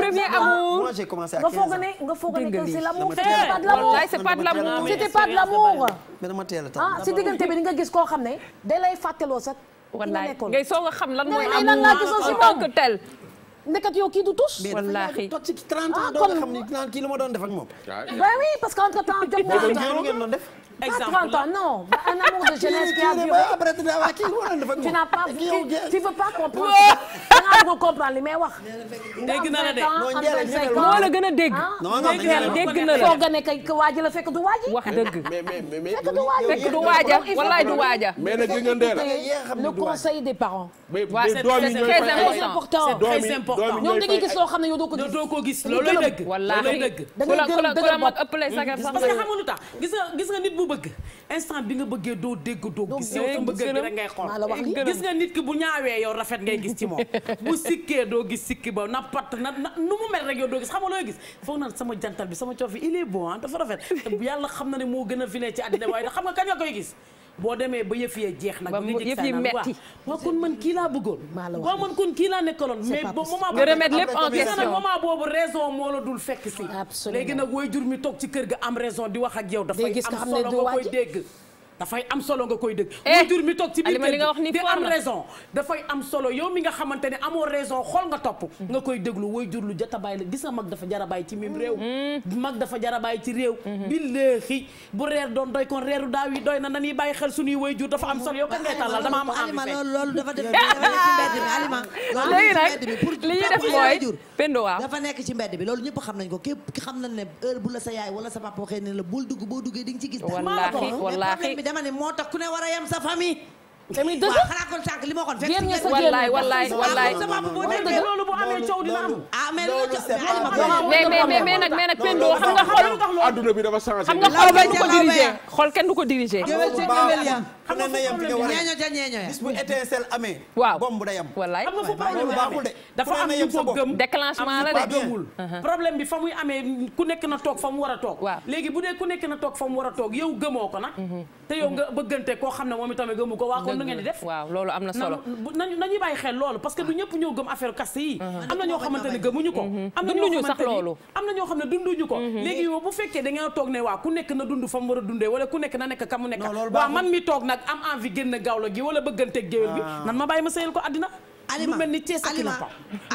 premier ah, amour. moi j'ai commencé à 15 ans nga foog ne que c'est l'amour. c'est pas de l'amour c'était pas de l'amour. ah si diggante bi nga gis koo xam ne. da lay fàttaloo sax. wallaay ngay a xam lan mooy amour en que tel. nekkat yow kii du touche. wallaahi toog ci 30 ans ah, doo nga xam ni kii lu ma doon def ak moom. waaw oui parce que entre temps jot naa. ngeen doon def. exemple pas 30 ans non un amour de jeunesse. qui a duré après dina wax kii wala dafa. tu n'as pas tu veux pas comprendre. da ngaa bëgg comprendre li may wax. dégg na la de moo la gën a dégg. Ah. non non dégg na la foog nga ne kay waaji la fekk du waaji. wax dëgg fekk du waaji. fekk du waaja wallaay du waaja. mais nag gis nga ndee la le conseil des parents. mais doom yi ñooy très important très important ñoom dañuy gis loo xam ne yow doo ko gis. doo ko gis loolooy dëgg. wallaahi da ngay gën a dëgër bopp parce que xamuñu tax gis nga gis nga nit bu bëgg instant bi nga bëggee doo dégg doo gis yow sa bëgg bi rek ngay xool eh, gis nga nit ki bu ñaawee yow rafet ngay gis ci moom bu sikkee doo gis sikki ba na patt na nu mu mel rek yow doo gis xam nga looy gis foog naan sama jantal bi sama coof bi il est dafa rafet yàlla xam na ne moo gën a fi ci àddina waaye xam nga kañ nga koy gis boo demee ba yëf yee jeex nag. ñu yëf yi metti waaw kon man kii laa bëggoon. waaw man kon kii laa nekkaloon. mais ba moment boobu nga remettre lépp en question moment boobu raison moo la dul fekk si. léegi nag waajur mi toog ci kër ga am raison di wax ak yow. dafay am solo nga koy dégg dafay am solo nga koy dëgg waajur eh, mi toog ci biir mi nga xamante ne amoo raison xool nga topp nga koy déglu waajur lu nga mag dafa jar a bàyyi ci même mm-hmm. a bàyyi mm-hmm. na nañuy bàyyi xel suñuy waajur dafa am solo yow kan ngay tàllal dama am alima loolu dafa def ci mbedd mi alima léegi nag li ñuy def mooy pendo waaw dafa nekk ci mbedd bi loolu ñëpp xam nañ ko képp xam nañ ne heure bu la sa yaay wala sa papa waxee la bul dugg boo duggee di ci gis dama ne moo tax ku ne war a sa famille. tamit dëgg waaw xanaa kon sànq li ma ko fekk. wallaay wallaay wallaay loolu bu amee coow dina am. ah mais loolu xam nga xol. adduna bi dafa changé. xam nga xol kenn du ko diriger. xol kenn du ko diriger. xam nga ñeeño am. wallaay xam nga fu problème na toog fa mu war a toog. waaw léegi bu dee ku nekk na toog fa mu war a toog ko nag. Mhm. ne moom itamit gëmu ko. waaw kon nu ngeen di def waaw loolu am na du ñëpp ñoo gëm affaire kaste am na ñoo xamante gëmuñu ko. am na ñoo xamante ne ko. léegi yow bu fekkee da toog ne waa ku nekk na dund fa mu war a dundee wala ku nekk na nekk ka mu nekk waa man mi toog na nag am envie génn gawlo gi wala bëgganteeg géwél bi ah. nan ma bàyyi ma sëyal ko àddina alima alima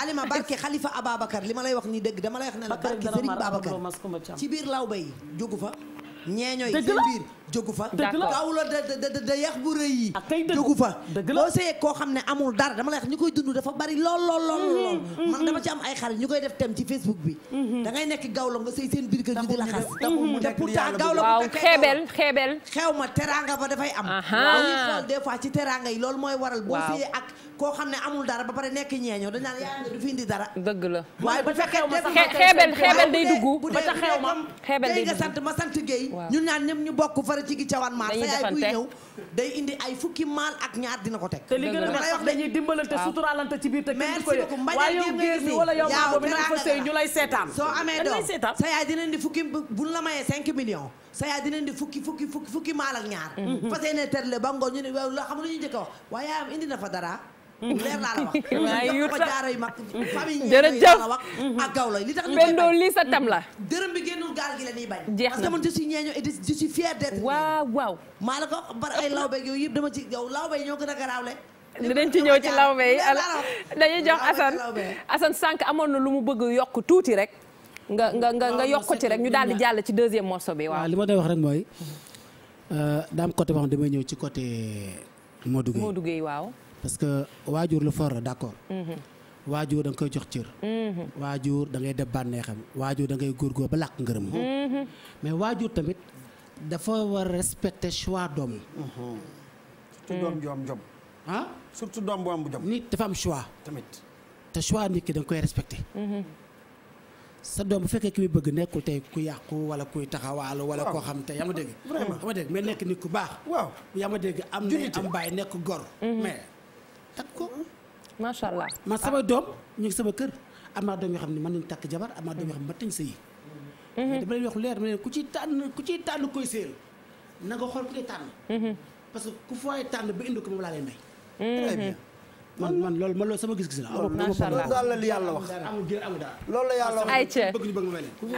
alima barke xalifa Ababacar li ma lay wax ni dëgg dama lay wax ne la barke Serigne Babacar ci biir lawbe yi jógu fa ñeeñooy seen biir jógu fa gaawula da da da yax bu rëy yi ah, jógu fa boo sëyee koo xam ne amul dara dama lay wax ñu koy dund dafa bari lool lool lool lool mm-hmm, man dama mm-hmm. ci am ay xarit ñu koy def tem ci Facebook bi mm-hmm. da nekk gaawla la ba ba pare nekk ñeeñoo dañ naan yaa nga la waaye ba tax xew ma xeebel day dugg nga sant ma sant Guèye ñun ñaan ñëpp ñu bokk fa dara ci gi cawaan maar sa yaay buy ñëw day indi ay fukki a dañuy dimbalante suturaalante ci biir te kenn ko yëg waaye yow géer bi wala yow maa boobu naan fa sëy mhm. terle ba ngoon ñu ne waaw loo xam ñu njëkk a yaayam indi na fa dara leer laa la wax. waaye ta jërëjëf wax ak gaw la li tax mm-hmm. jeex na man je suis waaw waaw. maa la ko bar ay lawbeeg yooyu yëpp ci yow lawbeeg ñoo a garaawle. dinañ ci ñëw ci lawbe dañuy jox Assane Assane sànq amoon na lu mu bëgg yokk tuuti rek. nga nga nga nga yokk rek ñu daal di jàll ci deuxième morceau bi waaw. li ma doon wax rek mooy euh, daam côté boo xam damay ñëw ci côté Modou Gueye Modou Gueye waaw parce que waajur lu for la d'accord mhm. waajur da nga koy jox cër mhm. waajur da ngay def bànneexam waajur da ngay góorgóor ba làq ngërëm mhm. mais waajur tamit dafa war respecter choix doom surtout doom joom jom ah surtout doom bu am bu jom nit dafa am choix te choix nit ki da nga koy respecter sa doom bu fekkee ki muy bëgg nekkul tey ku yàqu wala kuy taxawaalu wala koo xam te yaa ma dégg mais nekk nit ku baax yaa ma dégg am na am bàyyi nekk gor mais takk ko. macha allah man sama doom ñu ngi sama kër am naa doom yoo xam ne man nañu takk jabar am naa doom yoo xam ne mën nañu sëyi. Mhm. dama leen leer dama leen ku ciy tànn ku ciy tànn koy séer na ko xool ku ciy tànn. Mhm. parce que ku fooy tànn ba indi ko moom laa lay may. Mhm. man man loolu man loolu sama gis-gis la. macha allah la li yàlla wax. amul gën amul daal. loolu la yàlla wax ayca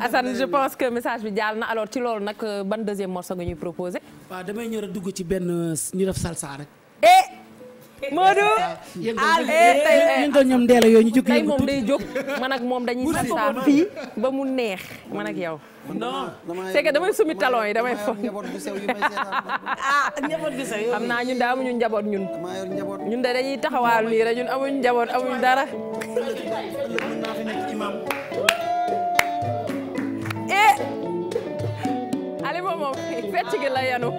Assane je pense que message bi jàll na alors ci loolu nag euh, ban deuxième morceau nga ñuy proposé. waaw damay ñëw rek dugg ci benn euh, ñu def salsa rek. Eh! Modou. allez tey eh, ñu doon moom day jóg man ak moom dañuy saxtaan ba mu neex man ak yow. non c'est que damay sumi talon yi damay fo. ah njaboot gu sew naa ñun daa amuñu njaboot ñun. ñun de dañuy taxawaalu lii rek ñun amuñu njaboot amuñu dara. eh. Alima moom fecc la yanu.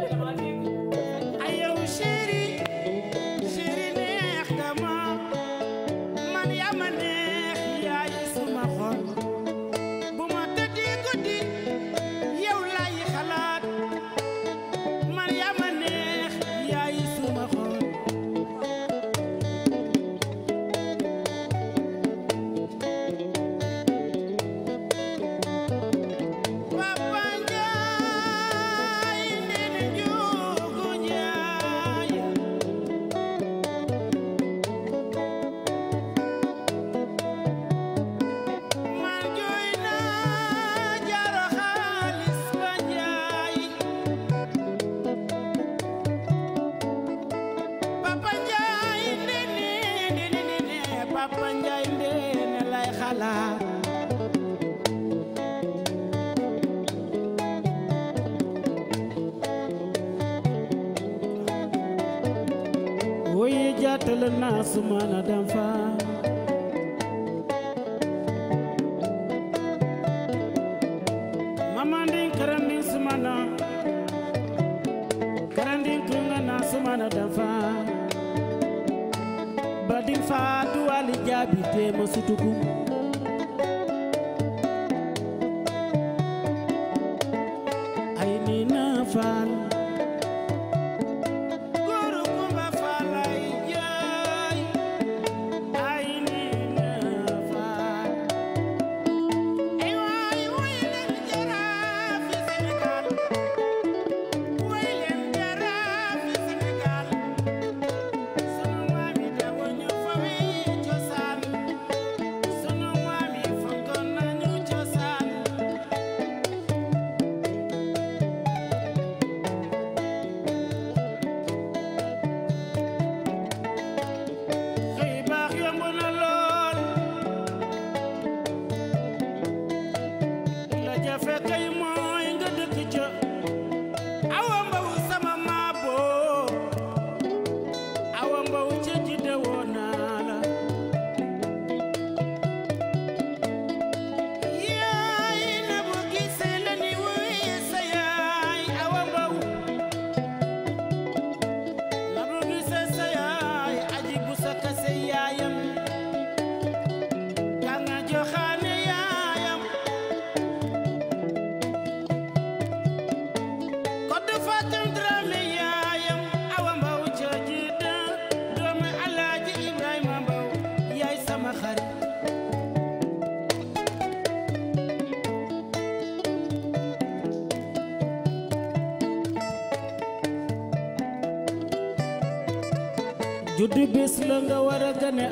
nga war a gane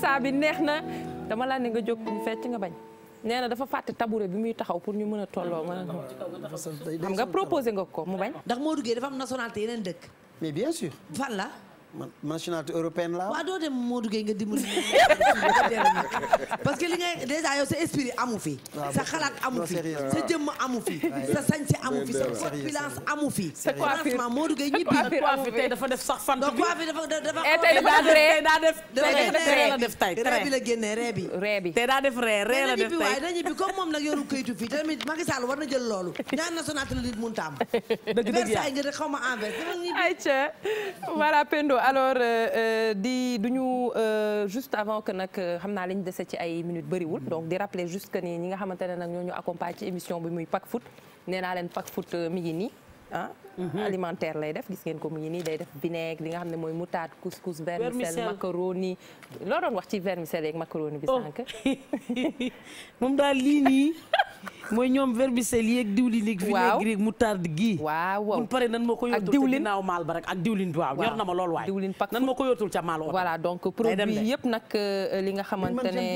saa bi neex na dama laa ne nga jóg ñu fecc nga bañ nee na dafa fàtte tabouret bi muy taxaw pour ñu mën a tolloo ma a xam nga proposé nga ko mu bañ ndax moo duggee dafa am nationalité yeneen dëkk mais bien sûr fan la nationalité européenne la waaw doo dem moo duggee nga dimbali parce que li ngay déjà yow sa esprit amu fi. Ah, sa xalaat amu fi sa ah. jëmm amu fi. sa sañse amu fi sa corpulence amu fi. sa coiffure moo duggee ñibbi. tey dafa def sax sant bi donc coiffure dafa dafa. Eh, tey daa def tey la def tey ree bi la génnee ree bi. ree bi tey daa def ree ree la def tey. waaye dañu bi comme moom nag yoru kayitu fii tamit Macky Sall war na jël loolu ñaan na Sonatel nit mun taam. dëgg dëgg yaa nga xaw ma envers. voilà Pendo alors euh, euh, di duñu euh, juste avant que nag xam naa lañ dese ci ay minutes bëriwul donc di rappeler juste que ni ñi nga xamante nag ñoo accompagne ci émission bi muy Pack Foot nee leen Pack Foot euh, mi ngi nii ah. mhm. alimentaire lay def gis ngeen ko mu ngi nii day def vinaigre li nga xam ne mooy moutarde couscous vermicelle macaroni loo doon wax ci vermicelle yeeg macaroni bi oh. sànq moom daal lii nii mooy ñoom vermicelle yeeg diwlin yeeg. waaw vinaigre yeeg gii. waaw waaw bu pare nan ma ko yóotul ca ginnaaw maal ba rek ak diwlin bi waaw. ñor na ma lool waay diwlin pak ma ko yóotul ca maal. voilà donc produit yëpp nag euh, euh, li nga xamante ne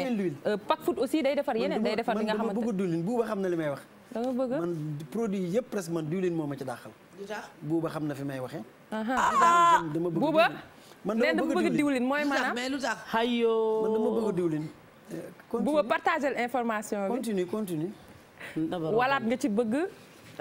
euh, pak food aussi day defar yeneen day defar li nga xamante ne man bëgg diwlin buuba xam na li may wax. da nga bëgg man produit yëpp presque man diwlin moo ma ci dàqal. na fi may waxee. Ah, dama bëgg ah, buuba man dama bëgg diwlin mooy maanaam mais lu tax hayyo man dama bëgg diwlin. buuba partagé information bi continue continue walaat nga ci bëgg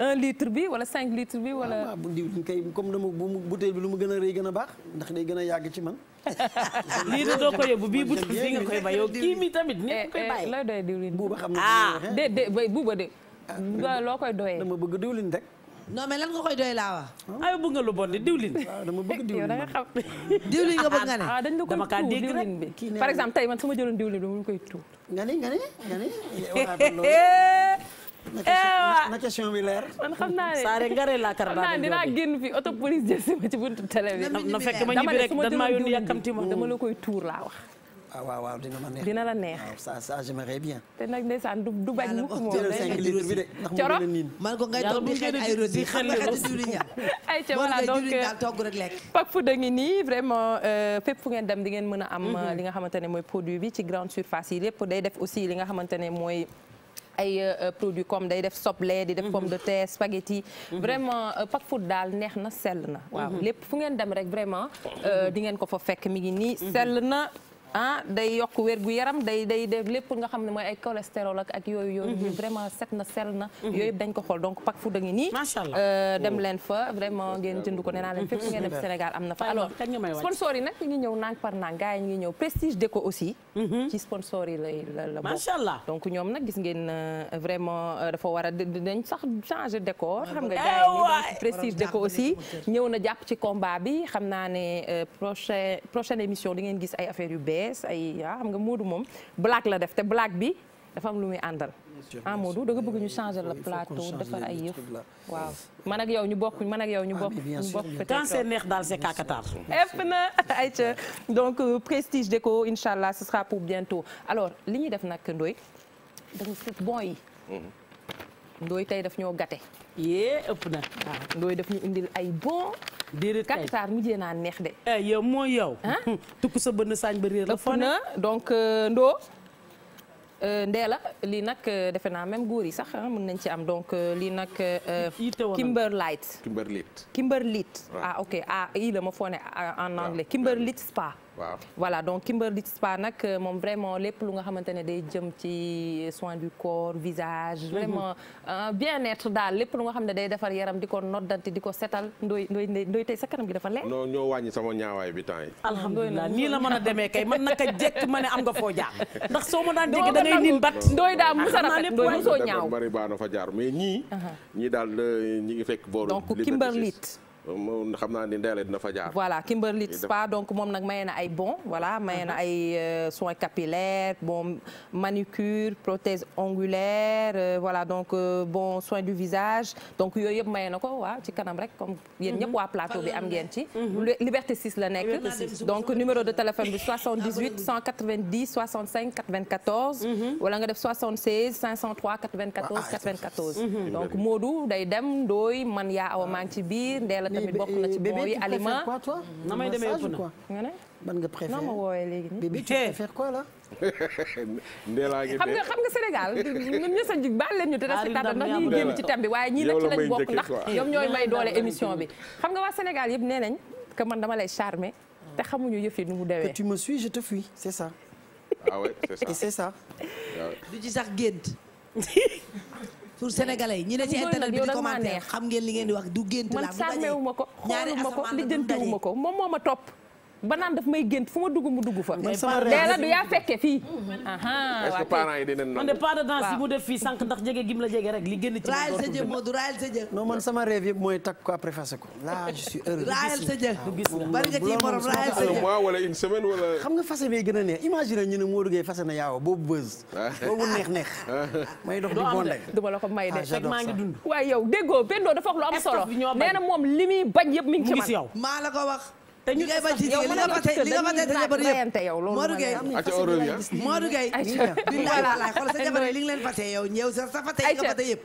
un litre bi wala cinq litres bi wala. waaw ah, bu diwlin kay comme dama bu bouteille bi lu ma gën a rëy gën a baax ndax day gën a yàgg ci man. lii de doo ko yóbbu bii but bi nga koy bayoo kii mi tamit ñëpp koy bàyyi. Eh, eh, xam na. ah de eh? de buuba de. Ah. loo koy doyee dama bëgg diwlin rek. non mais lan nga koy doy laa wax. Ah, ay bëgg nga lu bon di diwlin. waaw ah, dama bëgg diwlin da nga xam. diwlin nga bëgg nga ne. ah, ah dañ la koy tuur bi par exemple tey man su ma jëloon diwlin bi koy tuur. nga ni nga ni nga ni. Eh, eh, bi leer. man xam naa ne Saare laa kar naa dinaa génn fi autopolice jël si ma ci buntu télé bi. na fekk ma ñibbi rek dan maa yónni koy tuur laa wax. ah waaw waaw dina ma neex dina la neex. waaw ça ça j'aimerais bien. te nag ndeysaan du du bañ mukk moom day nekk ci bi de. coro man ko ngay toog di xeet ay rosi donc euh, togg rek ngi nii vraiment euh, fu ngeen dem di ngeen mën a am. Mhm. li nga xamante ne mooy produit bi ci grande surface yi lépp day def aussi li nga xamante ne mooy. ay euh, produits comme day def soble di def pomme de mhm. terre spaghetti mhm. vraiment pack food daal neex na sell na waaw lépp fu ngeen dem rek vraiment di ngeen ko fa fekk mi ngi nii sell na ah day yokk wér gu yaram day day def lépp nga xam ne mooy ay cholestérol ak ak yooyu yooyu mhm. vraiment set na sell na mhm. yooyu dañ ko xool donc pak fu da ngi nii macha allah euh, dem oh. leen fa vraiment ko nee naa leen fépp ngeen dem Sénégal na fa alors sponsor yi ngi ñëw nang par nang gars yi ñu ngi ñëw prestige déco aussi mhm. ci sponsor yi lay la macha donc ñoom nag gis ngeen euh, vraiment euh, dafa war a dañ sax changer décor ah, xam nga gars eh aussi ñëw na jàpp ci combat bi xam naa ne prochain prochaine émission di ngeen gis ay affaire yu bees bees ay ah xam nga Moodu moom black la def te black bi dafa am lu muy àndal. ah Moodu da nga bëgg ñu changer le plateau defar ay yëf. waaw man ak yow ñu bokk man ak yow ñu ah, bokk. ñu bokk peut-être quand c'est neex daal c'est kakatar. ëpp na ayca donc euh, Prestige Déco incha allah ce sera pour bientôt alors li ñuy def nag Ndoye da nga bon yi. Mm-hmm. ndooy tey daf ñoo gate yee ëpp na ndooy daf ñu indil ay bon déedéet kay Katisaar naa neex de. Eh, yow mooy yow. tukku sa bënn saañ ba réer la. ëpp donc euh, ndoo euh, la lii nag euh, defe naa même góor yi sax mën nañ ci am donc lii nag. Kimberlite Kimberlite. Kimberlite ah ok ah ii la ma foo ne ah, en anglais Kimberlite spa. waaw voilà donc Kimberly Spa nag euh, moom vraiment lépp lu nga xamante ne day jëm ci soin du corps visage. Mhm. vraiment euh, bien-être daal lépp lu nga xam ne day defar yaram di ko noddanti di ko setal ndoy ndoy ndoy tey sa kanam gi dafa leer. non ñoo wàññi sama ñaawaay bi temps yi. alhamdulilah nii la mën a demee kay man naka jekk ma ne am nga foo jaar. ndax soo ma daan jege da ngay nin bat. ndoy daa musa rafet ndoy musoo ñaaw bari baa na fa jaar mais ñii. Uh-huh. ñii daal euh, ñi ngi fekk booru. donc Kimberly moom xam naa ni ndeele dina fa jaar. voilà Kimberly Spa donc moom nag maye ay bon voilà maye na uh-huh. ay euh, soins capillaires bon manucure prothèse ongulaire euh, voilà donc euh, bon soin du visage donc yooyu yëpp maye na ko waaw ci kanam rek comme yéen ñëpp uh-huh. waa plateau bi am ngeen ci. Uh-huh. Liberté 6 la nekk. donc numéro de téléphone bi 78 190 65 94. wala nga def 76 503 94 94. donc Modou day dem Ndoye man yaa awa maa ci biir Ndéla. tamit na ci boobu yi aliment na may demee yëpp na nga ne ban nga léegi nii bébé tu préfères quoi là xam nga xam nga Sénégal ñun ñu sa baal leen ñu te respectable ndax ñuy génn ci tam bi waaye ñii nag ci lañ bokk ndax ñoom ñooy may doole émission bi xam nga waa Sénégal yëpp nee nañ que man dama lay charmer te xamuñu yëf yi nu mu dewee que tu me suis je te c'est c'est ça ah c'est ça ah du ci sax gént pour sénégalais ñi ne ci internet bi di commenter xam ngeen li ngeen di wax du gént la man sàmmeewuma ko xooluma ko lijjantiwuma ko moom moo ma topp ba naan daf may génn fu ma dugg mu dugg fa. man sama la du yaa fekke fii. est-ce que ndax jege gim la jege rek li génn ci. raayal sa jë mooy takk ko après fase ko. là je sa gis nga bari nga sa jë wala une semaine wala. xam nga fase bee gën a neex imagine ne Modou Gueye fase na yaaw boobu buzz. boobu neex may dox di bonde. du ma la ko may de fekk ah, maa ngi dund. waaye yow déggoo Pendo dafa wax am solo. nee na moom li muy bañ yëpp mi ngi ci man maa la ko wax te ñu des sax yow mën na doon li nga fàtte sa jabar yëpp yow loolu Modou Gueye Modou Gueye. voilà xool sa jabar yi li nga leen fàtte yow ñëw sa sa fàtte yi nga fàtte yëpp.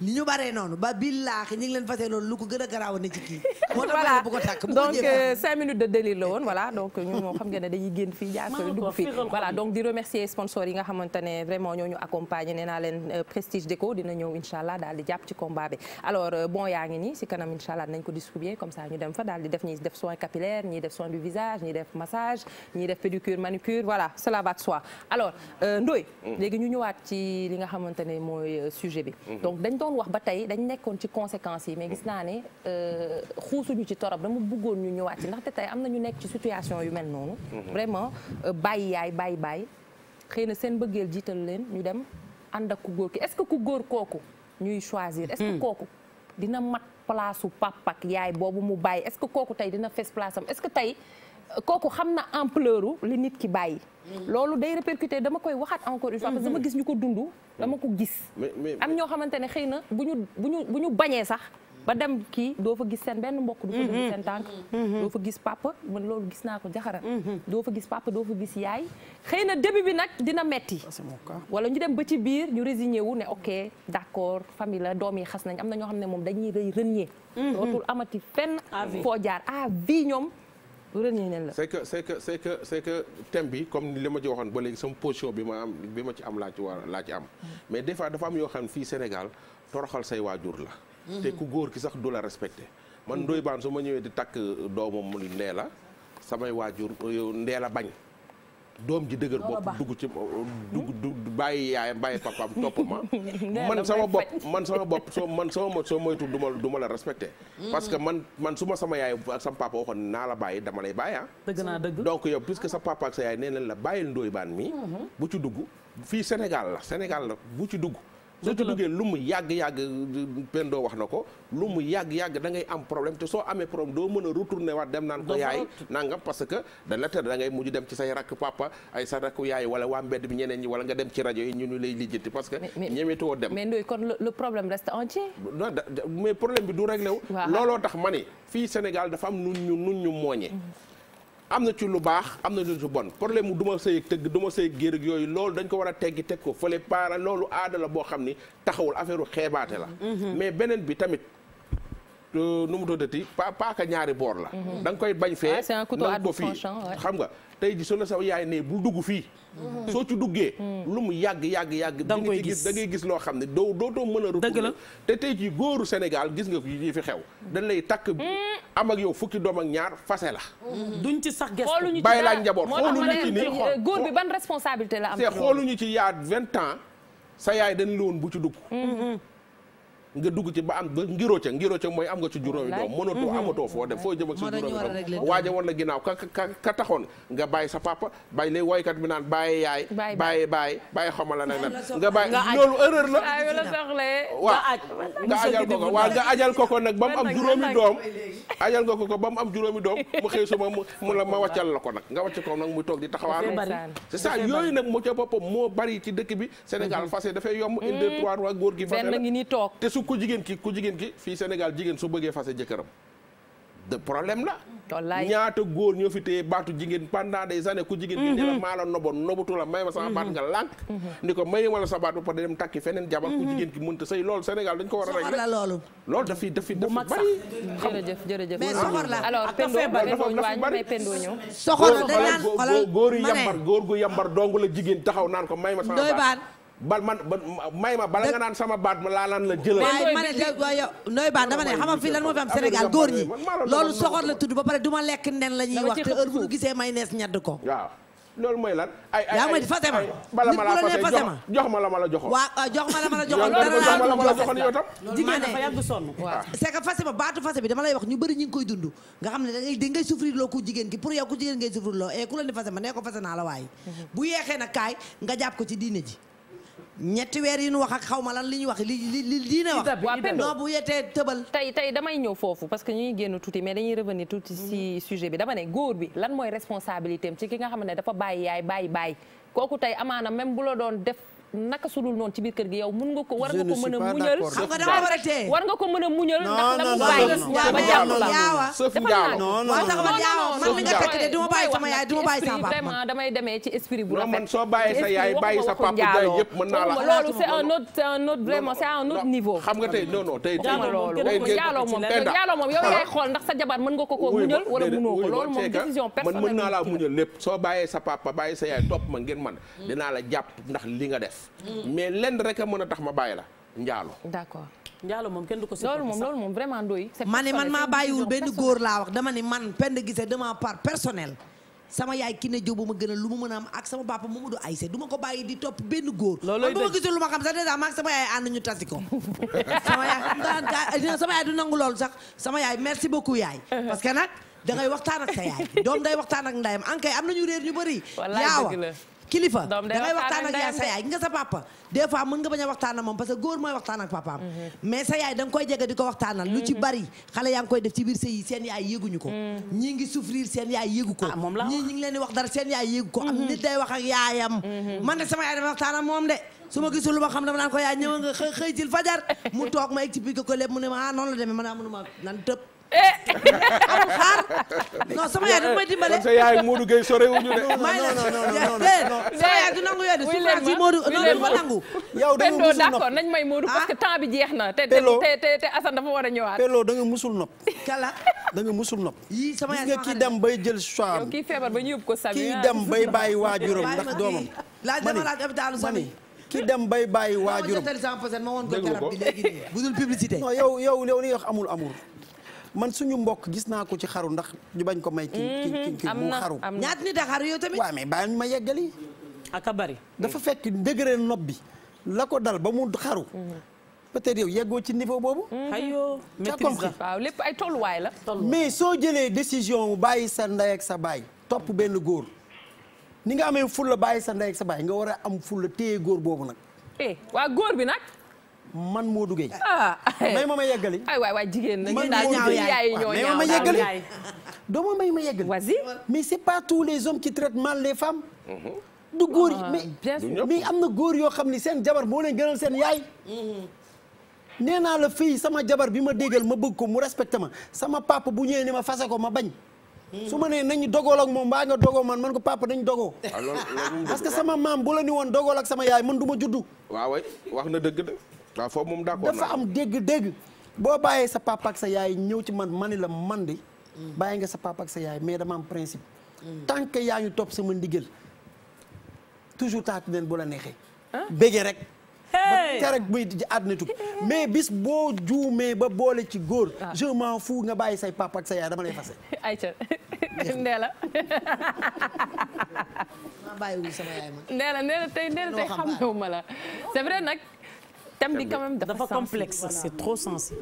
li ñu baree noonu ba billaahi ñu ngi leen fasee loolu lu ko gën a garaaw ne ci kii. voilà donc euh, cinq minutes de délire la woon voilà donc ñun moom xam ngeen ne dañuy génn fii jaar dugg fii voilà donc di remercier sponsors yi nga xamante ne vraiment ñoo ñu accompagner nee naa leen euh, prestige déco dina ñëw incha allah daal di jàpp ci combat bi alors euh, bon yaa ngi nii si kanam incha allah nañ ko distribuer comme ça ñu dem fa daal di def ñi def soin capillaire ñi def soin du visage ñi def massage ñi def pédicure manucure voilà cela va de soi alors Ndoye mm. léegi ñu ñëwaat ci li nga xamante ne mooy sujet bi mm-hmm. doon wax ba tey dañ nekkoon ci conséquences yi mais gis naa ne euh, xuusuñu ci torop dama bëggoon ñu ñëwaat ci ndaxte tey am na ñu nekk ci situation yu mel noonu. Mhm. vraiment euh, bàyyi yaay bàyyi bàyyi xëy na seen bëggeel jiital leen ñu dem ànd ak ku góor ki est que ku góor kooku ñuy choisir. est hmm. kooku dina mat place su yaay boobu mu bàyyi est kooku tey dina fees place est-ce tey. kooku xam na ampleur li nit ki bàyyi. loolu day répercuter dama koy waxaat encore une fois. parce dama mm-hmm. gis ñu ko dund. dama ko gis. am ñoo xamante ne xëy na bu ñu bu ñu bu ñu bañee sax. ba dem kii doo fa gis seen benn mbokk. du fa gis mm-hmm. seen tànk. Mm-hmm. doo fa gis papa man loolu gis naa ko jaxara. doo fa gis papa doo fa gis yaay. xëy na début bi nag dina metti wala ñu dem ba ci biir ñu résigné wu ne ok d' accord famille la doom yi xas nañ am na ñoo xam ne moom dañuy rëy rëññee. dootul amati fenn. foo jaar ah vie ñoom. c'est que c'est que c'est que c'est que thème bi comme li ma ci waxoon ba léegi sama position bi ma am bi ma ci am laa ci war am mm. mais des fois dafa am yoo xam ne fii Sénégal toroxal say waajur la mm. te ku góor ki sax du la respecté man mm. Ndoye Bane su ma ñëwee di takk doomam ndee la samay waajur euh, ndee la bañ doom ji dëgër bopp dugg ci dugg bàyyi yaayam bàyyi papaam topp ma man sama bopp man sama bopp soo man soo moytu du ma du ma la respecté mm. parce que man man su ma sama yaay ak sama papa waxoon naa la bàyyi dama lay bàyyi ah dëgg naa dëgg donc yow puisque sa papa sa yaay nee nañ la bàyyil ndooy baan mi mm-hmm. bu ci dugg fii Sénégal la Sénégal la bu ci dugg soo ci duggee lu mu yàgg-yàgg pen doo wax na ko lu mu yàgg-yàgg da ngay am problème te soo amee problème doo mën a retourner waat dem naan ko yaay nangam parce que dañ la ngay mujj dem ci say rakk papa ay sa rakk yaay wala waa mbedd bi ñeneen ñi wala nga dem ci rajo yi ñu nu lay lijjanti parce que ñemetoo dem mais ndoy kon le problème reste entier non mais problème bi du réglé wu looloo tax ma ni fii Sénégal dafa am nun ñu nun ñu mooñe mhm. am na ci lu baax am na lu ci bon problème mu du ma sëy tëgg du ma sëy géer yooyu loolu dañ ko war a teggi teg ko fële para loolu aadala boo xam ni taxawul affaire u xeebaate la mhm. mais beneen bi tamit euh, nu mu tuddati pa paaka ñaari boor la mhm. da koy bañ fee ah, nanga ko fii xam nga tey ji su la sa yaay nee bul dugg fii Mm-hmm. soo ci duggee mm-hmm. lu mu yàgg yàgg yàgg da ngay gis da ngay gis loo xam ne doo doo dootoo mën a retourner te tey ci góoru Sénégal gis nga yi fi xew dañ lay takk mm-hmm. am ak yow fukki doom ak ñaar fase la duñ ci sax gestu bàyyi laa njaboot xooluñu ci ni góor bi ban responsabilité la am te xooluñu ci yaat vingt ans sa yaay dañ la woon bu ci dugg nga dugg ci ba am ba ngiroo ca ngiroo ca mooy am nga ci juróomi doom mënatoo mhm. amatoo foo dem foo jëm ak sa juróomi doom waaja la ginnaaw sa papa bàyyi lay woykat bi naan bàyyi yaay bàyyi bàyyi bàyyi xamal la nag nag nga bàyyi loolu erreur la waaw nga ko ko ba mu am juróomi doom ajal nga ko ba mu juróomi doom mu xëy suma mu la ma wàccal la ko nag nga wàcc ko nag muy toog di taxawaalu c'est ça yooyu nag mu ca boppam moo bari ci dëkk bi Sénégal mhm. fase dafay yomb un deux mhm. trois góor gi fa te su ku jigéen ki ku jigéen ki fii Sénégal jigéen su bëggee fase jëkkëram de problème la. wallaay ñaata góor ñoo fi téye baatu jigéen pendant des années ku jigéen. ki ne la mhm. maa la noboon nobutu la ma sama baat mhm. nga lànk. Mhm. ma la sa baat ba pare dem takki feneen jabar Sénégal dañ ko war a régler. soxor la loolu. loolu dafi dafi dafi bari. jërëjëf jërëjëf mais ñëw. soxor la dañ naan ma ne gu yambar góor gu yambar dong la jigéen taxaw naan ko may ma sama baat bal man may ma bala nga naan sama baat ma laalaan la jëlal. waaye ma ne yow nooy baat dama ne xam nga fii lan moo fi am Sénégal la tudd ba ma la ma la ma la joxoon. waaw ma la ma la joxoon la wax ñu bëri ñu ngi koy dund nga xam ne da ngay da ngay souffrir loo ku jigéen ki pour yow ku jigéen ngay eh, ko fase naa la waaye mhm. bu yeexee na kaay nga jàpp ko ci diine ji ñetti weer yi nu wax ak xaw ma lan li ñuy wax li li li diine wax. non bu yetee tëbal. tey tey damay ñëw foofu parce que ñu ngi génn tuuti mais dañuy revenir tuuti ci sujet bi dama ne góor bi lan mooy responsabilité ci ki nga xam ne dafa bàyyi yaay bàyyi bàyyi kooku tey amaana même bu la doon def. naka sudul noonu ci biir kër gi yow mun nga ko war nga ko mën a muñal war ko mën ndax mu bàyyi ba jàmm la non non non man mi nga fekk de du ma ma damay demee ci esprit bu rafet man soo bàyyi sa yaay bàyyi sa papa jaay yëpp mën naa la loolu c'est un autre c'est un xam nga tey non non tey jaaloo moom jaaloo moom yow yaay xool ndax sa mën nga ko ko loolu moom man mën naa la muñal lépp soo bàyyee sa papa bàyyi sa yaay topp ma ngeen man dinaa la jàpp ndax li nga def def. mais lenn rek a mën a tax ma bàyyi la njaalo. d'accord njaalo moom kenn du ko. loolu moom loolu moom vraiment doy. ma ne man maa bàyyiwul benn góor laa wax dama ne man Penda Guissé dama part personnel sama yaay ki ne jóobu ma gën a lu mu mën a am ak sama papa Mamadou Aïssé ma ko bàyyi di topp benn góor. loolooy dëgg man bu ma gisul lu ma xam sax dèjà maag sama yaay ànd ñu tasi ko. Eh, sama yaay du nangu loolu sax sama yaay merci beaucoup yaay. parce que nag da ngay waxtaan ak sa yaay doom day waxtaan ak ndayam en kay am nañu réer ñu bëri. yaawa kilifa da ngay waxtaan yaay nga sa papa des fois nga bañ a waxtaan ak moom parce que góor mooy waxtaan ak papaam mm-hmm. mais sa yaay da koy jege di ko waxtaanal lu ci mm-hmm. bari xale yaa ngi koy def ci biir sëy yi seen yaay yéguñu ko mm-hmm. ñii ngi souffrir ko ah, ñii ñi ngi leen di wax dara seen yaay yégu ko am nit day wax ak yaayam man de sama yaay dama waxtaan moom de su ma gisul lu ma xam dama naan ko yaay ñëw nga xëy ko lépp mu ma ah la demee man a ah, mënuma nan tëb amul eh. xaar non sama yaay daf may dimbale. sa yaay Modou Gueye sore wuñu de. non non eh, non non non eh. sama yaay du nangu yooyu de souffrance yi Modou non du ko nangu. yow da nga musul nopp d'accord nañ may Modou parce que ah. temps bi jeex na. te te te Assane dafa war a ñëwaat. Pello da nga musul nopp. kala da nga musul nopp. yii sama yaay nga kii dem bay jël choix am. kii feebar ba ñu yóbbu ko Samy kii ah. dem bay bàyyi waajuram ndax doomam. laaj dama laaj hôpitalu Samy. ki dem bay bàyyi waajuram. dégg nga ko budul publicité. non yow yow li nga wax amul amul man suñu mbokk gis naa ko ci xaru ndax ñu bañ ko may. ki ki mhm. mu xaru ñaat nit a yow tamit. waaw mais ma yeggali. aka bari. dafa fekk ndëgëreel nopp bi la ko dal ba mu xaru. Mhm. peut-être ci niveau boobu. Mhm. ayoo maîtrise la waaw ay tolluwaay la. mais soo jëlee décision bàyyi sa ndey ak sa baay topp benn góor ni nga amee fulla bàyyi sa ndey ak sa baay nga war a am fulla téye góor boobu nag. Eh, waa góor bi nag. man Modou Gueye. ah may ma ma yeggale ay waay waay jigéen na ñu daal yaay ñoo ñaaw may ma yeggali. doo ma may ma yeggali. vas-y mais c'est pas tous les hommes qui traitent mal les femmes. Mm-hmm. du góor yi ah, mais mais am na góor yoo xam ni seen jabar moo leen gënal seen yaay. Mm-hmm. nee naa la fii sama jabar bi ma déggal ma bëgg ko mu respecté ma sama papa bu ñëwee ne ma fase ko ma bañ. Mm-hmm. su ma nee nañu dogool ak moom mbaa nga dogoo man man ko papa nañ dogoo. Ah, parce que sama maam bu la ni woon dogool ak sama yaay man du ma juddu. waaw wax na dëgg waaw ah, foofu moom d'accord dafa am dégg-dégg boo bàyyee sa papa ak sa yaay ñëw ci man mani la man di bàyyi nga sa papa sa yaay mais dama am principe tant que yaa ñu topp sama ndigal toujours taatu leen bu la neexee béggee rek ba kerek muy di àdduna tukki mais bis boo juumee ba boole ci góor ah. je m'en fous nga bàyyi say papa sa yaay dama lay fase ay ndeela ma bàyyiwul sama yaay tey xam ñëw ma la c'est vrai nag thème bi quand même dafa complexe c'est trop sensible.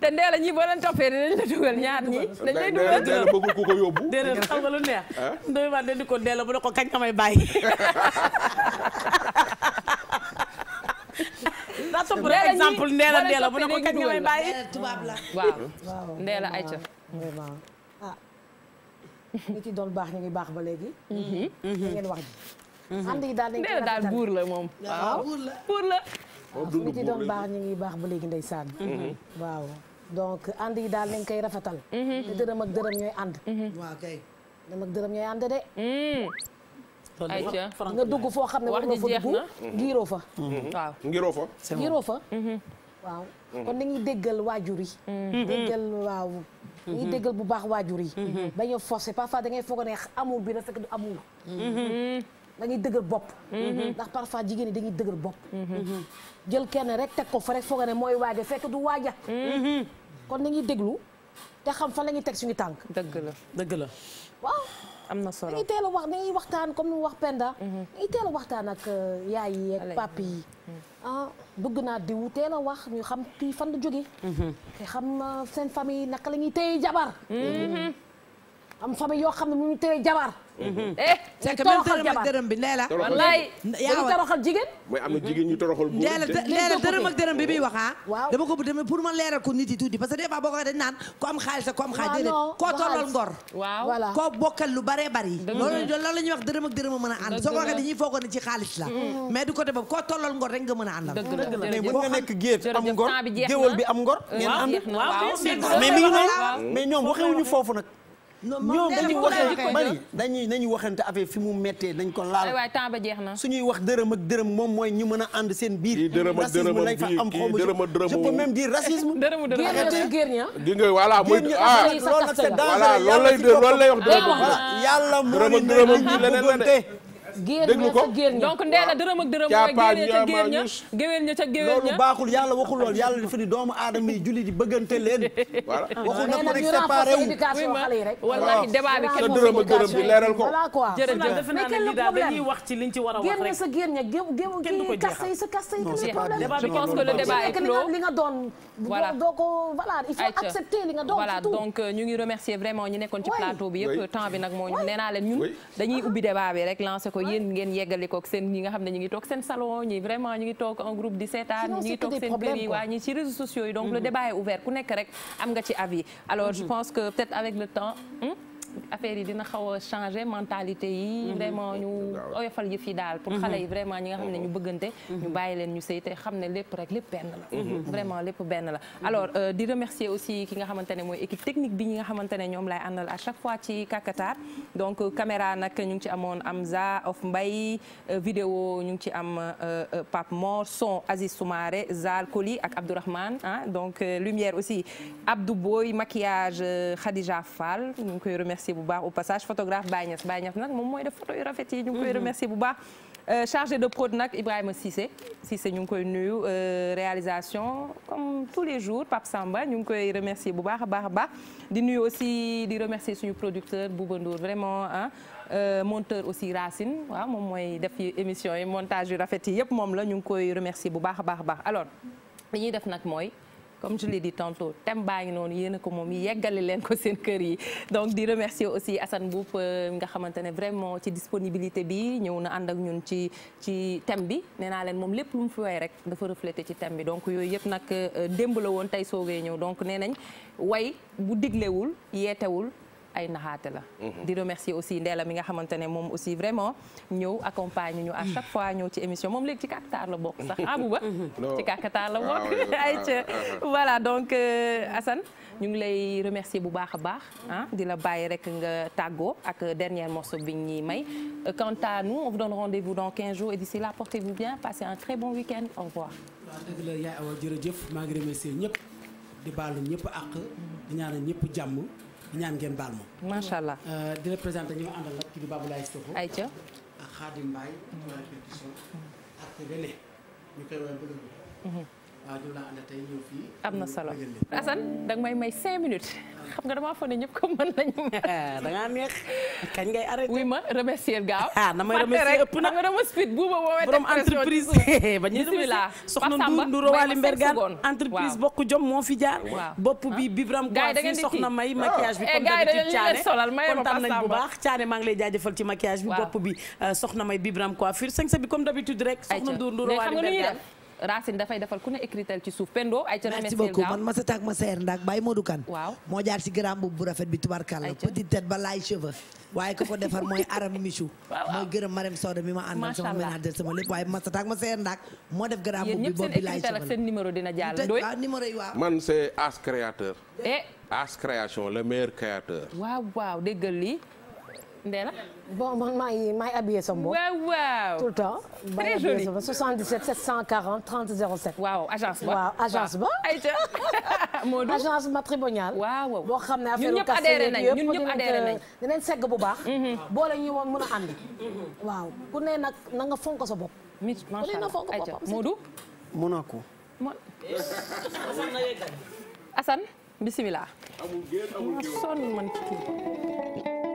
te ndee la ñi boo leen toppee dañ la dugal ñaar ñi dañ lay dugal dee la bëggul ku ko yóbbu déedéet xam nga lu neex ndoy waa dañ ko dee la bu ne ko kañ nga may bàyyi daa topp par exemple ndee la dee la bu ne ko kañ nga may bàyyi tubaab la waaw ndee la Aïcha vraiment ah nit yi doon baax ñu ngi baax ba léegi mm-hmm. ngeen wax ji mm-hmm. ànd yi daal dañ ko daal buur la moom waaw buur la buur la Oh, ah, dund ci doon baax ñu ngi baax ba léegi ndeysaan mhm. waaw donc and yi daal nañ koy rafetal te mhm. dërëm ak dërëm ñooy ànd mhm. waaw kay dërëm ak dërëm ñooy ànd de nga dugg foo xam ne war nga fa dugg ngiroo fa waaw ngiroo fa ngiroo fa waaw kon nañuy déggal waajur yi déggal waaw ñuy déggal bu baax waajur yi bañ a forcé parfois da ngay amul bi na fekk du amul dañuy dëgër bopp mhm. ndax parfois jigéen ñi dañuy dëgër bopp mhm. jël kenn rek teg ko fa rek foog ne mooy waaja fekk du waaja mhm. kon nañuy déglu te xam fa la ñuy teg suñu tànk dëgg la dëgg la waaw am na solo dañuy teel a wax dañuy waxtaan comme nu wax Penda dañuy teel a waxtaan ak euh, yaay yi ak papi yi ah bëgg naa diw teel a wax ñu xam kii fan la jóge te xam euh, seen famille naka la ñuy téye jabar am famille yoo xam ne mu ñu téye jabar Mhm. Eh, eh, c'est que même dërëm ak dërëm bi nee la. wallaay dañu wax ah. dama ko bu demee pour ma leeral ko nit yi tuuti parce que des fois boo ko dañ naan ko lu baree bari. loolu loolu la wax dërëm ak dërëm a mën a ànd. soo ko waxee dañuy foogoo ne ci xaalis la. Mm-hmm. Mm-hmm. mais du côté boobu koo tollool ngor rek nga mën a àndal. mais mën nga nekk géet am ngor géwël bi am ngor. ngeen am mais mi ngi noonu mais ñoom waxewuñu foofu nag ñoom dañuy waxee mani dañuy nañu waxante affaire fi mu méttee dañ ko laal waaye temps ba jeex na suñuy wax dërëm ak dërëm moom mooy ñu mën a ànd seen biir racisme lañ fa am xaw ma je peux même dire racisme di nga voilà mooy ah loolu nag c'est dangereux loolu lay wax dërëm yàlla moo ni nañ ñu bëggante déglu ko donc ndeela dërëm ak dërëm mooy géer ña ca géer ña géwél ña ca géwél ña loolu baaxul yàlla waxul lool yàlla dafa ni doomu aadama yi julli di bëggante leen waxul na ko di séparé wu wallaahi débat bi kenn dërëm ak dërëm bi leeral ko jërëjëf defe naa ne lii daal dañuy wax ci liñ ci war a wax rek sa géer ña kenn du ko jeexal débat bi je pense que le débat est clos li nga doon voilà doo ko voilà il faut accepter li nga doon voilà donc euh, ñu ngi remercier vraiment ñu nekkoon ci plateau bi yëpp temps bi nag moo ñu nee naa leen ñun dañuy ubbi débat bi rek lancer ko yéen ngeen yeggali kook seen nga xam ne ñu ngi toog seen salon ñi vraiment ñu ngi en groupe di seetaan ñu ngi toog seen kër waa ñi ci réseaux sociaux yi donc le mm-hmm. débat est ouvert ku nekk rek am nga ci avis alors je mm-hmm. pense que peut avec le temps hmm? affaire yi dina xaw changer mentalité yi. Mhm. vraiment ñu oyofal yi daal. pour mhm. xale yi nga xam ne ñu oh. bëggante. Mhm. ñu bàyyi leen ñu sëy xam ne lépp rek lépp benn la. vraiment lépp benn la alors euh, di remercier aussi ki nga xamante ne mooy équipe technique bi ñi nga xamante ñoom lay àndal à chaque fois ci Kakatar donc euh, caméra nag ñu ngi ci amoon Amza of Mbay euh, vidéo ñu ngi ci am Pape Mor son Aziz Soumaré Zal Koli ak Abdourahmane ah donc lumière aussi Abdou Boy maquillage remercier bu baax au passage photographe Baye Niass Baye Niass nag moom mooy def photo yu rafet yi ñu ngi koy mhm. remercier bu baax euh, de prod nag Ibrahima Cissé Cissé ñu ngi koy nuyu euh, réalisation comme tous les jours Pape Samba ñu ngi koy remercie bu baax a baax a baax di nuyu aussi di remercier suñu producteur Bouba Ndour vraiment ah Euh, monteur aussi Racine waaw moom mooy def émission yi montage yu rafet yi yëpp moom la ñu ngi koy remercie bu baax a baax a baax alors li ñuy def comme je l'ai di tantôt thème baa ngi noonu yéen a ko moom yeggali leen ko seen kër yi donc di remercier aussi assan Mboup euh, nga xamante ne vraiment ci disponibilité bi ñëw na ànd ak ñun ci ci thème bi nee naa leen moom lépp lu mu fi way rek dafa refléter ci thème bi donc yooyu yëpp nag euh, démb la woon tey soogee ñëw donc nee nañ way bu diglewul yeetewul ay naxaate la di remercier aussi Ndella mi nga xamante ne moom aussi vraiment ñëw accompagne ñu à chaque fois ñëw ci émission moom léegi ci kàkataar la bokk sax abuba ah, ci kàkataar la bokk ay ah, ah, ca voilà donc euh, Assane ñu ngi lay remercier bu baax a baax ah di la bàyyi rek nga tàggoo ak dernier morceau bi ñuy may euh, quant à nous on vous donne rendez-vous dans 15 jours et d'ici là portez-vous bien passez un très bon week-end au revoir waaw dëgg la yaay jàmm ñaan ngeen baal ma. macha allah euh, di représenté ñu àndal nag kii di Baboulaye Sokho. ayca ak Khadim Mbaye. Mm-hmm. ak René ñu koy woowee bëgg am na solo Assane danga may may cinq minutes ah. xam nga damaa foog ne ko mën nañu. da ngaa neex kañ ngay arrêté. wuy ma remercier gaaw. ah na may remercier ëpp na ma dama speed bu ma woowee. borom entreprise ba ñu remercier soxna Ndour Ndour Waly Mbergane entreprise bokk jom moo fi jaar. bopp bi ah. Bibram quoi fii soxna may maquillage ah. bi eh, comme d'habitude Thiané nañ bu baax Thiané maa lay jaajëfal ci maquillage bi bopp bi euh, soxna may Bibram coiffure sañ sa bi comme d'habitude rek soxna Ndour Ndour Waly Mbergane Racine dafay defal ku ne écritel ci suuf Pendo ay ca merci beaucoup man ma sa taak ma seer ndaak Baye Modou Kane moo jaar si grand boobu bu bi tubarkalla petite tête ba laay cheveux waaye ko ko defar mooy aram michu mooy gërëm Marème Soda mi ma àndal sama ménage sama lépp waaye ma sa taak ma seer ndaak moo def grand boobu bi boobu bi laay cheveux seen numéro dina jàll waaw man c'est As créateur eh. As création le meilleur créateur waaw déggal lii Ndéla bon man maay maay habillé sama bopp. waaw waaw tout le temps. très joli 77 740 30 07. waaw agence ba waaw agence ba. ayca Modou agence matrimoniale. waaw waaw boo xam ne affaire yu kase yëpp ñun ñëpp adhéré nañ dinañ segg bu baax. Mhm. boole ñu woon mën a ànd. waaw ku ne nag na nga fonk sa bopp. macha allah ku ne na fonk boppam Modou. Monaco. Mon. Assane bisimilah. amul génn amul sonn man ci kii.